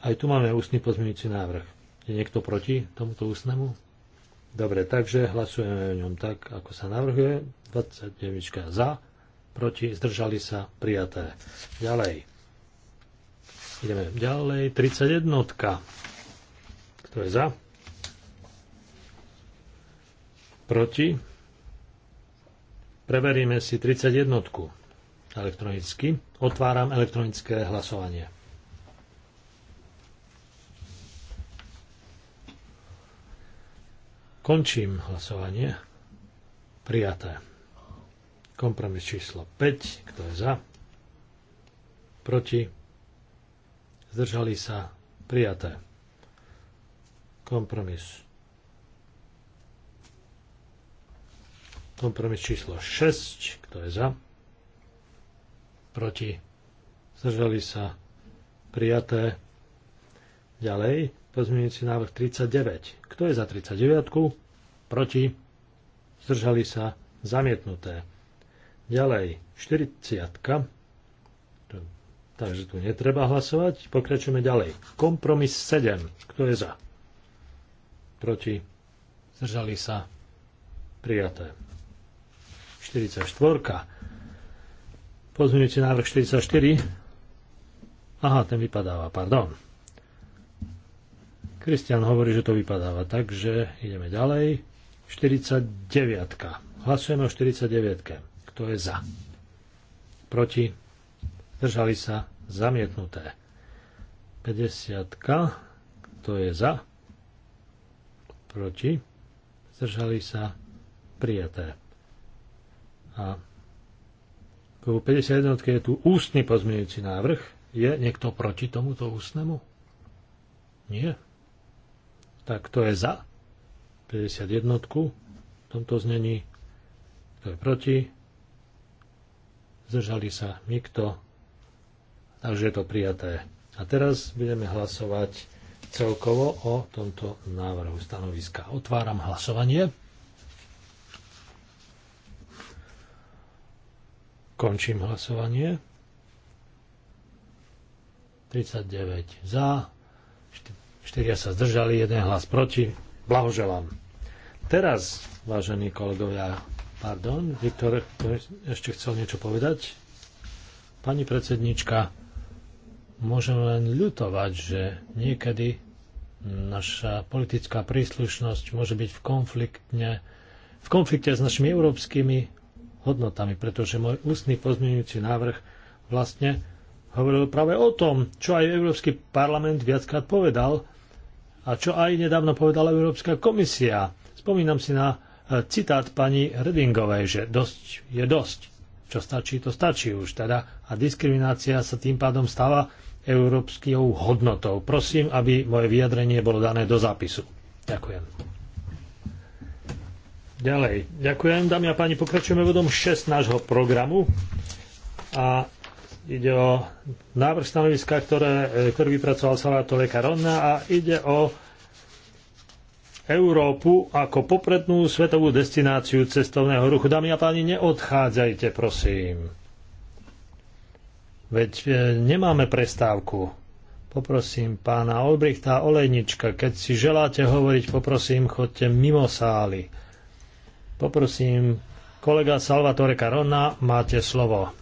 Aj tu máme ústny pozmeňujúci návrh. Je niekto proti tomuto ústnemu? Dobre, takže hlasujeme o ňom tak, ako sa navrhuje. 29 za, proti, zdržali sa, prijaté. Ďalej. Ideme ďalej. 31. Kto je za? Proti. Preveríme si 31. elektronicky. Otváram elektronické hlasovanie. Končím hlasovanie. Prijaté. Kompromis číslo 5, kto je za? Proti? Zdržali sa? Prijaté. Kompromis. Kompromis číslo 6, kto je za? Proti? Zdržali sa? Prijaté. Ďalej, pozmienujúci návrh 39. Kto je za 39? Proti? Zdržali sa? Zamietnuté. Ďalej, 40. Takže tu netreba hlasovať. Pokračujeme ďalej. Kompromis 7. Kto je za? Proti? Zdržali sa? Prijaté. 44. Pozmeňujúci návrh 44. Aha, ten vypadáva, pardon. Kristian hovorí, že to vypadáva, takže ideme ďalej. 49. Hlasujeme o 49. Kto je za? Proti? Zdržali sa? Zamietnuté. 50. Kto je za? Proti? Zdržali sa? Prijaté. A ku 51. je tu ústny pozmeňujúci návrh. Je niekto proti tomuto ústnemu? Nie. Tak kto je za 51. v tomto znení? Kto je proti? zdržali sa nikto, takže je to prijaté. A teraz budeme hlasovať celkovo o tomto návrhu stanoviska. Otváram hlasovanie. Končím hlasovanie. 39 za, 4 sa zdržali, 1 hlas proti. Blahoželám. Teraz, vážení kolegovia, Pardon, Viktor ešte chcel niečo povedať. Pani predsednička, môžem len ľutovať, že niekedy naša politická príslušnosť môže byť v, konfliktne, v konflikte s našimi európskymi hodnotami, pretože môj ústny pozmeňujúci návrh vlastne hovoril práve o tom, čo aj Európsky parlament viackrát povedal a čo aj nedávno povedala Európska komisia. Spomínam si na citát pani Redingovej, že dosť je dosť. Čo stačí, to stačí už teda. A diskriminácia sa tým pádom stáva európskou hodnotou. Prosím, aby moje vyjadrenie bolo dané do zápisu. Ďakujem. Ďalej. Ďakujem, dámy a páni. Pokračujeme vodom 6 nášho programu. A ide o návrh stanoviska, ktoré, ktorý vypracoval Salvatore Karonna a ide o Európu ako poprednú svetovú destináciu cestovného ruchu. Dámy a páni, neodchádzajte, prosím. Veď e, nemáme prestávku. Poprosím pána Olbrichta Olejnička, keď si želáte hovoriť, poprosím, chodte mimo sály. Poprosím, kolega Salvatore Carona, máte slovo.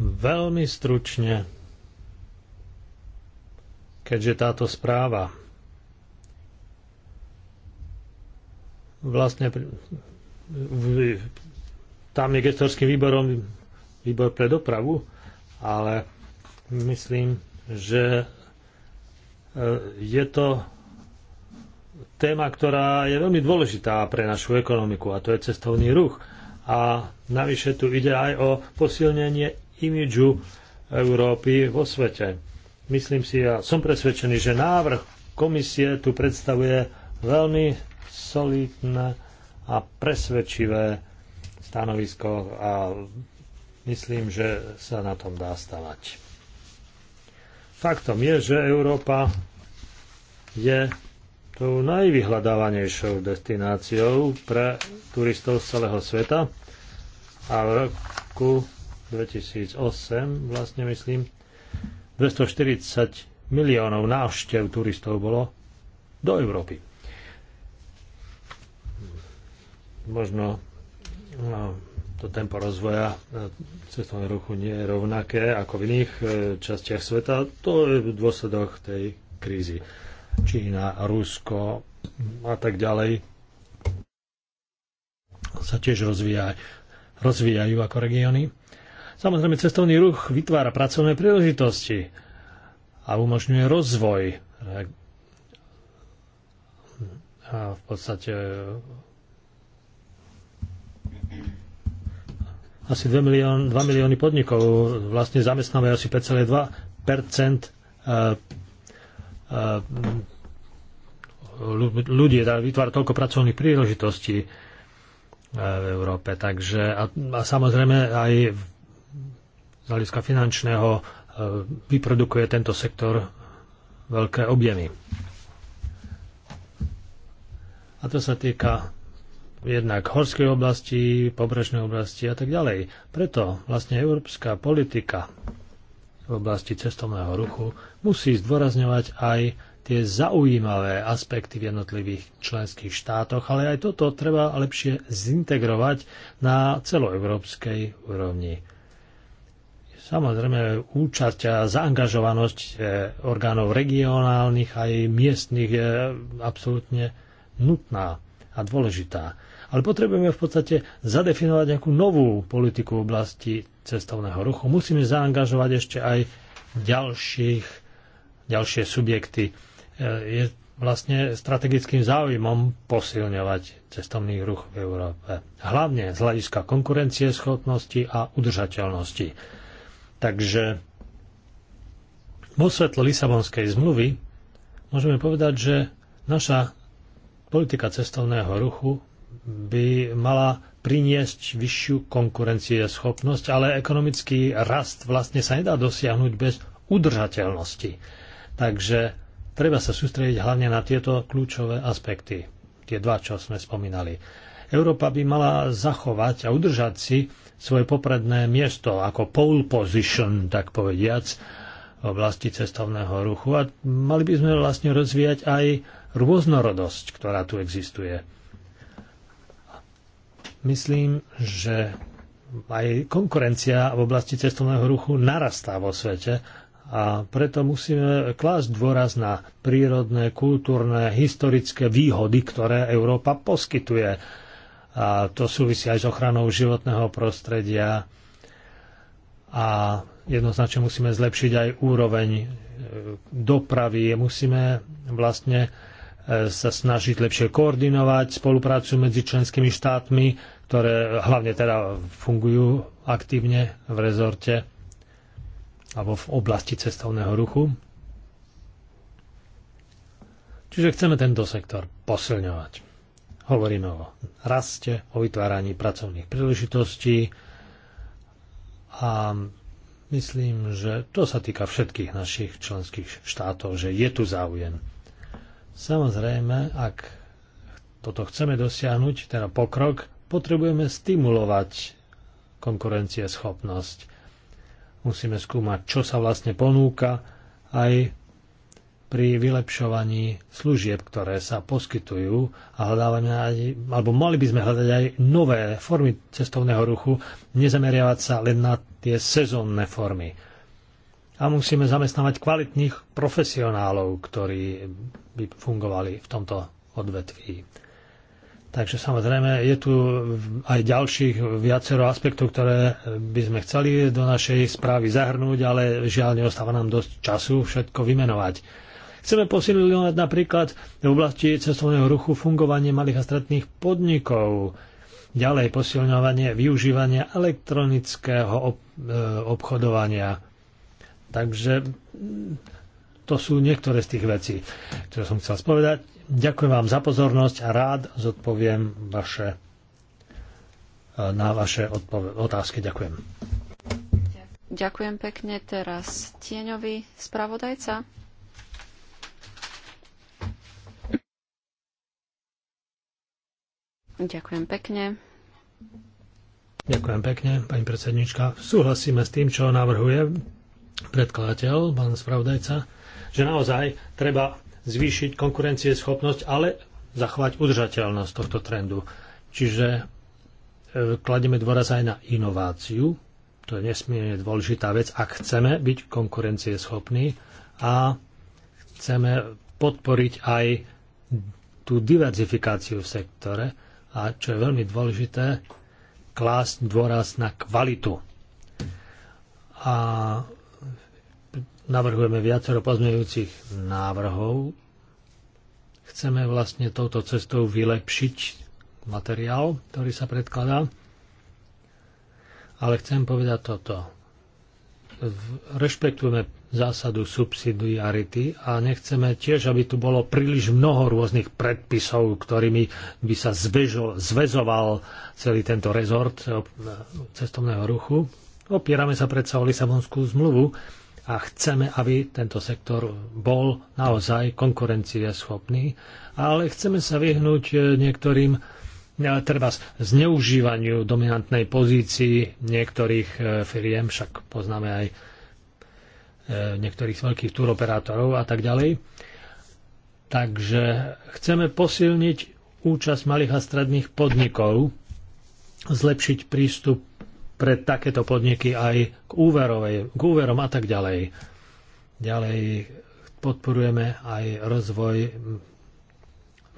Veľmi stručne, keďže táto správa vlastne tam je gestorským výborom výbor pre dopravu, ale myslím, že e, je to téma, ktorá je veľmi dôležitá pre našu ekonomiku a to je cestovný ruch. A navyše tu ide aj o posilnenie imidžu Európy vo svete. Myslím si, ja som presvedčený, že návrh komisie tu predstavuje veľmi solidné a presvedčivé stanovisko a myslím, že sa na tom dá stavať. Faktom je, že Európa je tou najvyhľadávanejšou destináciou pre turistov z celého sveta a v roku 2008 vlastne myslím 240 miliónov návštev turistov bolo do Európy. možno no, to tempo rozvoja e, cestovného ruchu nie je rovnaké ako v iných e, častiach sveta. To je v dôsledok tej krízy. Čína, Rusko a tak ďalej sa tiež rozvíja, rozvíjajú ako regióny. Samozrejme, cestovný ruch vytvára pracovné príležitosti a umožňuje rozvoj. A v podstate asi 2, milión, 2 milióny podnikov, vlastne zamestnávajú asi 5,2 eh, eh, ľudí, teda vytvára toľko pracovných príležitostí eh, v Európe. Takže, a, a samozrejme aj z hľadiska finančného vyprodukuje tento sektor veľké objemy. A to sa týka jednak horskej oblasti, pobrežnej oblasti a tak ďalej. Preto vlastne európska politika v oblasti cestovného ruchu musí zdôrazňovať aj tie zaujímavé aspekty v jednotlivých členských štátoch, ale aj toto treba lepšie zintegrovať na celoeurópskej úrovni. Samozrejme, účasť a zaangažovanosť e, orgánov regionálnych aj miestnych je absolútne nutná a dôležitá ale potrebujeme v podstate zadefinovať nejakú novú politiku v oblasti cestovného ruchu. Musíme zaangažovať ešte aj ďalších, ďalšie subjekty. E, je vlastne strategickým záujmom posilňovať cestovný ruch v Európe. Hlavne z hľadiska konkurencie, schopnosti a udržateľnosti. Takže vo svetle Lisabonskej zmluvy môžeme povedať, že naša politika cestovného ruchu by mala priniesť vyššiu konkurencieschopnosť, ale ekonomický rast vlastne sa nedá dosiahnuť bez udržateľnosti. Takže treba sa sústrediť hlavne na tieto kľúčové aspekty, tie dva, čo sme spomínali. Európa by mala zachovať a udržať si svoje popredné miesto ako pole position, tak povediac, v oblasti cestovného ruchu a mali by sme vlastne rozvíjať aj rôznorodosť, ktorá tu existuje Myslím, že aj konkurencia v oblasti cestovného ruchu narastá vo svete a preto musíme klásť dôraz na prírodné, kultúrne, historické výhody, ktoré Európa poskytuje. A to súvisí aj s ochranou životného prostredia a jednoznačne musíme zlepšiť aj úroveň dopravy. Musíme vlastne sa snažiť lepšie koordinovať spoluprácu medzi členskými štátmi, ktoré hlavne teda fungujú aktívne v rezorte alebo v oblasti cestovného ruchu. Čiže chceme tento sektor posilňovať. Hovoríme o raste, o vytváraní pracovných príležitostí a myslím, že to sa týka všetkých našich členských štátov, že je tu záujem Samozrejme, ak toto chceme dosiahnuť, teda pokrok, potrebujeme stimulovať konkurencieschopnosť. Musíme skúmať, čo sa vlastne ponúka aj pri vylepšovaní služieb, ktoré sa poskytujú a hľadávame aj, alebo mali by sme hľadať aj nové formy cestovného ruchu, nezameriavať sa len na tie sezónne formy a musíme zamestnávať kvalitných profesionálov, ktorí by fungovali v tomto odvetví. Takže samozrejme je tu aj ďalších viacero aspektov, ktoré by sme chceli do našej správy zahrnúť, ale žiaľ neostáva nám dosť času všetko vymenovať. Chceme posilňovať napríklad v oblasti cestovného ruchu fungovanie malých a stredných podnikov, ďalej posilňovanie využívania elektronického e, obchodovania Takže mm, to sú niektoré z tých vecí, ktoré som chcel spovedať. Ďakujem vám za pozornosť a rád zodpoviem vaše, e, na vaše otázky. Ďakujem.
Ďakujem pekne. Teraz tieňovi spravodajca. Ďakujem pekne.
Ďakujem pekne, pani predsednička. Súhlasíme s tým, čo navrhuje predkladateľ, pán spravodajca, že naozaj treba zvýšiť konkurencieschopnosť, ale zachovať udržateľnosť tohto trendu. Čiže e, kladieme dôraz aj na inováciu, to je nesmierne dôležitá vec, ak chceme byť konkurencieschopní a chceme podporiť aj tú diverzifikáciu v sektore a čo je veľmi dôležité, klásť dôraz na kvalitu. A navrhujeme viacero pozmeňujúcich návrhov. Chceme vlastne touto cestou vylepšiť materiál, ktorý sa predkladá. Ale chcem povedať toto. Rešpektujeme zásadu subsidiarity a nechceme tiež, aby tu bolo príliš mnoho rôznych predpisov, ktorými by sa zväžo, celý tento rezort eh, cestovného ruchu. Opierame sa predsa o Lisabonskú zmluvu a chceme, aby tento sektor bol naozaj konkurencieschopný, ale chceme sa vyhnúť e, niektorým e, treba zneužívaniu dominantnej pozícii niektorých e, firiem, však poznáme aj niektorých veľkých túroperátorov a tak ďalej. Takže chceme posilniť účasť malých a stredných podnikov, zlepšiť prístup pre takéto podniky aj k, úverovej, k úverom a tak ďalej. Ďalej podporujeme aj rozvoj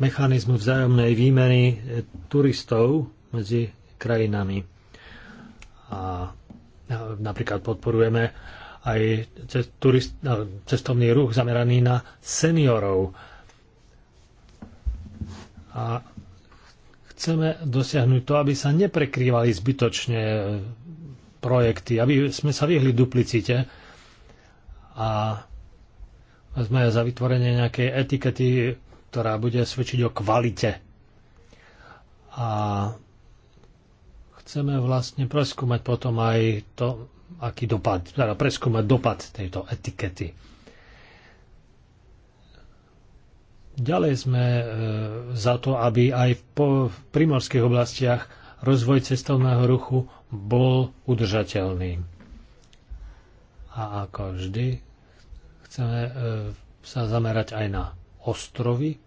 mechanizmu vzájomnej výmeny e, turistov medzi krajinami. A napríklad podporujeme aj turist, e, cestovný ruch zameraný na seniorov. A chceme dosiahnuť to, aby sa neprekrývali zbytočne projekty, aby sme sa vyhli duplicite a sme za vytvorenie nejakej etikety, ktorá bude svedčiť o kvalite. A chceme vlastne preskúmať potom aj to, aký dopad, teda preskúmať dopad tejto etikety. Ďalej sme e, za to, aby aj v primorských oblastiach rozvoj cestovného ruchu bol udržateľný. A ako vždy, chceme e, sa zamerať aj na ostrovy,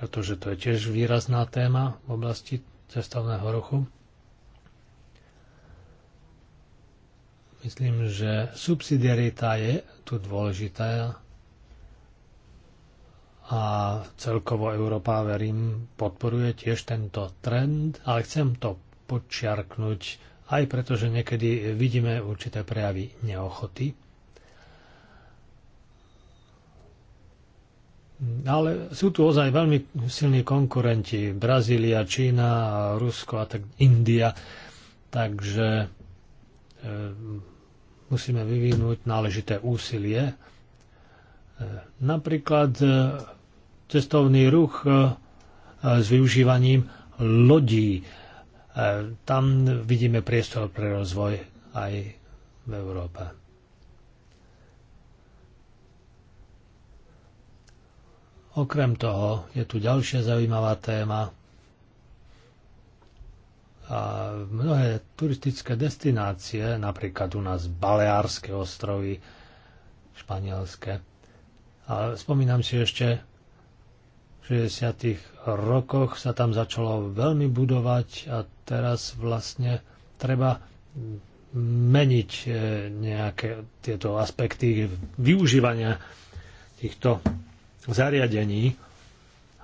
pretože to je tiež výrazná téma v oblasti cestovného ruchu. Myslím, že subsidiarita je tu dôležitá a celkovo Európa, verím, podporuje tiež tento trend, ale chcem to počiarknúť aj preto, že niekedy vidíme určité prejavy neochoty. Ale sú tu ozaj veľmi silní konkurenti. Brazília, Čína, Rusko a tak India. Takže e, musíme vyvinúť náležité úsilie. E, napríklad e, cestovný ruch e, e, s využívaním lodí. E, tam vidíme priestor pre rozvoj aj v Európe. Okrem toho je tu ďalšia zaujímavá téma. A mnohé turistické destinácie, napríklad u nás Baleárske ostrovy, španielské, a spomínam si ešte 60. rokoch sa tam začalo veľmi budovať a teraz vlastne treba meniť e, nejaké tieto aspekty využívania týchto zariadení,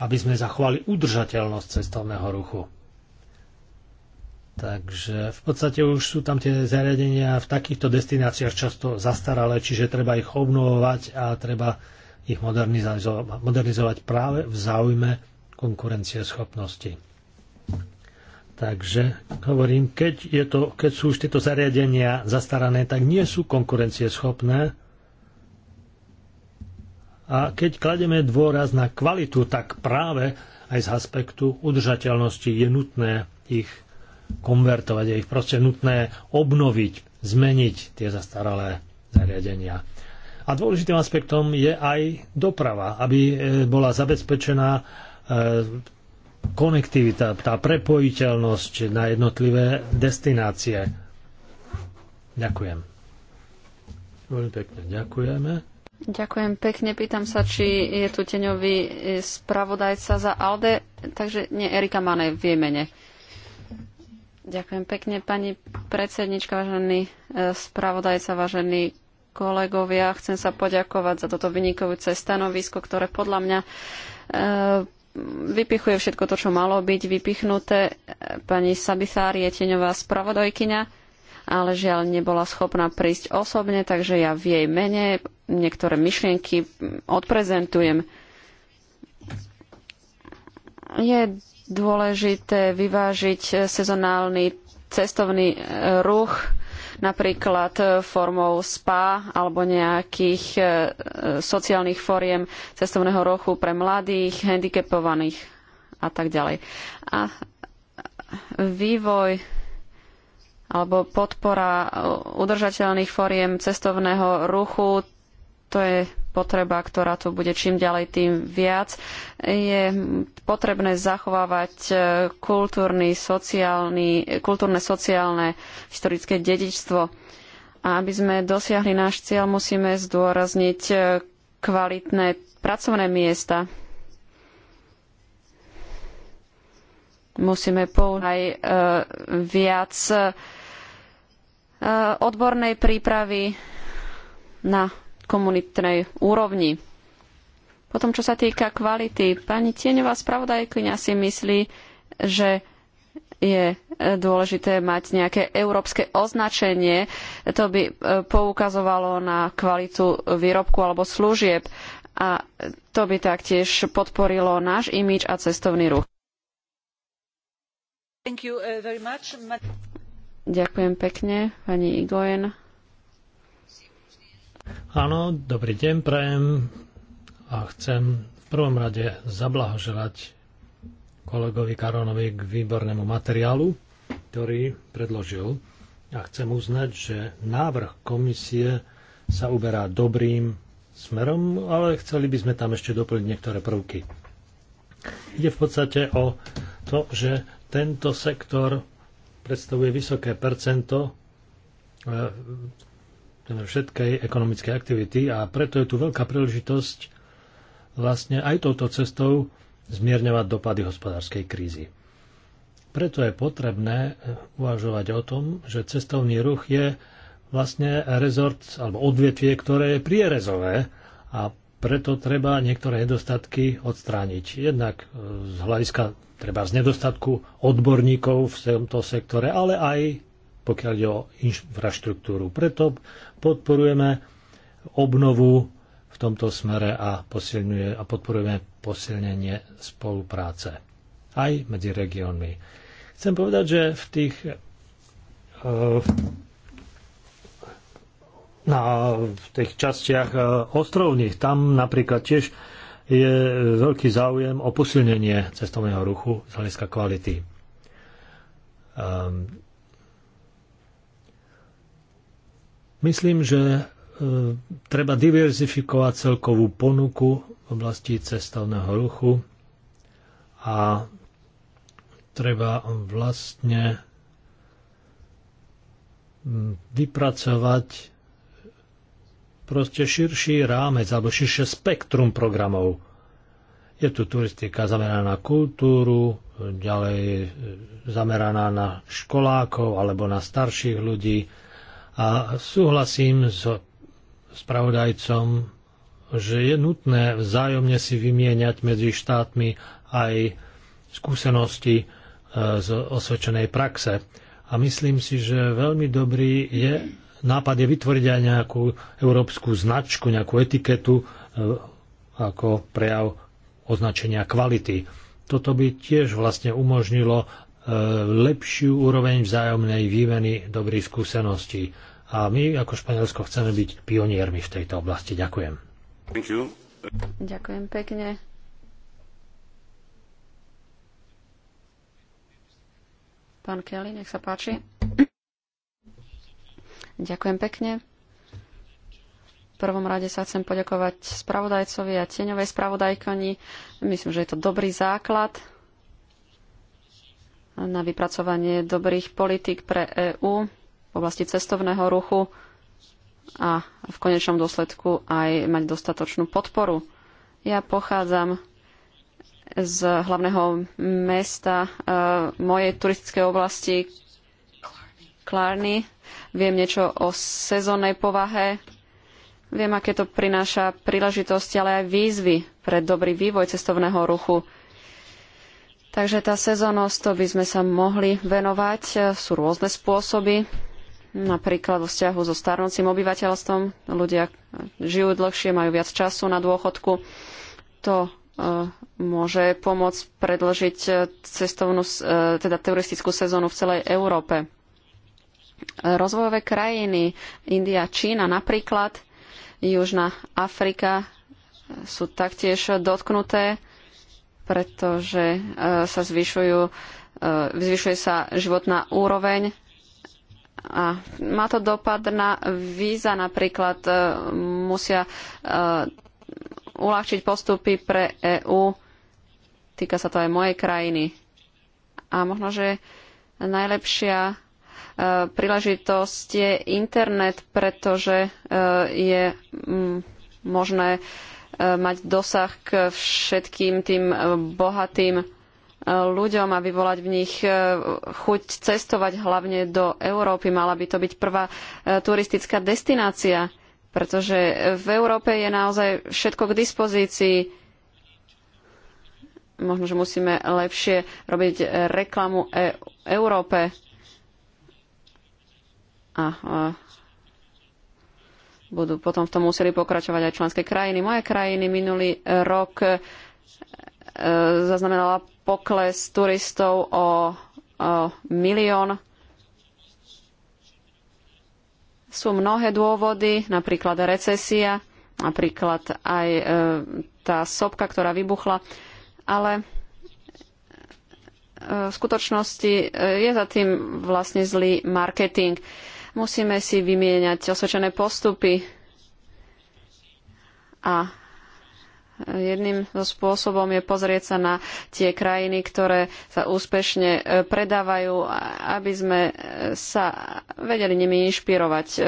aby sme zachovali udržateľnosť cestovného ruchu. Takže v podstate už sú tam tie zariadenia v takýchto destináciách často zastaralé, čiže treba ich obnovovať a treba ich modernizovať, modernizovať práve v záujme konkurencieschopnosti. Takže hovorím, keď, je to, keď sú už tieto zariadenia zastarané, tak nie sú konkurencieschopné. A keď klademe dôraz na kvalitu, tak práve aj z aspektu udržateľnosti je nutné ich konvertovať, je ich proste nutné obnoviť, zmeniť tie zastaralé zariadenia. A dôležitým aspektom je aj doprava, aby e, bola zabezpečená e, konektivita, tá prepojiteľnosť na jednotlivé destinácie. Ďakujem. Veľmi pekne ďakujeme.
Ďakujem pekne. Pýtam sa, či je tu teňový e, spravodajca za ALDE. Takže nie, Erika Manej v jej mene. Ďakujem pekne, pani predsednička, vážený spravodajca, vážení kolegovia. Chcem sa poďakovať za toto vynikujúce stanovisko, ktoré podľa mňa eh, vypichuje všetko to, čo malo byť vypichnuté. Pani Sabithár je tieňová spravodajkyňa, ale žiaľ nebola schopná prísť osobne, takže ja v jej mene niektoré myšlienky odprezentujem. Je dôležité vyvážiť sezonálny cestovný eh, ruch napríklad e, formou SPA alebo nejakých e, sociálnych fóriem cestovného rochu pre mladých, handicapovaných a tak ďalej. A vývoj alebo podpora udržateľných foriem cestovného ruchu, to je potreba, ktorá tu bude čím ďalej tým viac. Je potrebné zachovávať e, kultúrny, sociálny, kultúrne, sociálne, historické dedičstvo. A aby sme dosiahli náš cieľ, musíme zdôrazniť e, kvalitné pracovné miesta. Musíme použiť aj e, viac odbornej prípravy na komunitnej úrovni. Potom, čo sa týka kvality, pani Tieňová spravodajkynia si myslí, že je dôležité mať nejaké európske označenie. To by e, poukazovalo na kvalitu výrobku alebo služieb a to by taktiež podporilo náš imič a cestovný ruch. Uh, Ďakujem pekne, pani Igojen.
Áno, dobrý deň prajem a chcem v prvom rade zablahoželať kolegovi Karonovi k výbornému materiálu, ktorý predložil. A chcem uznať, že návrh komisie sa uberá dobrým smerom, ale chceli by sme tam ešte doplniť niektoré prvky. Ide v podstate o to, že tento sektor predstavuje vysoké percento e, všetkej ekonomickej aktivity a preto je tu veľká príležitosť vlastne aj touto cestou zmierňovať dopady hospodárskej krízy. Preto je potrebné uvažovať o tom, že cestovný ruch je vlastne rezort alebo odvetvie, ktoré je prierezové a preto treba niektoré nedostatky odstrániť. Jednak e, z hľadiska treba z nedostatku odborníkov v tomto sektore, ale aj pokiaľ ide o infraštruktúru. Preto podporujeme obnovu v tomto smere a, a podporujeme posilnenie spolupráce aj medzi regiónmi. Chcem povedať, že v tých eh, na, v tých častiach eh, ostrovných, tam napríklad tiež je veľký záujem o posilnenie cestovného ruchu z hľadiska kvality. Ehm, Myslím, že e, treba diverzifikovať celkovú ponuku v oblasti cestovného ruchu a treba vlastne vypracovať proste širší rámec alebo širšie spektrum programov. Je tu turistika zameraná na kultúru, ďalej e, zameraná na školákov alebo na starších ľudí, a súhlasím s spravodajcom, že je nutné vzájomne si vymieňať medzi štátmi aj skúsenosti e, z osvedčenej praxe. A myslím si, že veľmi dobrý je nápad je vytvoriť aj nejakú európsku značku, nejakú etiketu e, ako prejav označenia kvality. Toto by tiež vlastne umožnilo lepšiu úroveň vzájomnej výmeny dobrých skúseností. A my ako Španielsko chceme byť pioniermi v tejto oblasti. Ďakujem.
Ďakujem pekne. Pán Kelly, nech sa páči. Ďakujem pekne. V prvom rade sa chcem poďakovať spravodajcovi a tieňovej spravodajkoni. Myslím, že je to dobrý základ na vypracovanie dobrých politík pre EÚ v oblasti cestovného ruchu a v konečnom dôsledku aj mať dostatočnú podporu. Ja pochádzam z hlavného mesta e, mojej turistickej oblasti Klárny. Viem niečo o sezónnej povahe. Viem, aké to prináša príležitosti, ale aj výzvy pre dobrý vývoj cestovného ruchu Takže tá sezónnosť, to by sme sa mohli venovať. E, sú rôzne spôsoby, napríklad vo vzťahu so starnúcim obyvateľstvom. Ľudia e, žijú dlhšie, majú viac času na dôchodku. To e, môže pomôcť predlžiť cestovnú, teda turistickú sezónu v celej Európe. Rozvojové krajiny, India, Čína napríklad, Južná Afrika sú taktiež dotknuté pretože e, sa zvyšujú, e, zvyšuje sa životná úroveň a má to dopad na víza napríklad e, musia uľahčiť postupy pre EÚ. Týka sa to aj mojej krajiny. A možno, že najlepšia príležitosť je internet, pretože je možné Eh, mať dosah k všetkým tým bohatým eh, ľuďom a vyvolať v nich eh, chuť cestovať hlavne do Európy. Mala by to byť prvá turistická destinácia, pretože v Európe je naozaj všetko k dispozícii. Možno, že musíme lepšie robiť reklamu e Európe. A, a budú potom v tom museli pokračovať aj členské krajiny. Moje krajiny minulý rok e, zaznamenala pokles turistov o, o milión. Sú mnohé dôvody, napríklad recesia, napríklad aj e, tá sopka, ktorá vybuchla, ale e, v skutočnosti e, je za tým vlastne zlý marketing. E, Musíme si vymieňať osvedčené postupy a Jedným zo spôsobom je pozrieť sa na tie krajiny, ktoré sa úspešne e, predávajú, aby sme e, sa vedeli nimi inšpirovať. E,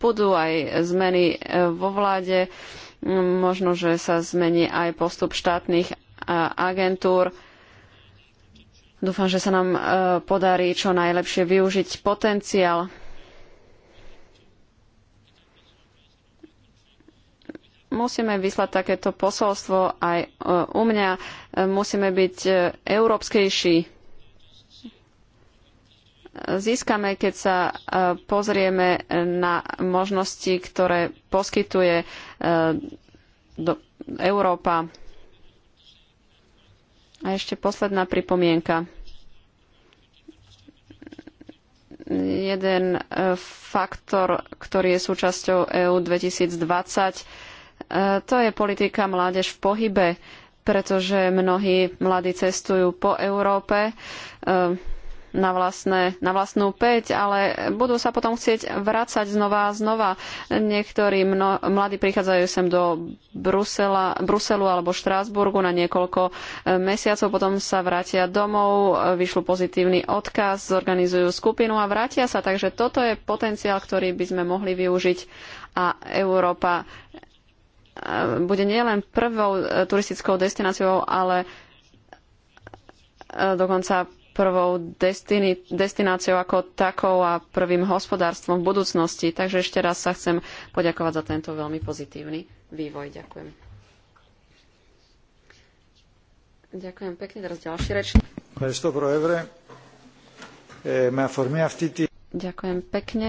budú aj zmeny vo vláde, mm, možno, že sa zmení aj postup štátnych agentúr. Dúfam, že sa nám podarí čo najlepšie využiť potenciál musíme vyslať takéto posolstvo aj e, u mňa. E, musíme byť e, európskejší. Získame, keď sa pozrieme na možnosti, ktoré poskytuje Európa. A ešte posledná pripomienka. Jeden faktor, ktorý je súčasťou EU 2020, E, to je politika mládež v pohybe, pretože mnohí mladí cestujú po Európe e, na, vlastné, na vlastnú päť, ale budú sa potom chcieť vrácať znova a znova. Niektorí mno, mladí prichádzajú sem do Brusela, Bruselu alebo Štrásburgu na niekoľko e, mesiacov, potom sa vrátia domov, vyšlu pozitívny odkaz, zorganizujú skupinu a vrátia sa. Takže toto je potenciál, ktorý by sme mohli využiť a Európa bude nielen prvou e, turistickou destináciou, ale e, dokonca prvou destiny, destináciou ako takou a prvým hospodárstvom v budúcnosti. Takže ešte raz sa chcem poďakovať za tento veľmi pozitívny vývoj. Ďakujem. Ďakujem pekne. Teraz ďalší Ďakujem pekne.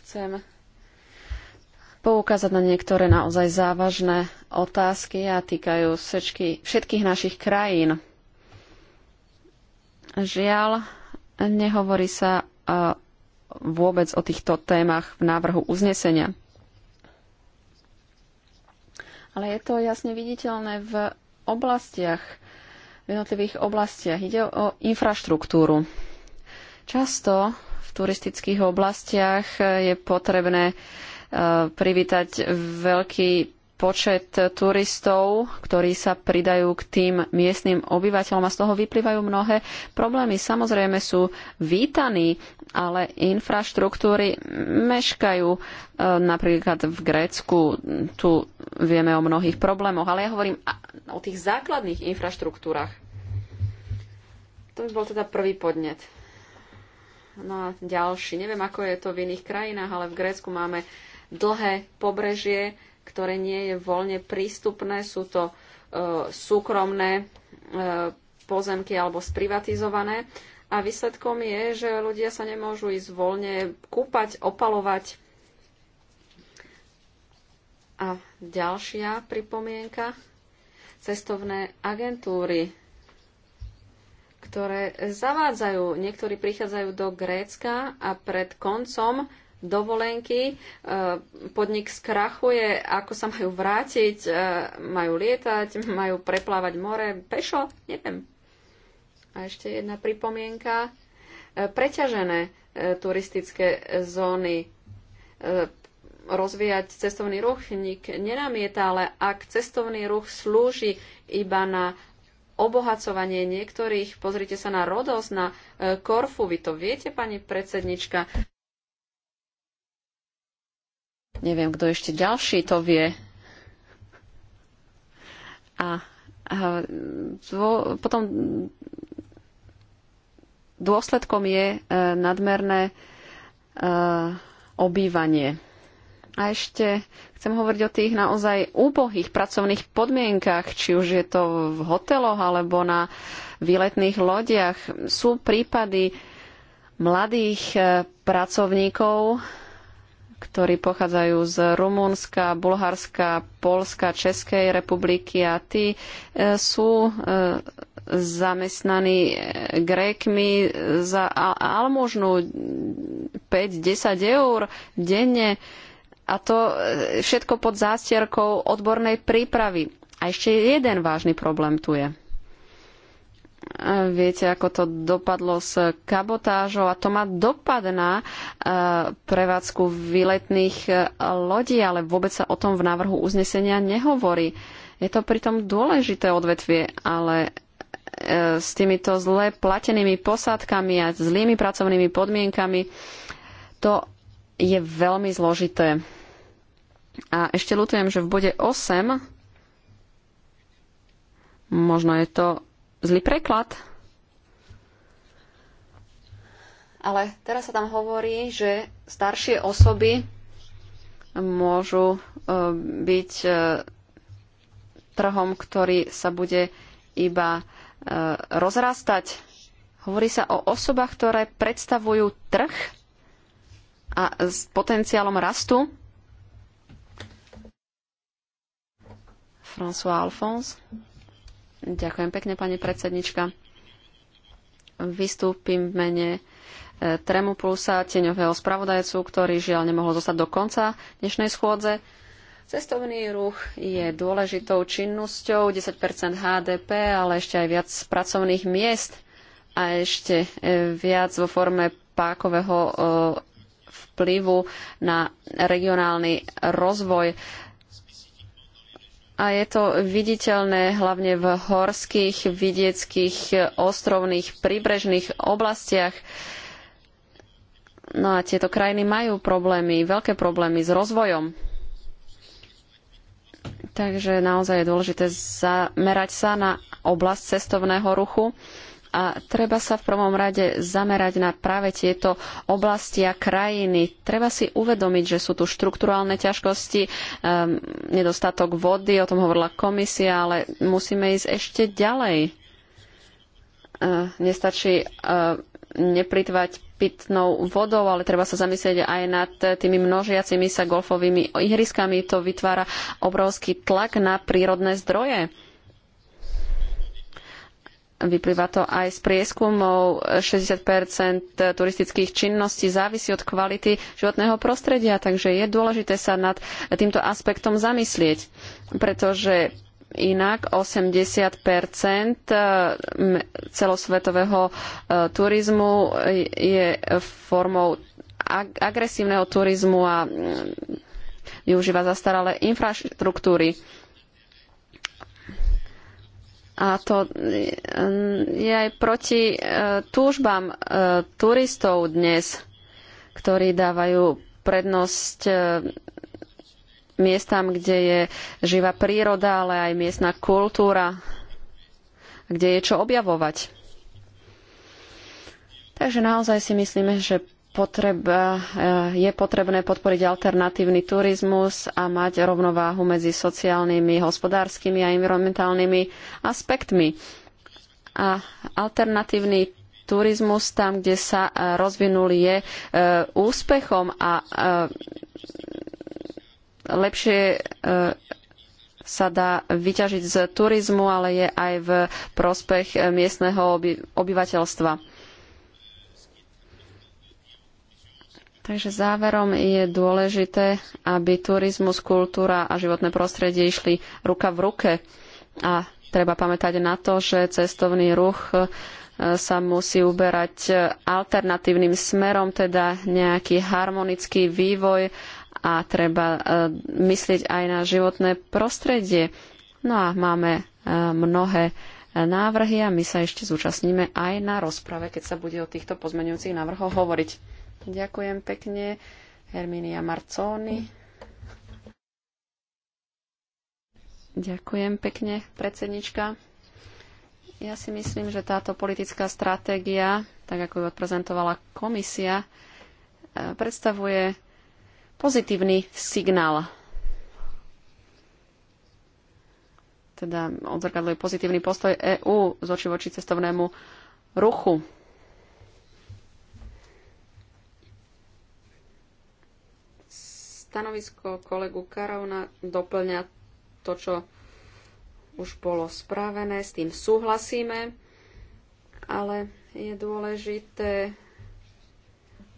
Chcem poukázať na niektoré naozaj závažné otázky a týkajú všetky, všetkých našich krajín. Žiaľ, nehovorí sa e, vôbec o týchto témach v návrhu uznesenia. Ale je to jasne viditeľné v oblastiach, v jednotlivých oblastiach. Ide o infraštruktúru. Často v turistických oblastiach je potrebné Eh, privítať veľký počet turistov, ktorí sa pridajú k tým miestnym obyvateľom a z toho vyplývajú mnohé problémy. Samozrejme sú vítaní, ale infraštruktúry meškajú eh, napríklad v Grécku. Tu vieme o mnohých problémoch, ale ja hovorím o tých základných infraštruktúrach. To by bol teda prvý podnet. No a ďalší. Neviem, ako je to v iných krajinách, ale v Grécku máme dlhé pobrežie, ktoré nie je voľne prístupné, sú to e, súkromné e, pozemky alebo sprivatizované. A výsledkom je, že ľudia sa nemôžu ísť voľne kúpať, opalovať. A ďalšia pripomienka. Cestovné agentúry, ktoré zavádzajú, niektorí prichádzajú do Grécka a pred koncom dovolenky, e, podnik skrachuje, ako sa majú vrátiť, e, majú lietať, majú preplávať more, pešo, neviem. A ešte jedna pripomienka. E, preťažené turistické zóny rozvíjať cestovný ruch nik nenamieta, ale ak cestovný ruch slúži iba na obohacovanie niektorých, pozrite sa na Rodos, na Korfu, vy to viete, pani predsednička, Neviem, kto ešte ďalší to vie. A, a dô, potom dôsledkom je e, nadmerné e, obývanie. A ešte chcem hovoriť o tých naozaj úbohých pracovných podmienkach, či už je to v hoteloch alebo na výletných lodiach. Sú prípady mladých e, pracovníkov, ktorí pochádzajú z Rumunska, Bulharska, Polska, Českej republiky a tí e, sú e, zamestnaní e, Grékmi za almužnú 5-10 eur denne a to všetko pod zástierkou odbornej prípravy. A ešte jeden vážny problém tu je. Viete, ako to dopadlo s kabotážou a to má dopad na e, prevádzku výletných e, lodí, ale vôbec sa o tom v návrhu uznesenia nehovorí. Je to pritom dôležité odvetvie, ale e, s týmito zle platenými posádkami a zlými pracovnými podmienkami to je veľmi zložité. A ešte ľutujem, že v bode 8 možno je to zlý preklad. Ale teraz sa tam hovorí, že staršie osoby môžu e, byť e, trhom, ktorý sa bude iba e, rozrastať. Hovorí sa o osobách, ktoré predstavujú trh a s potenciálom rastu. François Alphonse. Ďakujem pekne, pani predsednička. Vystúpim v mene e, Plusa, tieňového spravodajcu, ktorý žiaľ nemohol zostať do konca dnešnej schôdze. Cestovný ruch je dôležitou činnosťou, 10 HDP, ale ešte aj viac pracovných miest a ešte e, viac vo forme pákového e, vplyvu na regionálny rozvoj a je to viditeľné hlavne v horských, vidieckých, ostrovných, príbrežných oblastiach. No a tieto krajiny majú problémy, veľké problémy s rozvojom. Takže naozaj je dôležité zamerať sa na oblasť cestovného ruchu a treba sa v prvom rade zamerať na práve tieto oblasti a krajiny. Treba si uvedomiť, že sú tu štruktúrálne ťažkosti, um, nedostatok vody, o tom hovorila komisia, ale musíme ísť ešte ďalej. Uh, nestačí uh, e, neplitvať pitnou vodou, ale treba sa zamyslieť aj nad tými množiacimi sa golfovými ihriskami. To vytvára obrovský tlak na prírodné zdroje. Vyplýva to aj z prieskumov. 60 turistických činností závisí od kvality životného prostredia, takže je dôležité sa nad týmto aspektom zamyslieť, pretože inak 80 eh, celosvetového eh, turizmu je formou agresívneho turizmu a mm, využíva zastaralé infraštruktúry. A to mm, je aj proti e, túžbám e, turistov dnes, ktorí dávajú prednosť e, miestam, kde je živá príroda, ale aj miestna kultúra, kde je čo objavovať. Takže naozaj si myslíme, že potreba, eh, je potrebné podporiť alternatívny turizmus a mať rovnováhu medzi sociálnymi, hospodárskymi a environmentálnymi aspektmi. A alternatívny turizmus tam, kde sa eh, rozvinul, je eh, úspechom a lepšie sa dá vyťažiť z turizmu, ale je aj v prospech miestneho obyvateľstva. Takže záverom je dôležité, aby turizmus, kultúra a životné prostredie išli ruka v ruke. A treba pamätať na to, že cestovný ruch e, sa musí uberať alternatívnym smerom, teda nejaký harmonický vývoj a treba e, myslieť aj na životné prostredie. No a máme e, mnohé návrhy a my sa ešte zúčastníme aj na rozprave, keď sa bude o týchto pozmeňujúcich návrhoch hovoriť. Ďakujem pekne. Herminia Marconi. Ďakujem pekne, predsednička. Ja si myslím, že táto politická stratégia, tak ako ju odprezentovala komisia, e, predstavuje pozitívny signál. Teda odzrkadluje pozitívny postoj EÚ z oči voči cestovnému ruchu. Stanovisko kolegu Karovna doplňa to, čo už bolo spravené, s tým súhlasíme, ale je dôležité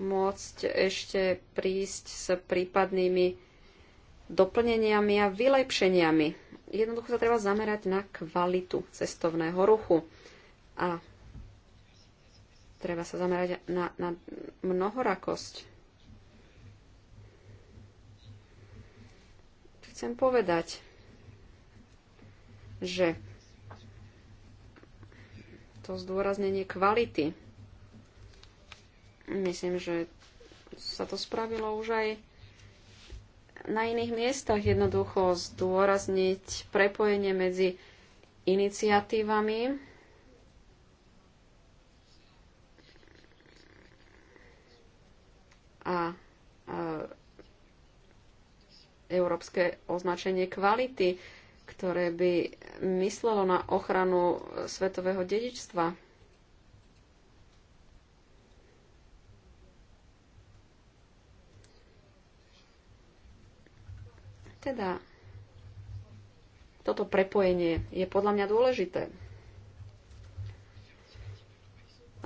môcť ešte prísť s prípadnými doplneniami a vylepšeniami. Jednoducho sa treba zamerať na kvalitu cestovného ruchu a treba sa zamerať na, na mnohorakosť chcem povedať, že to zdôraznenie kvality, myslím, že sa to spravilo už aj na iných miestach jednoducho zdôrazniť prepojenie medzi iniciatívami a, a európske označenie kvality, ktoré by myslelo na ochranu svetového dedičstva. Teda toto prepojenie je podľa mňa dôležité.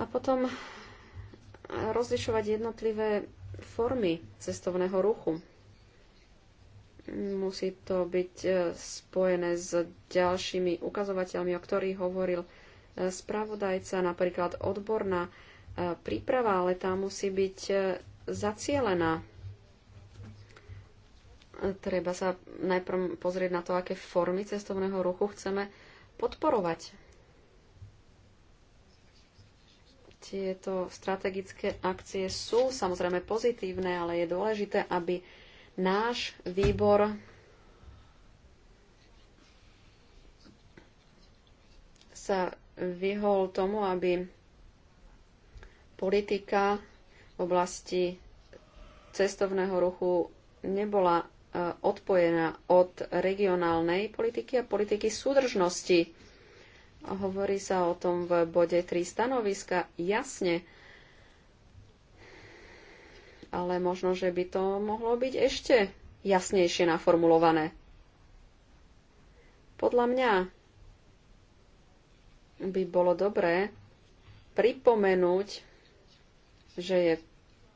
A potom rozlišovať jednotlivé formy cestovného ruchu. Musí to byť e, spojené s ďalšími ukazovateľmi, o ktorých hovoril e, spravodajca, napríklad odborná e, príprava, ale tá musí byť zacielená. Treba sa najprv pozrieť na to, aké formy cestovného ruchu chceme podporovať. Tieto strategické akcie sú samozrejme pozitívne, ale je dôležité, aby Náš výbor sa vyhol tomu, aby politika v oblasti cestovného ruchu nebola e, odpojená od regionálnej politiky a politiky súdržnosti. Hovorí sa o tom v bode 3 stanoviska jasne ale možno, že by to mohlo byť ešte jasnejšie naformulované. Podľa mňa by bolo dobré pripomenúť, že je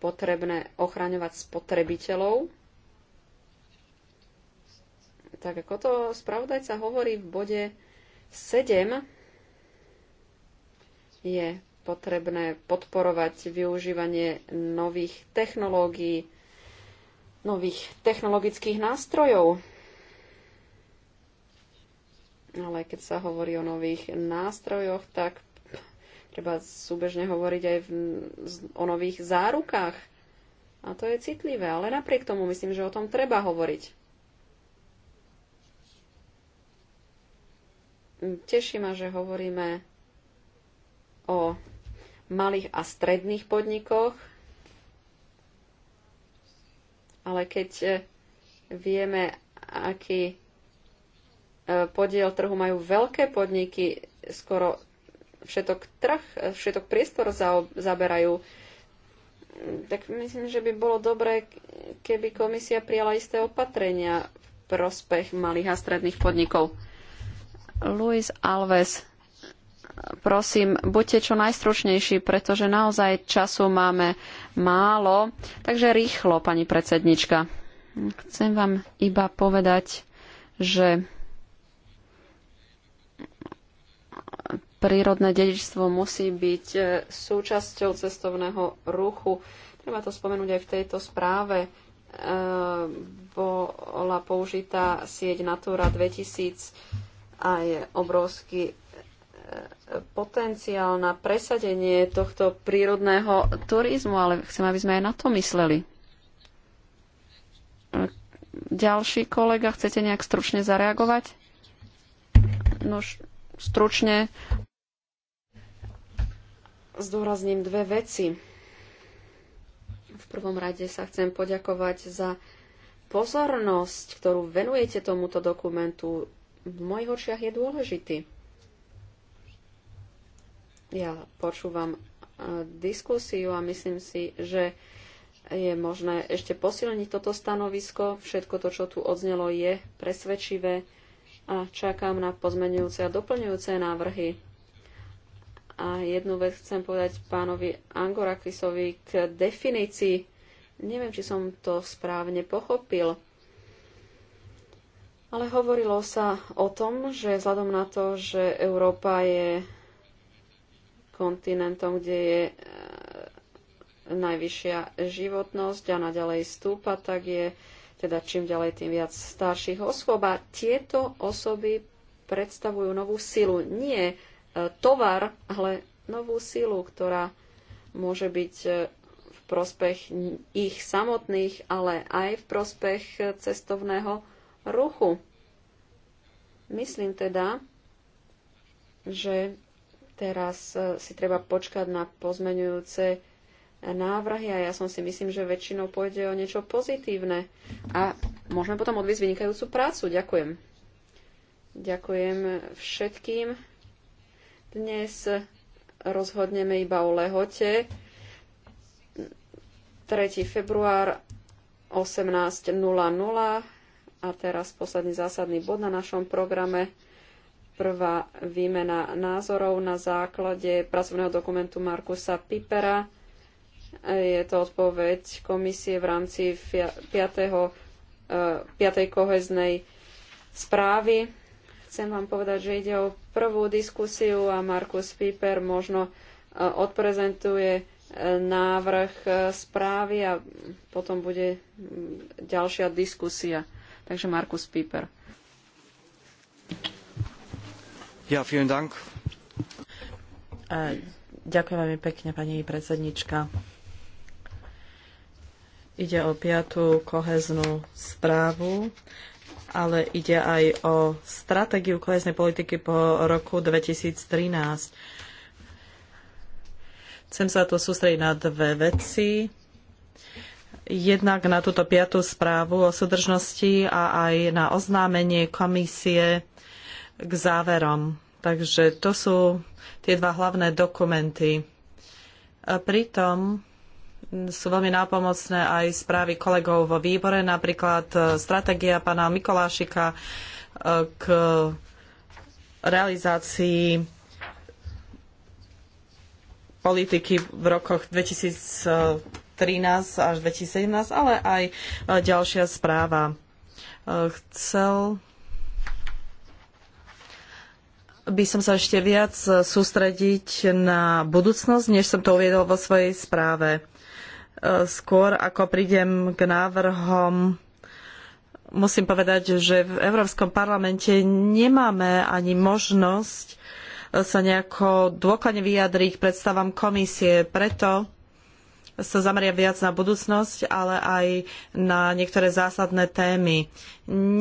potrebné ochraňovať spotrebiteľov, tak ako to spravodajca hovorí v bode 7, je potrebné podporovať využívanie nových technológií, nových technologických nástrojov. Ale keď sa hovorí o nových nástrojoch, tak treba súbežne hovoriť aj v, o nových zárukách. A to je citlivé, ale napriek tomu myslím, že o tom treba hovoriť. Teší ma, že hovoríme o malých a stredných podnikoch. Ale keď e, vieme, aký e, podiel trhu majú veľké podniky, skoro všetok trh, e, všetok priestor zaberajú, tak myslím, že by bolo dobré, keby komisia prijala isté opatrenia v prospech malých a stredných podnikov. Luis Alves prosím, buďte čo najstručnejší, pretože naozaj času máme málo. Takže rýchlo, pani predsednička. Chcem vám iba povedať, že prírodné dedičstvo musí byť e, súčasťou cestovného ruchu. Treba to spomenúť aj v tejto správe. E, bola použitá sieť Natura 2000 a je obrovský potenciál na presadenie tohto prírodného turizmu, ale chcem, aby sme aj na to mysleli. Ďalší kolega, chcete nejak stručne zareagovať? No, stručne. Zdôrazním dve veci. V prvom rade sa chcem poďakovať za pozornosť, ktorú venujete tomuto dokumentu. V mojich očiach je dôležitý ja počúvam e, diskusiu a myslím si, že je možné ešte posilniť toto stanovisko. Všetko to, čo tu odznelo, je presvedčivé a čakám na pozmenujúce a doplňujúce návrhy. A jednu vec chcem povedať pánovi Angorakisovi k definícii. Neviem, či som to správne pochopil, ale hovorilo sa o tom, že vzhľadom na to, že Európa je kontinentom, kde je e, najvyššia životnosť a naďalej stúpa, tak je teda čím ďalej tým viac starších osôb. A tieto osoby predstavujú novú silu. Nie e, tovar, ale novú silu, ktorá môže byť e, v prospech ich samotných, ale aj v prospech cestovného ruchu. Myslím teda, že Teraz e, si treba počkať na pozmenujúce návrhy a ja som si myslím, že väčšinou pôjde o niečo pozitívne. A môžeme potom odviesť vynikajúcu prácu. Ďakujem. Ďakujem všetkým. Dnes rozhodneme iba o lehote. 3. február 18.00 a teraz posledný zásadný bod na našom programe prvá výmena názorov na základe pracovného dokumentu Markusa Pipera. Je to odpoveď komisie v rámci 5. 5. Eh, koheznej správy. Chcem vám povedať, že ide o prvú diskusiu a Markus Piper možno eh, odprezentuje eh, návrh správy a potom bude hm, ďalšia diskusia. Takže Markus Piper. Ďakujem veľmi pekne, pani
predsednička. Ide o piatu koheznú správu, ale ide aj o stratégiu koheznej politiky po roku 2013. Chcem sa tu sústrediť na dve veci. Jednak na túto piatu správu o súdržnosti a aj na oznámenie komisie k záverom. Takže to sú tie dva hlavné dokumenty. A pritom sú veľmi nápomocné aj správy kolegov vo výbore, napríklad e, stratégia pána Mikolášika e, k realizácii politiky v rokoch 2013 až 2017, ale aj e, ďalšia správa. Chcel by som sa ešte viac sústrediť na budúcnosť, než som to uviedol vo svojej správe. E, skôr ako prídem k návrhom, musím povedať, že v Európskom parlamente nemáme ani možnosť sa nejako dôkladne vyjadriť k predstavám komisie. Preto sa zameria viac na budúcnosť, ale aj na niektoré zásadné témy.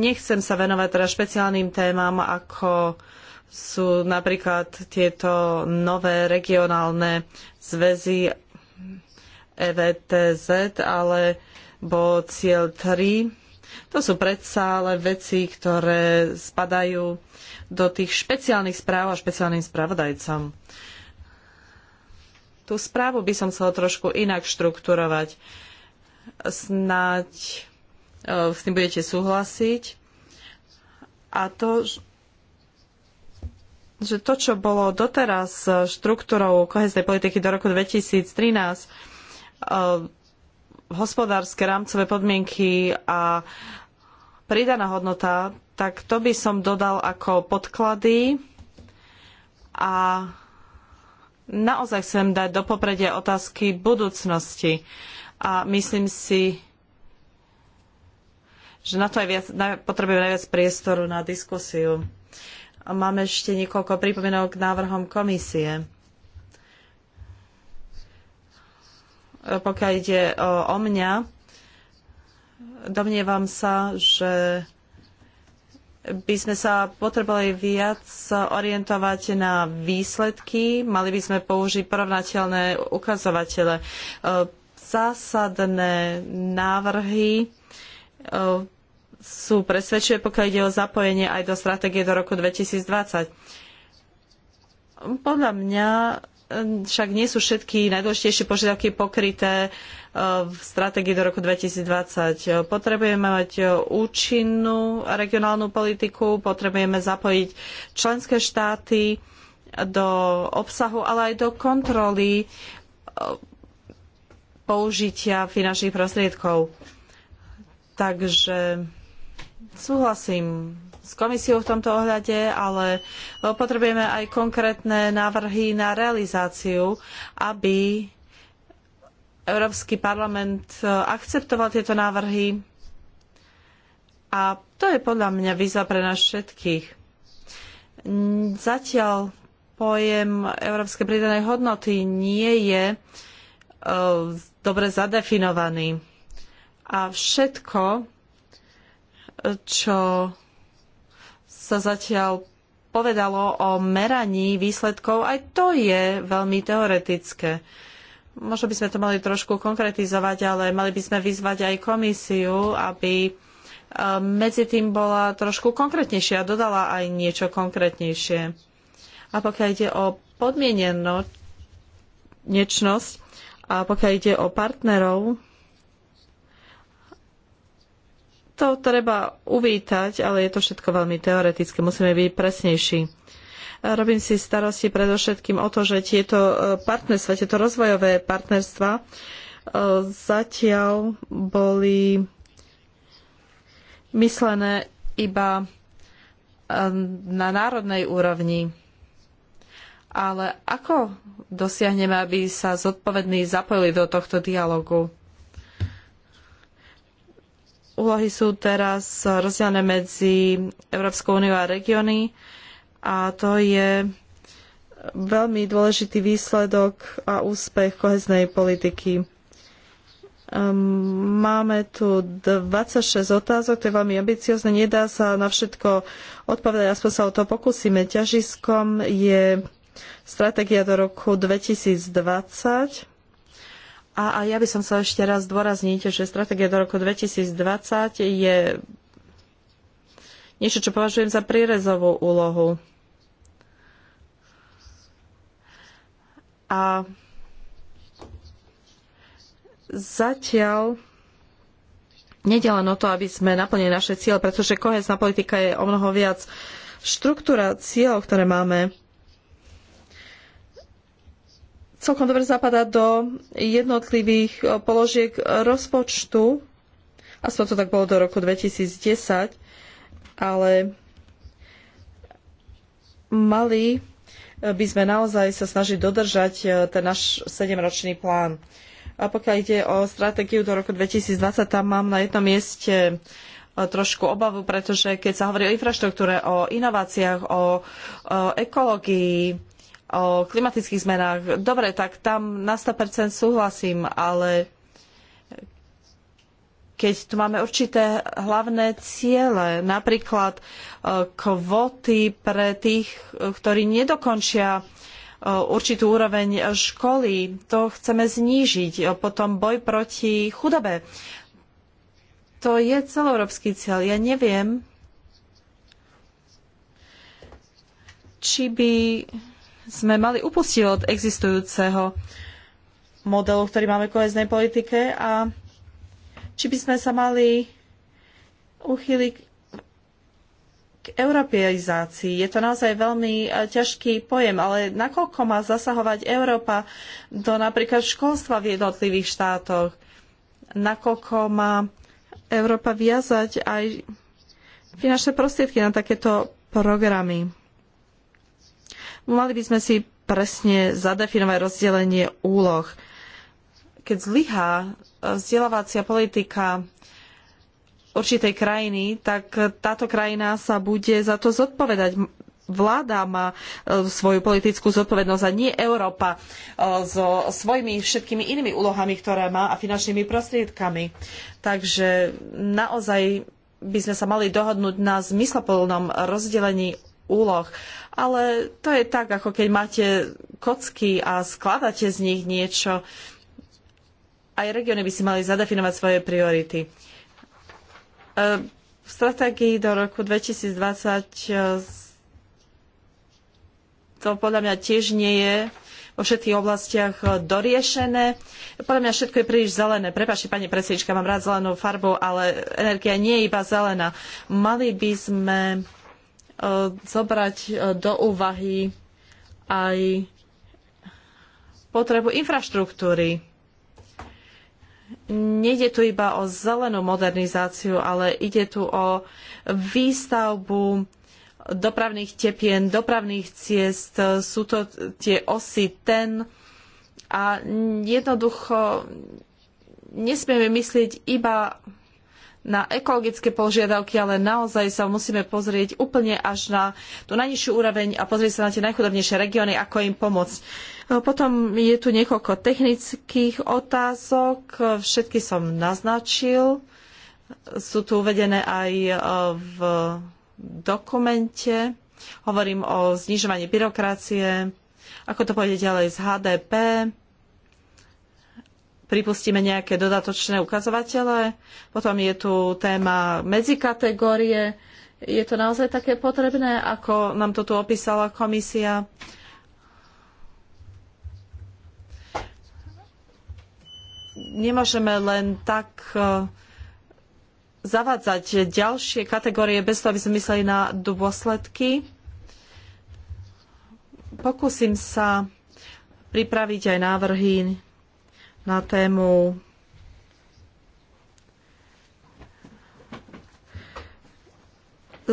Nechcem sa venovať teraz špeciálnym témam ako sú napríklad tieto nové regionálne zväzy EVTZ alebo cieľ 3. To sú predsa ale veci, ktoré spadajú do tých špeciálnych správ a špeciálnym spravodajcom. Tú správu by som chcela trošku inak štrukturovať. Snáď e, s tým budete súhlasiť. A to, že to, čo bolo doteraz štruktúrou kohesnej politiky do roku 2013, e, hospodárske rámcové podmienky a pridaná hodnota, tak to by som dodal ako podklady a naozaj chcem dať do popredia otázky budúcnosti. A myslím si, že na to aj viac, potrebujeme najviac priestoru na diskusiu. Mám ešte niekoľko pripomienok k návrhom komisie. Pokiaľ ide o, o mňa, domnievam sa, že by sme sa potrebovali viac orientovať na výsledky, mali by sme použiť porovnateľné ukazovatele. Zásadné návrhy sú presvedčivé, pokiaľ ide o zapojenie aj do stratégie do roku 2020. Podľa mňa eh, však nie sú všetky najdôležitejšie požiadavky pokryté eh, v stratégii do roku 2020. Potrebujeme mať eh, účinnú regionálnu politiku, potrebujeme zapojiť členské štáty do obsahu, ale aj do kontroly použitia finančných prostriedkov. Takže Súhlasím s komisiou v tomto ohľade, ale potrebujeme aj konkrétne návrhy na realizáciu, aby Európsky parlament e, akceptoval tieto návrhy. A to je podľa mňa výzva pre nás všetkých. Zatiaľ pojem európskej pridanej hodnoty nie je e, dobre zadefinovaný. A všetko, čo sa zatiaľ povedalo o meraní výsledkov, aj to je veľmi teoretické. Možno by sme to mali trošku konkretizovať, ale mali by sme vyzvať aj komisiu, aby e, medzi tým bola trošku konkrétnejšia a dodala aj niečo konkrétnejšie. A pokiaľ ide o podmienenú nečnosť a pokiaľ ide o partnerov, to treba uvítať, ale je to všetko veľmi teoretické, musíme byť presnejší. Robím si starosti predovšetkým o to, že tieto e, partnerstva, tieto rozvojové partnerstva e, zatiaľ boli myslené iba e, na národnej úrovni. Ale ako dosiahneme, aby sa zodpovední zapojili do tohto dialogu? úlohy sú teraz rozdelené medzi Európsku úniu a regióny a to je veľmi dôležitý výsledok a úspech koheznej politiky. Ehm, máme tu 26 otázok, to je veľmi ambiciozne, nedá sa na všetko odpovedať, aspoň sa o to pokúsime. Ťažiskom je stratégia do roku 2020 a, a ja by som sa ešte raz dôrazniť, že stratégia do roku 2020 je niečo, čo považujem za prírezovú úlohu. A zatiaľ nede len o to, aby sme naplnili naše cieľe, pretože kohezná politika je o mnoho viac. Štruktúra cieľov, ktoré máme, celkom dobre zapadá do jednotlivých e, položiek rozpočtu. Aspoň to tak bolo do roku 2010, ale mali e, by sme naozaj sa snažiť dodržať e, ten náš sedemročný plán. A pokiaľ ide o stratégiu do roku 2020, tam mám na jednom mieste trošku obavu, pretože keď sa hovorí o infraštruktúre, o inováciách, o, o ekológii, o klimatických zmenách. Dobre, tak tam na 100% súhlasím, ale keď tu máme určité hlavné ciele, napríklad e, kvóty pre tých, ktorí nedokončia e, určitú úroveň školy, to chceme znížiť. E, potom boj proti chudobe. To je celoeurópsky cieľ. Ja neviem, či by sme mali upustiť od existujúceho modelu, ktorý máme v koheznej politike a či by sme sa mali uchyliť k europeizácii. Je to naozaj veľmi e, ťažký pojem, ale nakoľko má zasahovať Európa do napríklad školstva v jednotlivých štátoch? Nakoľko má Európa viazať aj finančné prostriedky na takéto programy? Mali by sme si presne zadefinovať rozdelenie úloh. Keď zlyhá e, vzdelávacia politika určitej krajiny, tak táto krajina sa bude za to zodpovedať. Vláda má e, svoju politickú zodpovednosť a nie Európa e, so svojimi všetkými inými úlohami, ktoré má a finančnými prostriedkami. Takže naozaj by sme sa mali dohodnúť na zmysloplnom rozdelení úloh. Ale to je tak, ako keď máte kocky a skladáte z nich niečo. Aj regióny by si mali zadefinovať svoje priority. E, v stratégii do roku 2020 e, to podľa mňa tiež nie je vo všetkých oblastiach doriešené. Podľa mňa všetko je príliš zelené. Prepašte, pani predsednička, mám rád zelenú farbu, ale energia nie je iba zelená. Mali by sme Eh, zobrať eh, do úvahy aj potrebu infraštruktúry. Nejde tu iba o zelenú modernizáciu, ale ide tu o výstavbu dopravných tepien, dopravných ciest, sú to tie osy ten a jednoducho nesmieme myslieť iba na ekologické požiadavky, ale naozaj sa musíme pozrieť úplne až na tú najnižšiu úroveň a pozrieť sa na tie najchudobnejšie regióny, ako im pomôcť. Potom je tu niekoľko technických otázok, všetky som naznačil. Sú tu uvedené aj e, v dokumente. Hovorím o znižovaní byrokracie, ako to pôjde ďalej z HDP, pripustíme nejaké dodatočné ukazovatele. Potom je tu téma medzikategórie. Je to naozaj také potrebné, ako nám to tu opísala komisia? Nemôžeme len tak e, zavádzať ďalšie kategórie bez toho, aby sme mysleli na dôsledky. Pokúsim sa pripraviť aj návrhy na tému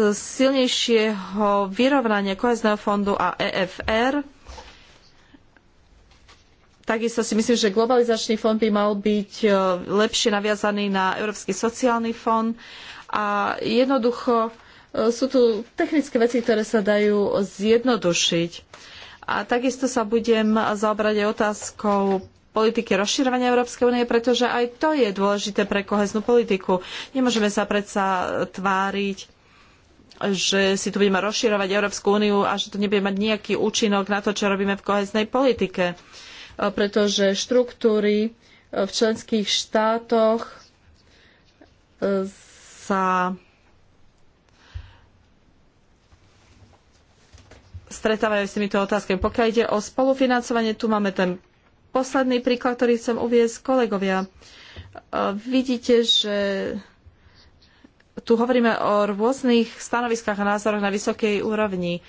silnejšieho vyrovnania kohezného fondu a EFR. Takisto si myslím, že globalizačný fond by mal byť e, lepšie naviazaný na Európsky sociálny fond a jednoducho e, sú tu technické veci, ktoré sa dajú zjednodušiť. A takisto sa budem zaobrať aj otázkou politike rozširovania Európskej únie, pretože aj to je dôležité pre koheznú politiku. Nemôžeme sa predsa tváriť, že si tu budeme rozširovať Európsku úniu a že to nebude mať nejaký účinok na to, čo robíme v koheznej politike. E, pretože štruktúry e, v členských štátoch e, sa stretávajú s týmito otázkami. Pokiaľ ide o spolufinancovanie, tu máme ten posledný príklad, ktorý chcem uviezť, kolegovia. E, vidíte, že tu hovoríme o rôznych stanoviskách a názoroch na vysokej úrovni,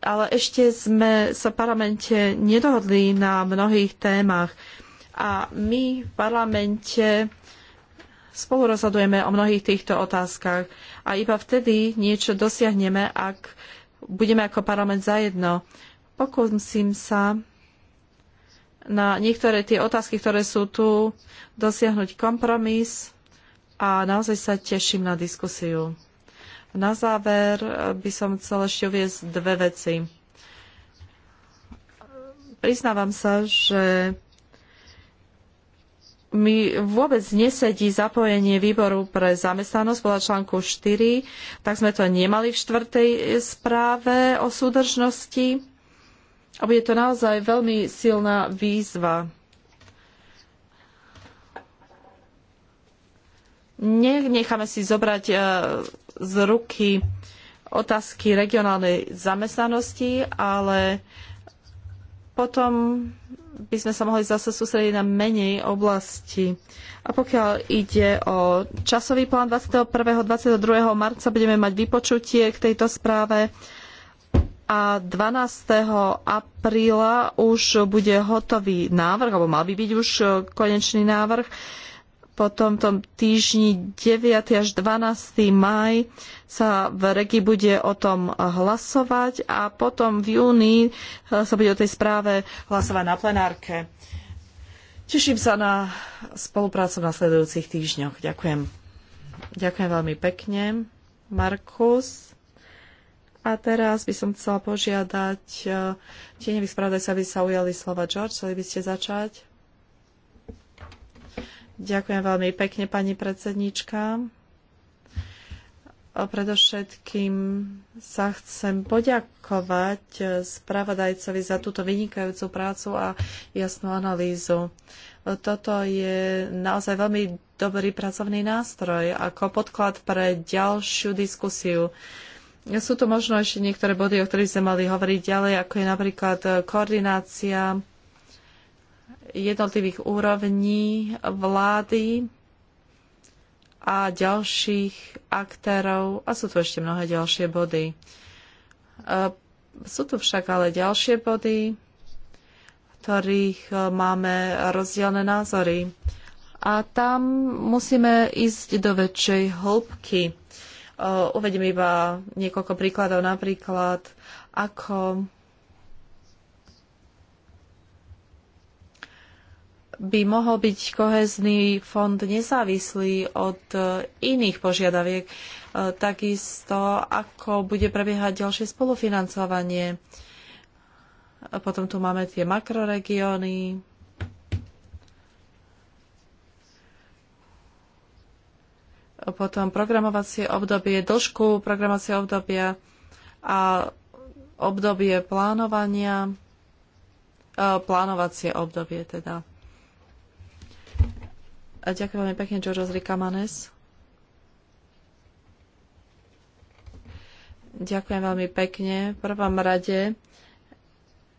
ale ešte sme sa v parlamente nedohodli na mnohých témach. A my v parlamente spolu rozhodujeme o mnohých týchto otázkach a iba vtedy niečo dosiahneme, ak budeme ako parlament zajedno. Pokúsim sa na niektoré tie otázky, ktoré sú tu, dosiahnuť kompromis a naozaj sa teším na diskusiu. Na záver by som chcela ešte uviezť dve veci. Priznávam sa, že mi vôbec nesedí zapojenie výboru pre zamestnanosť podľa článku 4, tak sme to nemali v štvrtej správe o súdržnosti. A bude to naozaj veľmi silná výzva. Necháme si zobrať e, z ruky otázky regionálnej zamestnanosti, ale potom by sme sa mohli zase sústrediť na menej oblasti. A pokiaľ ide o časový plán 21. 22. marca, budeme mať vypočutie k tejto správe a 12. apríla už bude hotový návrh, alebo mal by byť už konečný návrh. Po tomto týždni 9. až 12. maj sa v Regi bude o tom hlasovať a potom v júni e, sa bude o tej správe hlasovať na plenárke. Teším sa na spoluprácu v nasledujúcich týždňoch. Ďakujem. Ďakujem veľmi pekne. Markus. A teraz by som chcela požiadať eh, tieňových spravodajcov, aby sa ujali slova. George, chceli by ste začať? Ďakujem veľmi pekne, pani predsednička. A eh, predovšetkým sa chcem poďakovať eh, spravodajcovi za túto vynikajúcu prácu a jasnú analýzu. Toto je naozaj veľmi dobrý pracovný nástroj ako podklad pre ďalšiu diskusiu. Sú tu možno ešte niektoré body, o ktorých sme mali hovoriť ďalej, ako je napríklad e, koordinácia jednotlivých úrovní vlády a ďalších aktérov a sú tu ešte mnohé ďalšie body. E, sú tu však ale ďalšie body, v ktorých e, máme rozdielne názory. A tam musíme ísť do väčšej hĺbky. Eh, uvediem iba niekoľko príkladov, napríklad ako by mohol byť kohezný fond nezávislý od eh, iných požiadaviek, eh, takisto ako bude prebiehať ďalšie spolufinancovanie. Potom tu máme tie makroregióny, potom programovacie obdobie, dĺžku programovacieho obdobia a obdobie plánovania, e, plánovacie obdobie teda. A ďakujem veľmi pekne, George Rikamanes. Ďakujem veľmi pekne. V prvom rade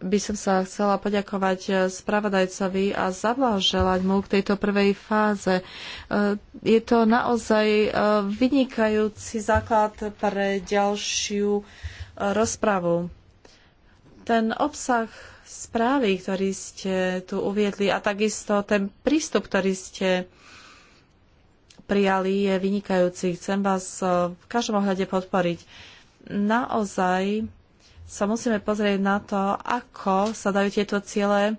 by som sa chcela poďakovať eh, spravodajcovi a zablaželať mu k tejto prvej fáze. Eh, je to naozaj eh, vynikajúci základ pre ďalšiu rozpravu. Ten obsah správy, ktorý ste tu uviedli a takisto ten prístup, ktorý ste prijali, je vynikajúci. Chcem vás v každom ohľade podporiť. Naozaj sa musíme pozrieť na to, ako sa dajú tieto ciele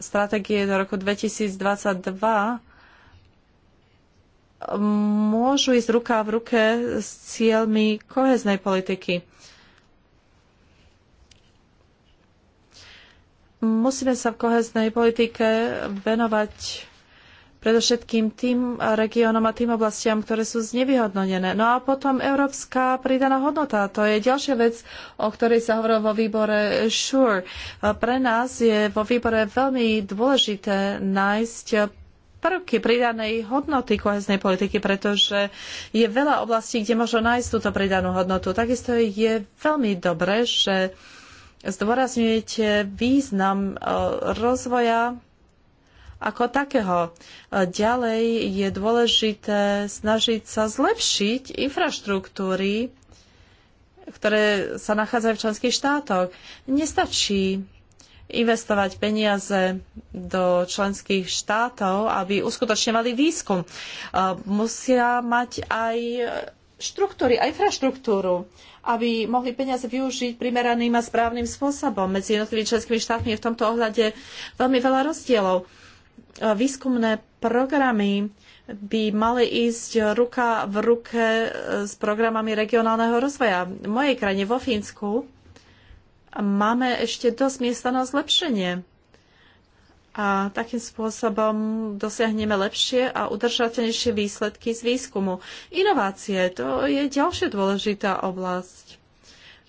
stratégie do roku 2022 môžu ísť ruka v ruke s cieľmi koheznej politiky. Musíme sa v koheznej politike venovať predovšetkým tým regiónom a tým oblastiam, ktoré sú znevýhodnené. No a potom európska pridaná hodnota. To je ďalšia vec, o ktorej sa hovorilo vo výbore SURE. Pre nás je vo výbore veľmi dôležité nájsť prvky pridanej hodnoty koheznej politiky, pretože je veľa oblastí, kde možno nájsť túto pridanú hodnotu. Takisto je veľmi dobré, že zdôrazňujete význam e, rozvoja ako takého. Ďalej je dôležité snažiť sa zlepšiť infraštruktúry, ktoré sa nachádzajú v členských štátoch. Nestačí investovať peniaze do členských štátov, aby uskutočňovali výskum. Musia mať aj štruktúry a infraštruktúru, aby mohli peniaze využiť primeraným a správnym spôsobom. Medzi jednotlivými členskými štátmi je v tomto ohľade veľmi veľa rozdielov výskumné programy by mali ísť ruka v ruke eh, s programami regionálneho rozvoja. V mojej krajine vo Fínsku máme ešte dosť miesta na zlepšenie. A takým spôsobom dosiahneme lepšie a udržateľnejšie výsledky z výskumu. Inovácie, to je ďalšia dôležitá oblasť,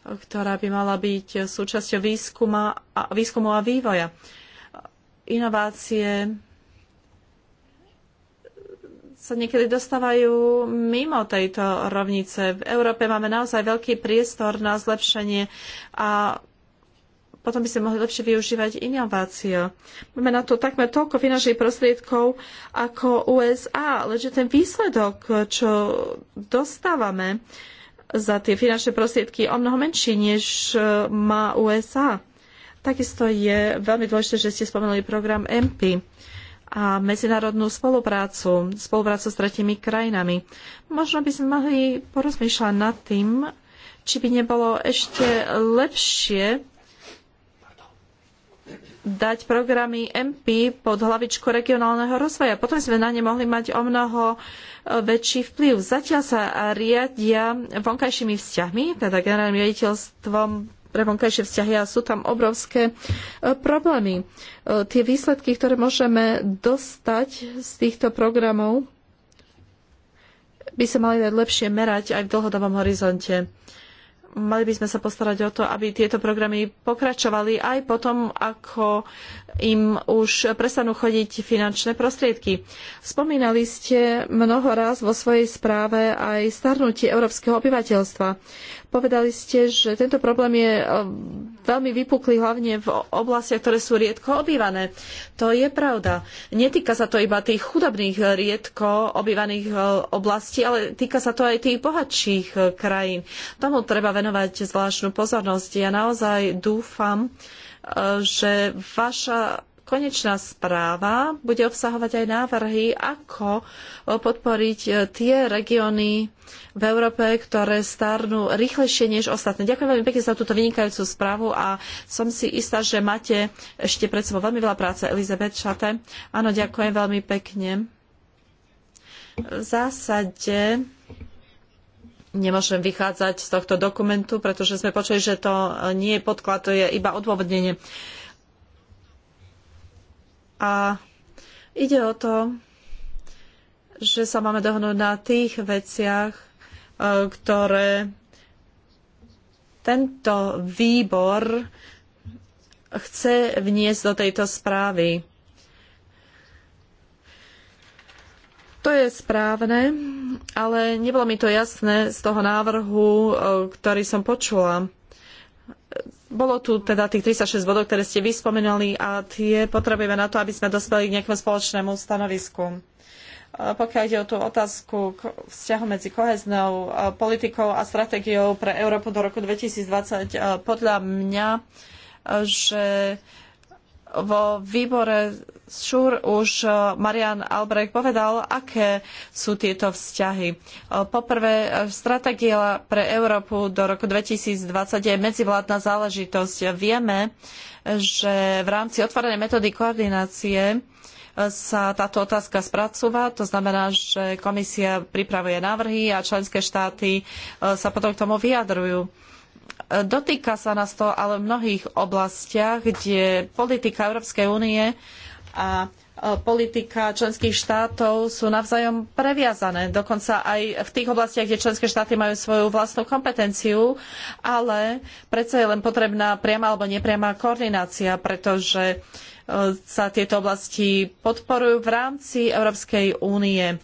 ktorá by mala byť súčasťou výskuma a, výskumu a vývoja. Inovácie sa niekedy dostávajú mimo tejto rovnice. V Európe máme naozaj veľký priestor na zlepšenie a potom by sme mohli lepšie využívať inovácie. Máme na to takmer toľko finančných prostriedkov ako USA, lenže ten výsledok, čo dostávame za tie finančné prostriedky, je o mnoho menší, než e, má USA. Takisto je veľmi dôležité, že ste spomenuli program MP a medzinárodnú spoluprácu, spoluprácu s tretimi krajinami. Možno by sme mohli porozmýšľať nad tým, či by nebolo ešte lepšie dať programy MP pod hlavičku regionálneho rozvoja. Potom sme na ne mohli mať o mnoho e, väčší vplyv. Zatiaľ sa riadia vonkajšími vzťahmi, teda generálnym riaditeľstvom pre vonkajšie vzťahy a sú tam obrovské e, problémy. E, tie výsledky, ktoré môžeme dostať z týchto programov, by sa mali dať lepšie merať aj v dlhodobom horizonte. Mali by sme sa postarať o to, aby tieto programy pokračovali aj potom, ako im už prestanú chodiť finančné prostriedky. Spomínali ste mnoho raz vo svojej správe aj starnutie európskeho obyvateľstva. Povedali ste, že tento problém je eh, veľmi vypuklý hlavne v oblastiach, ktoré sú riedko obývané. To je pravda. Netýka sa to iba tých chudobných eh, riedko obývaných eh, oblastí, ale týka sa to aj tých bohatších krajín. Tomu treba venovať zvláštnu pozornosť. Ja naozaj dúfam, že vaša konečná správa bude obsahovať aj návrhy, ako eh, podporiť eh, tie regióny v Európe, ktoré starnú rýchlejšie než ostatné. Ďakujem veľmi pekne za túto vynikajúcu správu a som si istá, že máte ešte pred sebou veľmi veľa práce, Elizabeth Šate. Áno, ďakujem veľmi pekne. V zásade nemôžem vychádzať z tohto dokumentu, pretože sme počuli, že to nie je podklad, to je iba odôvodnenie. Uh, a ide o to, že sa máme dohnúť na tých veciach, e, ktoré tento výbor chce vniesť do tejto správy. To je správne, ale nebolo mi to jasné z toho návrhu, e, ktorý som počula. Bolo tu teda tých 36 bodov, ktoré ste vyspomenuli a tie potrebujeme na to, aby sme dospeli k nejakému spoločnému stanovisku. E, pokiaľ ide o tú otázku k vzťahu medzi koheznou e, politikou a stratégiou pre Európu do roku 2020, e, podľa mňa, že vo výbore ŠUR už e, Marian Albrecht povedal, aké sú tieto vzťahy. E, poprvé, e, stratégia pre Európu do roku 2020 je medzivládna záležitosť. Vieme, že v rámci otvorenej metódy koordinácie sa táto otázka spracúva. To znamená, že komisia pripravuje návrhy a členské štáty sa potom k tomu vyjadrujú Dotýka sa nás to ale v mnohých oblastiach, kde politika Európskej únie a e, politika členských štátov sú navzájom previazané. Dokonca aj v tých oblastiach, kde členské štáty majú svoju vlastnú kompetenciu, ale predsa je len potrebná priama alebo nepriama koordinácia, pretože e, sa tieto oblasti podporujú v rámci Európskej únie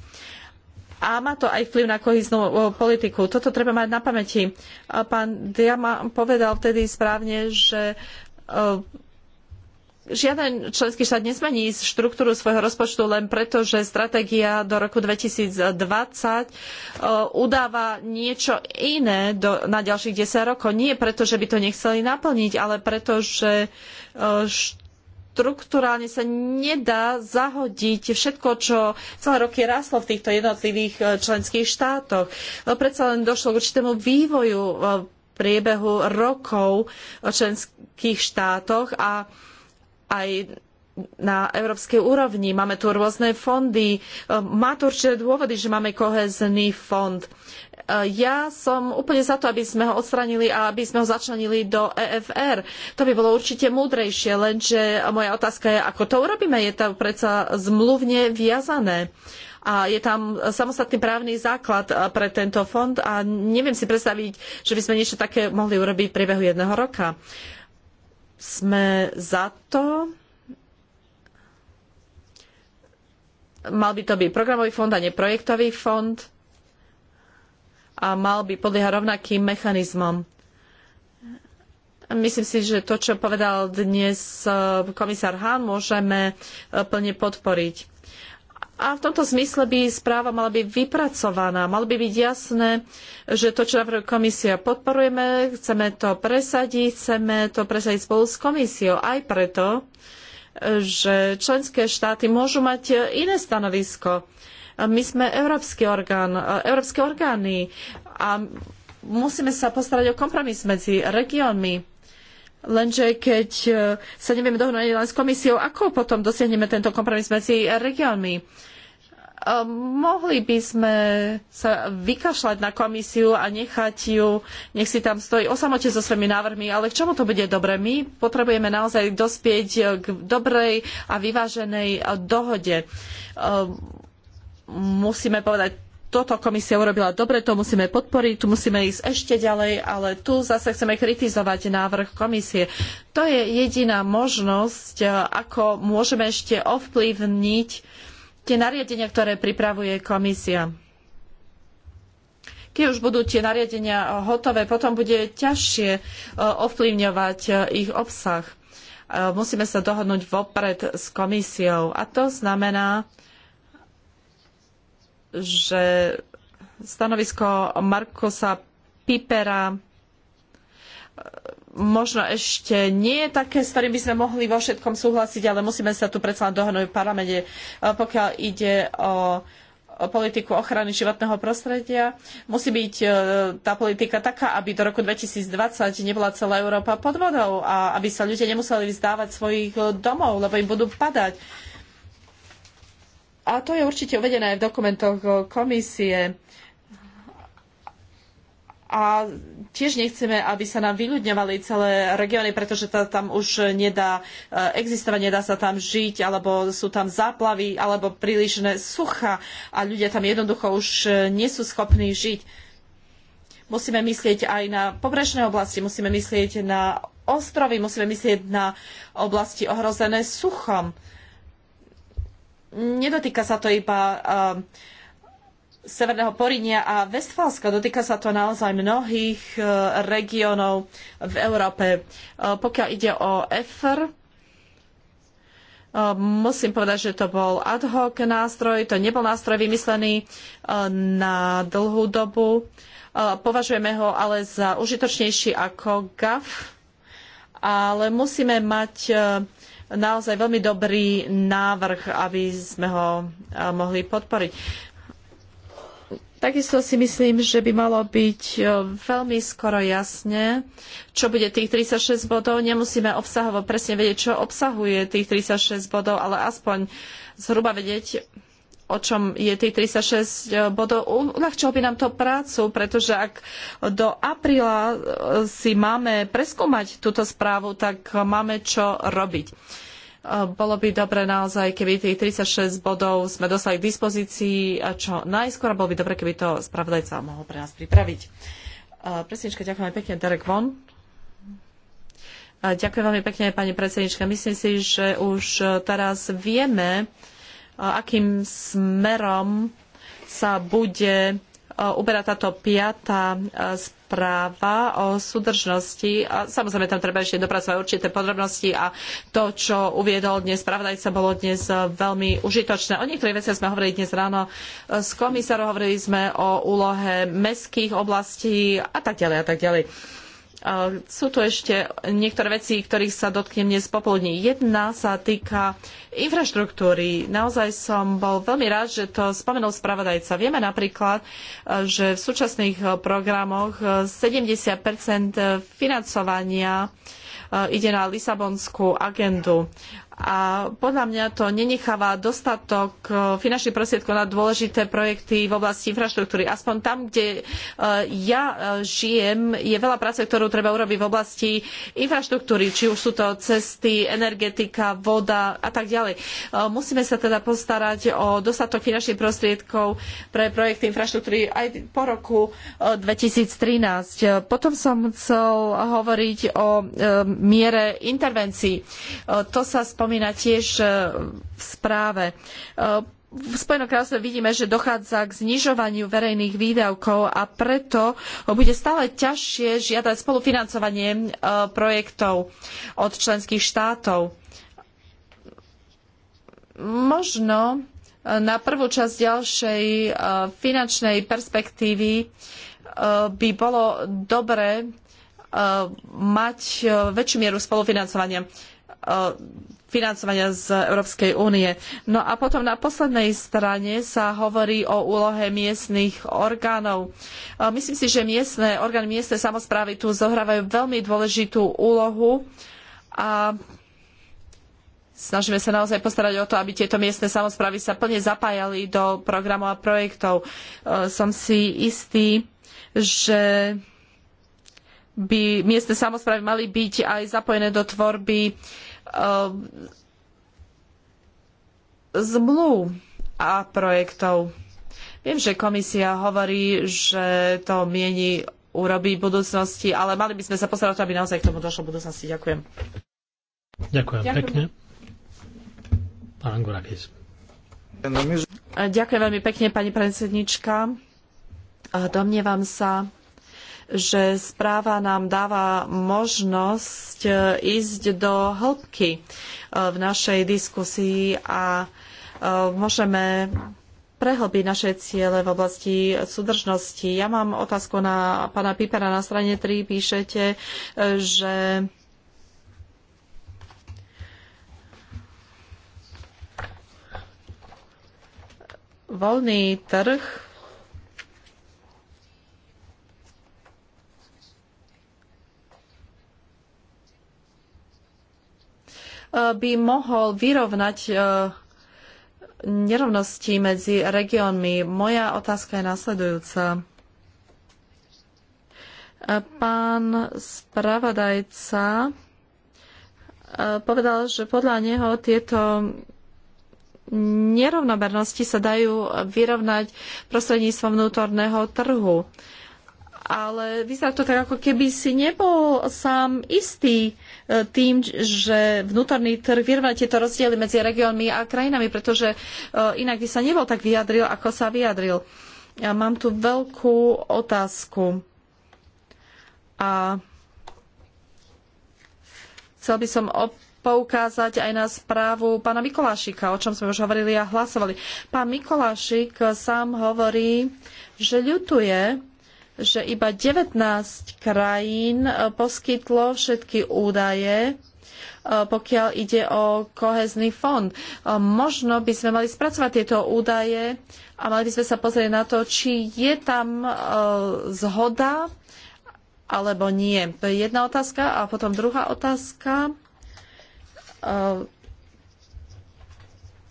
a má to aj vplyv na kohiznú politiku. Toto treba mať na pamäti. Pán Diama povedal vtedy správne, že žiaden členský štát nezmení štruktúru svojho rozpočtu len preto, že stratégia do roku 2020 udáva niečo iné do, na ďalších 10 rokov. Nie preto, že by to nechceli naplniť, ale preto, že št- štruktúrálne sa nedá zahodiť všetko, čo celé roky ráslo v týchto jednotlivých e, členských štátoch. No predsa len došlo k určitému vývoju v e, priebehu rokov v členských štátoch a aj na európskej úrovni. Máme tu rôzne fondy. E, má to určité dôvody, že máme kohézny fond ja som úplne za to, aby sme ho odstránili a aby sme ho začlenili do EFR. To by bolo určite múdrejšie, lenže moja otázka je, ako to urobíme. Je to predsa zmluvne viazané a je tam samostatný právny základ pre tento fond a neviem si predstaviť, že by sme niečo také mohli urobiť v priebehu jedného roka. Sme za to. Mal by to byť programový fond a nie projektový fond a mal by podliehať rovnakým mechanizmom. Myslím si, že to, čo povedal dnes e, komisár Hahn, môžeme e, plne podporiť. A v tomto zmysle by správa mala byť vypracovaná. Malo by byť jasné, že to, čo navrhuje komisia, podporujeme, chceme to presadiť, chceme to presadiť spolu s komisiou. Aj preto, e, že členské štáty môžu mať iné stanovisko my sme európsky orgán, e, európske orgány a musíme sa postarať o kompromis medzi regiónmi. Lenže keď e, sa nevieme ani len s komisiou, ako potom dosiahneme tento kompromis medzi regiónmi? E, mohli by sme sa vykašľať na komisiu a nechať ju, nech si tam stojí osamote so svojimi návrhmi, ale k čomu to bude dobre? My potrebujeme naozaj dospieť k dobrej a vyváženej dohode musíme povedať, toto komisia urobila dobre, to musíme podporiť, tu musíme ísť ešte ďalej, ale tu zase chceme kritizovať návrh komisie. To je jediná možnosť, eh, ako môžeme ešte ovplyvniť tie nariadenia, ktoré pripravuje komisia. Keď už budú tie nariadenia eh, hotové, potom bude ťažšie eh, ovplyvňovať ich obsah. Musíme sa dohodnúť vopred s komisiou. A to znamená, že stanovisko Markosa Pipera e, možno ešte nie je také, s ktorým by sme mohli vo všetkom súhlasiť, ale musíme sa tu predsa dohodnúť v parlamente, e, pokiaľ ide o politiku ochrany životného prostredia. Musí byť e, tá politika taká, aby do roku 2020 nebola celá Európa pod vodou a aby sa ľudia nemuseli vzdávať svojich domov, lebo im budú padať a to je určite uvedené aj v dokumentoch komisie. A tiež nechceme, aby sa nám vyľudňovali celé regióny, pretože to tam už nedá e, existovať, nedá sa tam žiť, alebo sú tam záplavy, alebo prílišné sucha a ľudia tam jednoducho už e, nie sú schopní žiť. Musíme myslieť aj na pobrežné oblasti, musíme myslieť na ostrovy, musíme myslieť na oblasti ohrozené suchom nedotýka sa to iba um, Severného Porinia a Westfalska. Dotýka sa to naozaj mnohých uh, regiónov v Európe. Uh, pokiaľ ide o EFR, uh, musím povedať, že to bol ad hoc nástroj, to nebol nástroj vymyslený na dlhú dobu. Považujeme ho ale za užitočnejší ako GAF, ale musíme mať naozaj veľmi dobrý návrh, aby sme ho eh, mohli podporiť. Takisto si myslím, že by malo byť eh, veľmi skoro jasne, čo bude tých 36 bodov. Nemusíme obsahovo presne vedieť, čo obsahuje tých 36 bodov, ale aspoň zhruba vedieť, o čom je tých 36 eh, bodov, uľahčilo by nám to prácu, pretože ak do apríla eh, si máme preskúmať túto správu, tak eh, máme čo robiť. Bolo by dobre naozaj, keby tých 36 bodov sme dostali k dispozícii a čo najskôr, bolo by dobre, keby to spravodajca mohol pre nás pripraviť. Presnička, ďakujem pekne, Derek Von. Ďakujem veľmi pekne, pani predsednička. Myslím si, že už teraz vieme, akým smerom sa bude e, uberá táto piata e, správa o súdržnosti. A samozrejme, tam treba ešte dopracovať určité podrobnosti a to, čo uviedol dnes spravodajca, bolo dnes e, veľmi užitočné. O niektorých veciach sme hovorili dnes ráno s komisárom, hovorili sme o úlohe mestských oblastí a tak ďalej a tak ďalej sú tu ešte niektoré veci, ktorých sa dotknem dnes popoludní. Jedna sa týka infraštruktúry. Naozaj som bol veľmi rád, že to spomenul spravodajca. Vieme napríklad, že v súčasných programoch 70 financovania e, ide na Lisabonskú agendu. A podľa mňa to nenecháva dostatok e, finančných prostriedkov na dôležité projekty v oblasti infraštruktúry. Aspoň tam, kde e, ja e, žijem, je veľa práce, ktorú treba urobiť v oblasti infraštruktúry, či už sú to cesty, energetika, voda a tak ďalej. Musíme sa teda postarať o dostatok finančných prostriedkov pre projekty infraštruktúry aj po roku 2013. Potom som chcel hovoriť o miere intervencií. To sa spomína spomína tiež e, v správe. E, v Spojenom kráľovstve vidíme, že dochádza k znižovaniu verejných výdavkov a preto bude stále ťažšie žiadať spolufinancovanie e, projektov od členských štátov. Možno na prvú časť ďalšej finančnej perspektívy by bolo dobré mať väčšiu mieru spolufinancovania financovania z Európskej únie. No a potom na poslednej strane sa hovorí o úlohe miestnych orgánov. Myslím si, že miestne, orgány miestne samozprávy tu zohrávajú veľmi dôležitú úlohu a snažíme sa naozaj postarať o to, aby tieto miestne samozprávy sa plne zapájali do programov a projektov. E, som si istý, že by miestne samozprávy mali byť aj zapojené do tvorby Ehm, zmluv a projektov. Viem, že komisia hovorí, že to mieni urobiť v budúcnosti, ale mali by sme sa postarať, aby naozaj k tomu došlo v budúcnosti. Ďakujem.
Ďakujem, Ďakujem. pekne. Pán Angurakis.
Ďakujem veľmi pekne, pani predsednička. Domnievam sa, že správa nám dáva možnosť e, ísť do hĺbky e, v našej diskusii a e, môžeme prehlbiť naše ciele v oblasti súdržnosti. Ja mám otázku na pána Pipera. Na strane 3 píšete, že voľný trh by mohol vyrovnať e, nerovnosti medzi regiónmi. Moja otázka je nasledujúca. E, pán spravodajca e, povedal, že podľa neho tieto nerovnomernosti sa dajú vyrovnať prostredníctvom vnútorného trhu ale vyzerá to tak, ako keby si nebol sám istý e, tým, že vnútorný trh vyrovná tieto rozdiely medzi regiónmi a krajinami, pretože e, inak by sa nebol tak vyjadril, ako sa vyjadril. Ja mám tu veľkú otázku. A chcel by som poukázať aj na správu pána Mikolášika, o čom sme už hovorili a hlasovali. Pán Mikolášik sám hovorí, že ľutuje, že iba 19 krajín e, poskytlo všetky údaje, e, pokiaľ ide o kohezný fond. E, možno by sme mali spracovať tieto údaje a mali by sme sa pozrieť na to, či je tam zhoda alebo nie. To je jedna otázka. A potom druhá otázka.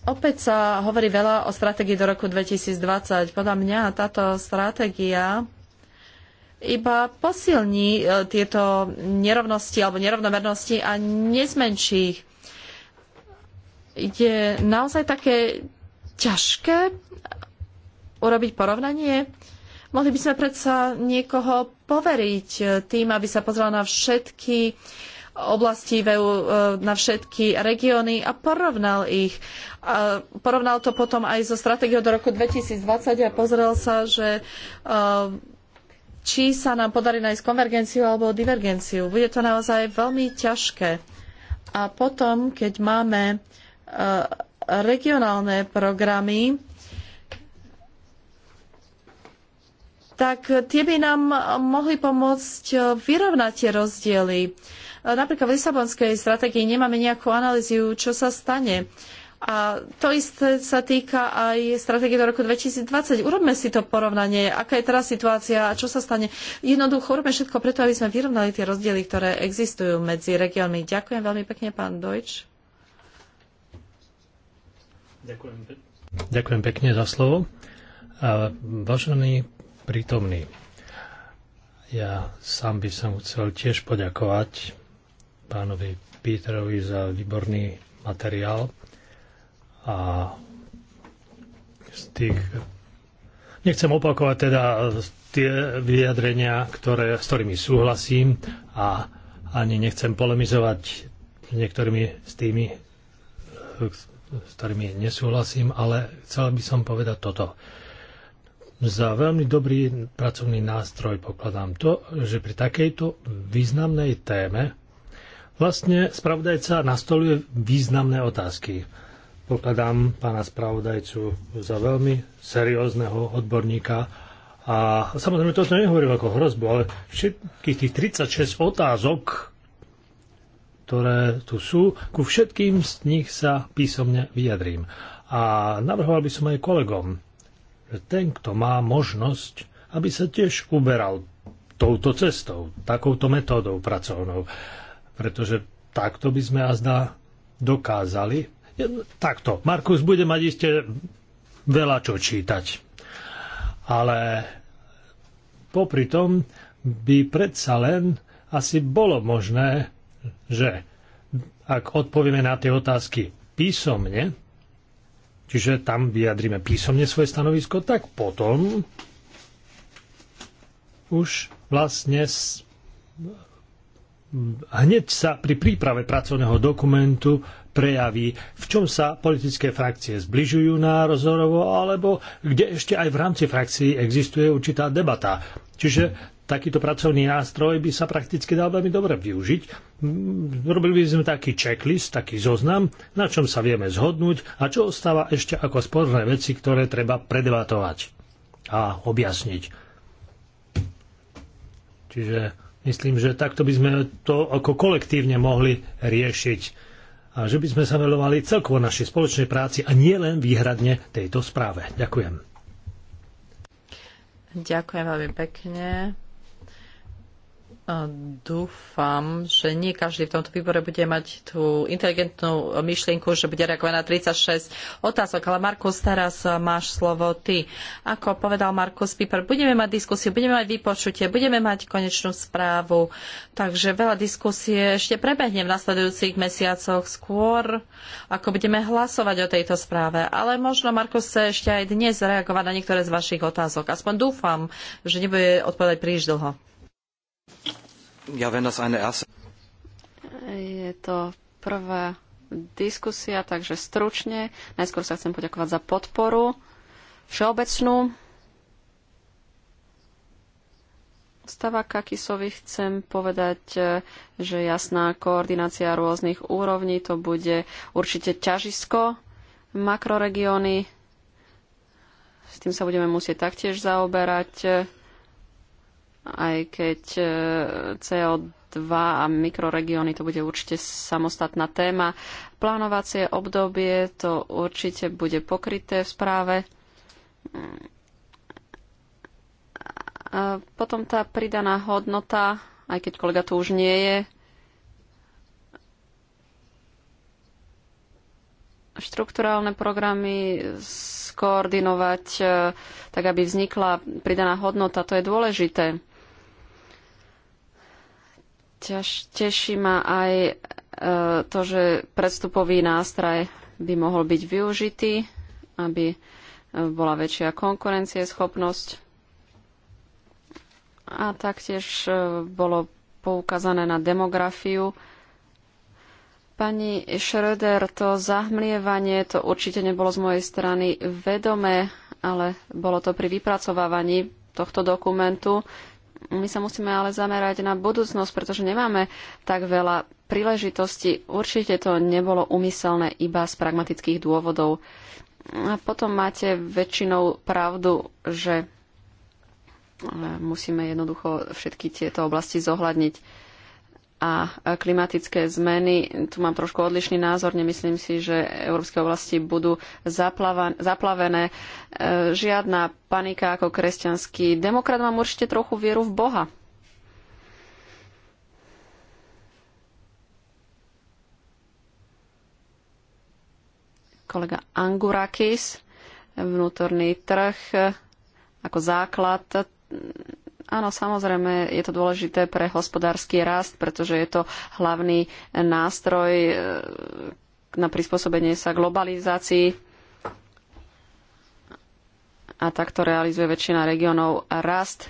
Opäť sa hovorí veľa o stratégii do roku 2020. Podľa mňa táto stratégia iba posilní e, tieto nerovnosti alebo nerovnomernosti a nezmenší ich. Je naozaj také ťažké urobiť porovnanie? Mohli by sme predsa niekoho poveriť e, tým, aby sa pozrel na všetky oblasti e, na všetky regióny a porovnal ich. A porovnal to potom aj so stratégiou do roku 2020 a pozrel sa, že či sa nám podarí nájsť konvergenciu alebo divergenciu. Bude to naozaj veľmi ťažké. A potom, keď máme e, regionálne programy, tak tie by nám mohli pomôcť vyrovnať tie rozdiely. E, napríklad v Lisabonskej stratégii nemáme nejakú analýziu, čo sa stane a to isté sa týka aj stratégie do roku 2020. Urobme si to porovnanie, aká je teraz situácia a čo sa stane. Jednoducho urobme všetko preto, aby sme vyrovnali tie rozdiely, ktoré existujú medzi regiónmi. Ďakujem veľmi pekne, pán Dojč.
Ďakujem, pe- Ďakujem pekne za slovo. A vážený prítomný, ja sám by som chcel tiež poďakovať pánovi Píterovi za výborný materiál a z tých... Nechcem opakovať teda tie vyjadrenia, ktoré, s ktorými súhlasím a ani nechcem polemizovať niektorými s tými, s ktorými nesúhlasím, ale chcel by som povedať toto. Za veľmi dobrý pracovný nástroj pokladám to, že pri takejto významnej téme vlastne spravodajca nastoluje významné otázky pokladám pána spravodajcu za veľmi seriózneho odborníka. A samozrejme, to som nehovoril ako hrozbu, ale všetkých tých 36 otázok, ktoré tu sú, ku všetkým z nich sa písomne vyjadrím. A navrhoval by som aj kolegom, že ten, kto má možnosť, aby sa tiež uberal touto cestou, takouto metódou pracovnou. Pretože takto by sme azda dokázali Takto. Markus bude mať iste veľa čo čítať. Ale popri tom by predsa len asi bolo možné, že ak odpovieme na tie otázky písomne, čiže tam vyjadrime písomne svoje stanovisko, tak potom už vlastne hneď sa pri príprave pracovného dokumentu prejaví, v čom sa politické frakcie zbližujú názorovo, alebo kde ešte aj v rámci frakcií existuje určitá debata. Čiže takýto pracovný nástroj by sa prakticky dal veľmi dobre využiť. Mm, robili by sme taký checklist, taký zoznam, na čom sa vieme zhodnúť a čo ostáva ešte ako sporné veci, ktoré treba predebatovať a objasniť. Čiže myslím, že takto by sme to ako kolektívne mohli riešiť a že by sme sa venovali celkovo našej spoločnej práci a nie len výhradne tejto správe. Ďakujem.
Ďakujem veľmi pekne. Dúfam, že nie každý v tomto výbore bude mať tú inteligentnú myšlienku, že bude reagovať na 36 otázok. Ale Markus, teraz máš slovo ty. Ako povedal Markus Piper, budeme mať diskusiu, budeme mať vypočutie, budeme mať konečnú správu. Takže veľa diskusie ešte prebehne v nasledujúcich mesiacoch skôr, ako budeme hlasovať o tejto správe. Ale možno Markus sa ešte aj dnes reagovať na niektoré z vašich otázok. Aspoň dúfam, že nebude odpovedať príliš dlho.
Ja, wenn das eine erste...
Je to prvá diskusia, takže stručne. Najskôr sa chcem poďakovať za podporu všeobecnú. Stava Kakisovi chcem povedať, že jasná koordinácia rôznych úrovní to bude určite ťažisko makroregióny. S tým sa budeme musieť taktiež zaoberať aj keď e, CO2 a mikroregióny to bude určite samostatná téma. Plánovacie obdobie to určite bude pokryté v správe. A potom tá pridaná hodnota, aj keď kolega tu už nie je, štrukturálne programy skoordinovať e, tak, aby vznikla pridaná hodnota. To je dôležité. Ťaž, teší ma aj e, to, že predstupový nástroj by mohol byť využitý, aby e, bola väčšia konkurencieschopnosť. A taktiež e, bolo poukázané na demografiu. Pani Schröder, to zahmlievanie, to určite nebolo z mojej strany vedomé, ale bolo to pri vypracovávaní tohto dokumentu. My sa musíme ale zamerať na budúcnosť, pretože nemáme tak veľa príležitostí. Určite to nebolo umyselné iba z pragmatických dôvodov. A potom máte väčšinou pravdu, že e, musíme jednoducho všetky tieto oblasti zohľadniť a klimatické zmeny. Tu mám trošku odlišný názor. Nemyslím si, že európske oblasti budú zaplavené. E, žiadna panika ako kresťanský demokrat. Mám určite trochu vieru v Boha. Kolega Angurakis, vnútorný trh e, ako základ Áno, samozrejme, je to dôležité pre hospodársky rast, pretože je to hlavný nástroj e, na prispôsobenie sa globalizácii a takto realizuje väčšina regionov rast.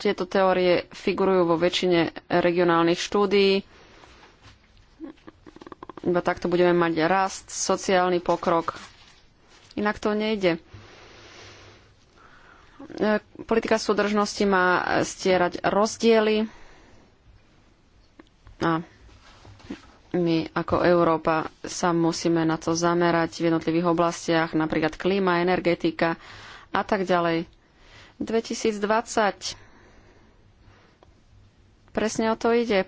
Tieto teórie figurujú vo väčšine regionálnych štúdií iba takto budeme mať rast, sociálny pokrok. Inak to nejde. E, politika súdržnosti má stierať rozdiely a my ako Európa sa musíme na to zamerať v jednotlivých oblastiach, napríklad klíma, energetika a tak ďalej. 2020. Presne o to ide.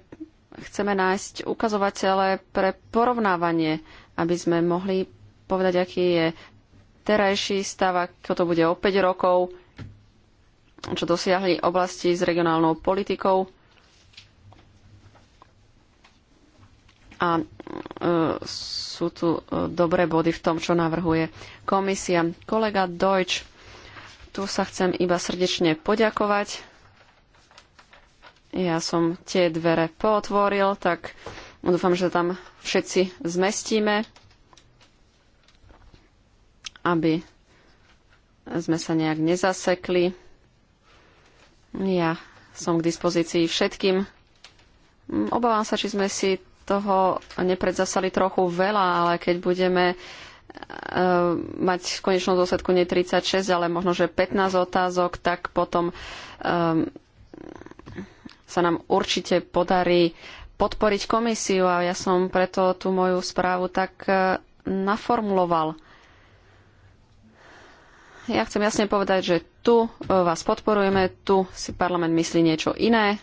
Chceme nájsť ukazovatele pre porovnávanie, aby sme mohli povedať, aký je terajší stav, ako to bude o 5 rokov, čo dosiahli oblasti s regionálnou politikou. A e, sú tu e, dobré body v tom, čo navrhuje komisia. Kolega Deutsch, tu sa chcem iba srdečne poďakovať ja som tie dvere pootvoril, tak dúfam, že tam všetci zmestíme, aby sme sa nejak nezasekli. Ja som k dispozícii všetkým. Obávam sa, či sme si toho nepredzasali trochu veľa, ale keď budeme e, mať v konečnom dôsledku nie 36, ale možno, že 15 otázok, tak potom um, sa nám určite podarí podporiť komisiu a ja som preto tú moju správu tak e, naformuloval. Ja chcem jasne povedať, že tu e, vás podporujeme, tu si parlament myslí niečo iné,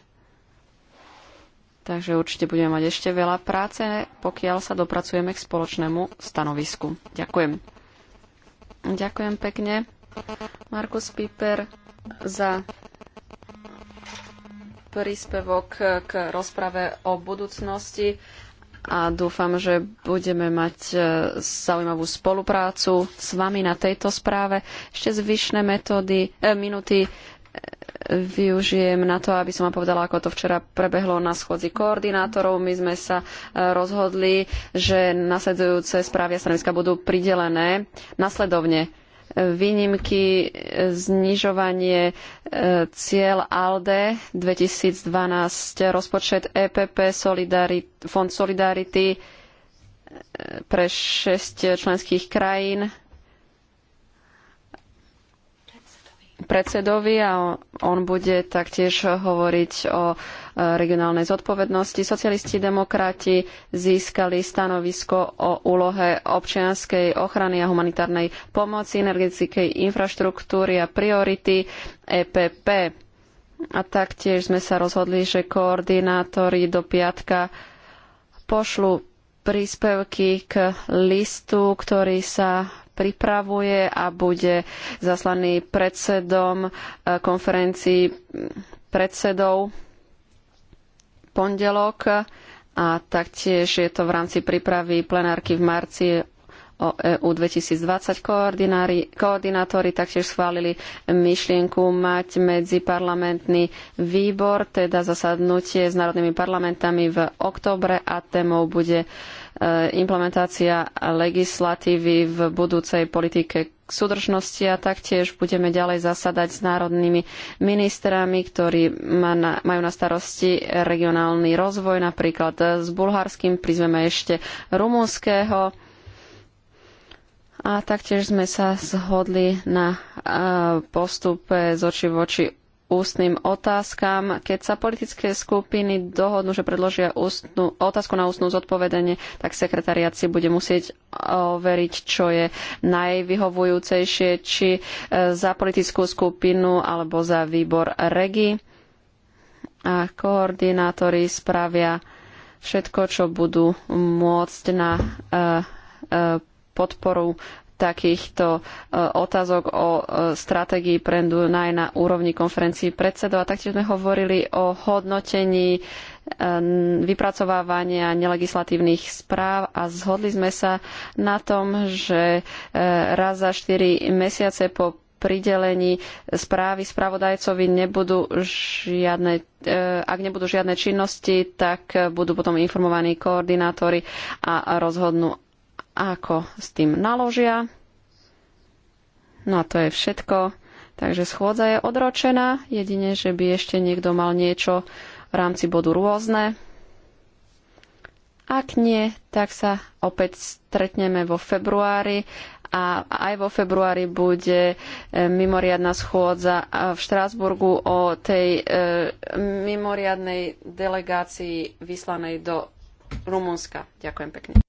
Takže určite budeme mať ešte veľa práce, pokiaľ sa dopracujeme k spoločnému stanovisku. Ďakujem. Ďakujem pekne, Markus Piper, za príspevok k rozprave o budúcnosti a dúfam, že budeme mať e, zaujímavú spoluprácu s vami na tejto správe. Ešte zvyšné metódy, e, minuty e, využijem na to, aby som vám povedala, ako to včera prebehlo na schodzi koordinátorov. My sme sa rozhodli, že nasledujúce správy a stanoviska budú pridelené nasledovne výnimky, znižovanie e, cieľ ALDE 2012, rozpočet EPP, Solidarit, Fond Solidarity e, pre 6 členských krajín predsedovi a on bude taktiež hovoriť o regionálnej zodpovednosti. Socialisti demokrati získali stanovisko o úlohe občianskej ochrany a humanitárnej pomoci, energetickej infraštruktúry a priority EPP. A taktiež sme sa rozhodli, že koordinátori do piatka pošlu príspevky k listu, ktorý sa pripravuje a bude zaslaný predsedom eh, konferencii predsedov pondelok a taktiež je to v rámci prípravy plenárky v marci o EU 2020 koordinátori taktiež schválili myšlienku mať medziparlamentný výbor, teda zasadnutie s národnými parlamentami v oktobre a témou bude uh, E, implementácia legislatívy v budúcej politike súdržnosti a taktiež budeme ďalej zasadať s národnými ministrami, ktorí majú na starosti regionálny rozvoj, napríklad s bulharským, prizveme ešte rumunského. A taktiež sme sa zhodli na e, postupe z oči v oči ústnym otázkam. Keď sa politické skupiny dohodnú, že predložia ústnu, otázku na ústnu zodpovedenie, tak sekretariat si bude musieť overiť, čo je najvyhovujúcejšie, či e, za politickú skupinu alebo za výbor REGI. A koordinátori spravia všetko, čo budú môcť na e, e, podporu takýchto e, otázok o e, stratégii pre Dunaj na úrovni konferencií predsedov a taktiež sme hovorili o hodnotení e, vypracovávania nelegislatívnych správ a zhodli sme sa na tom, že raz za 4 mesiace po pridelení správy spravodajcovi nebudú žiadne, ak nebudú žiadne činnosti, tak budú potom informovaní koordinátori a rozhodnú ako s tým naložia. No a to je všetko. Takže schôdza je odročená, jedine, že by ešte niekto mal niečo v rámci bodu rôzne. Ak nie, tak sa opäť stretneme vo februári a aj vo februári bude e, mimoriadná schôdza e, v Štrásburgu o tej e, mimoriadnej delegácii vyslanej do Rumunska. Ďakujem pekne.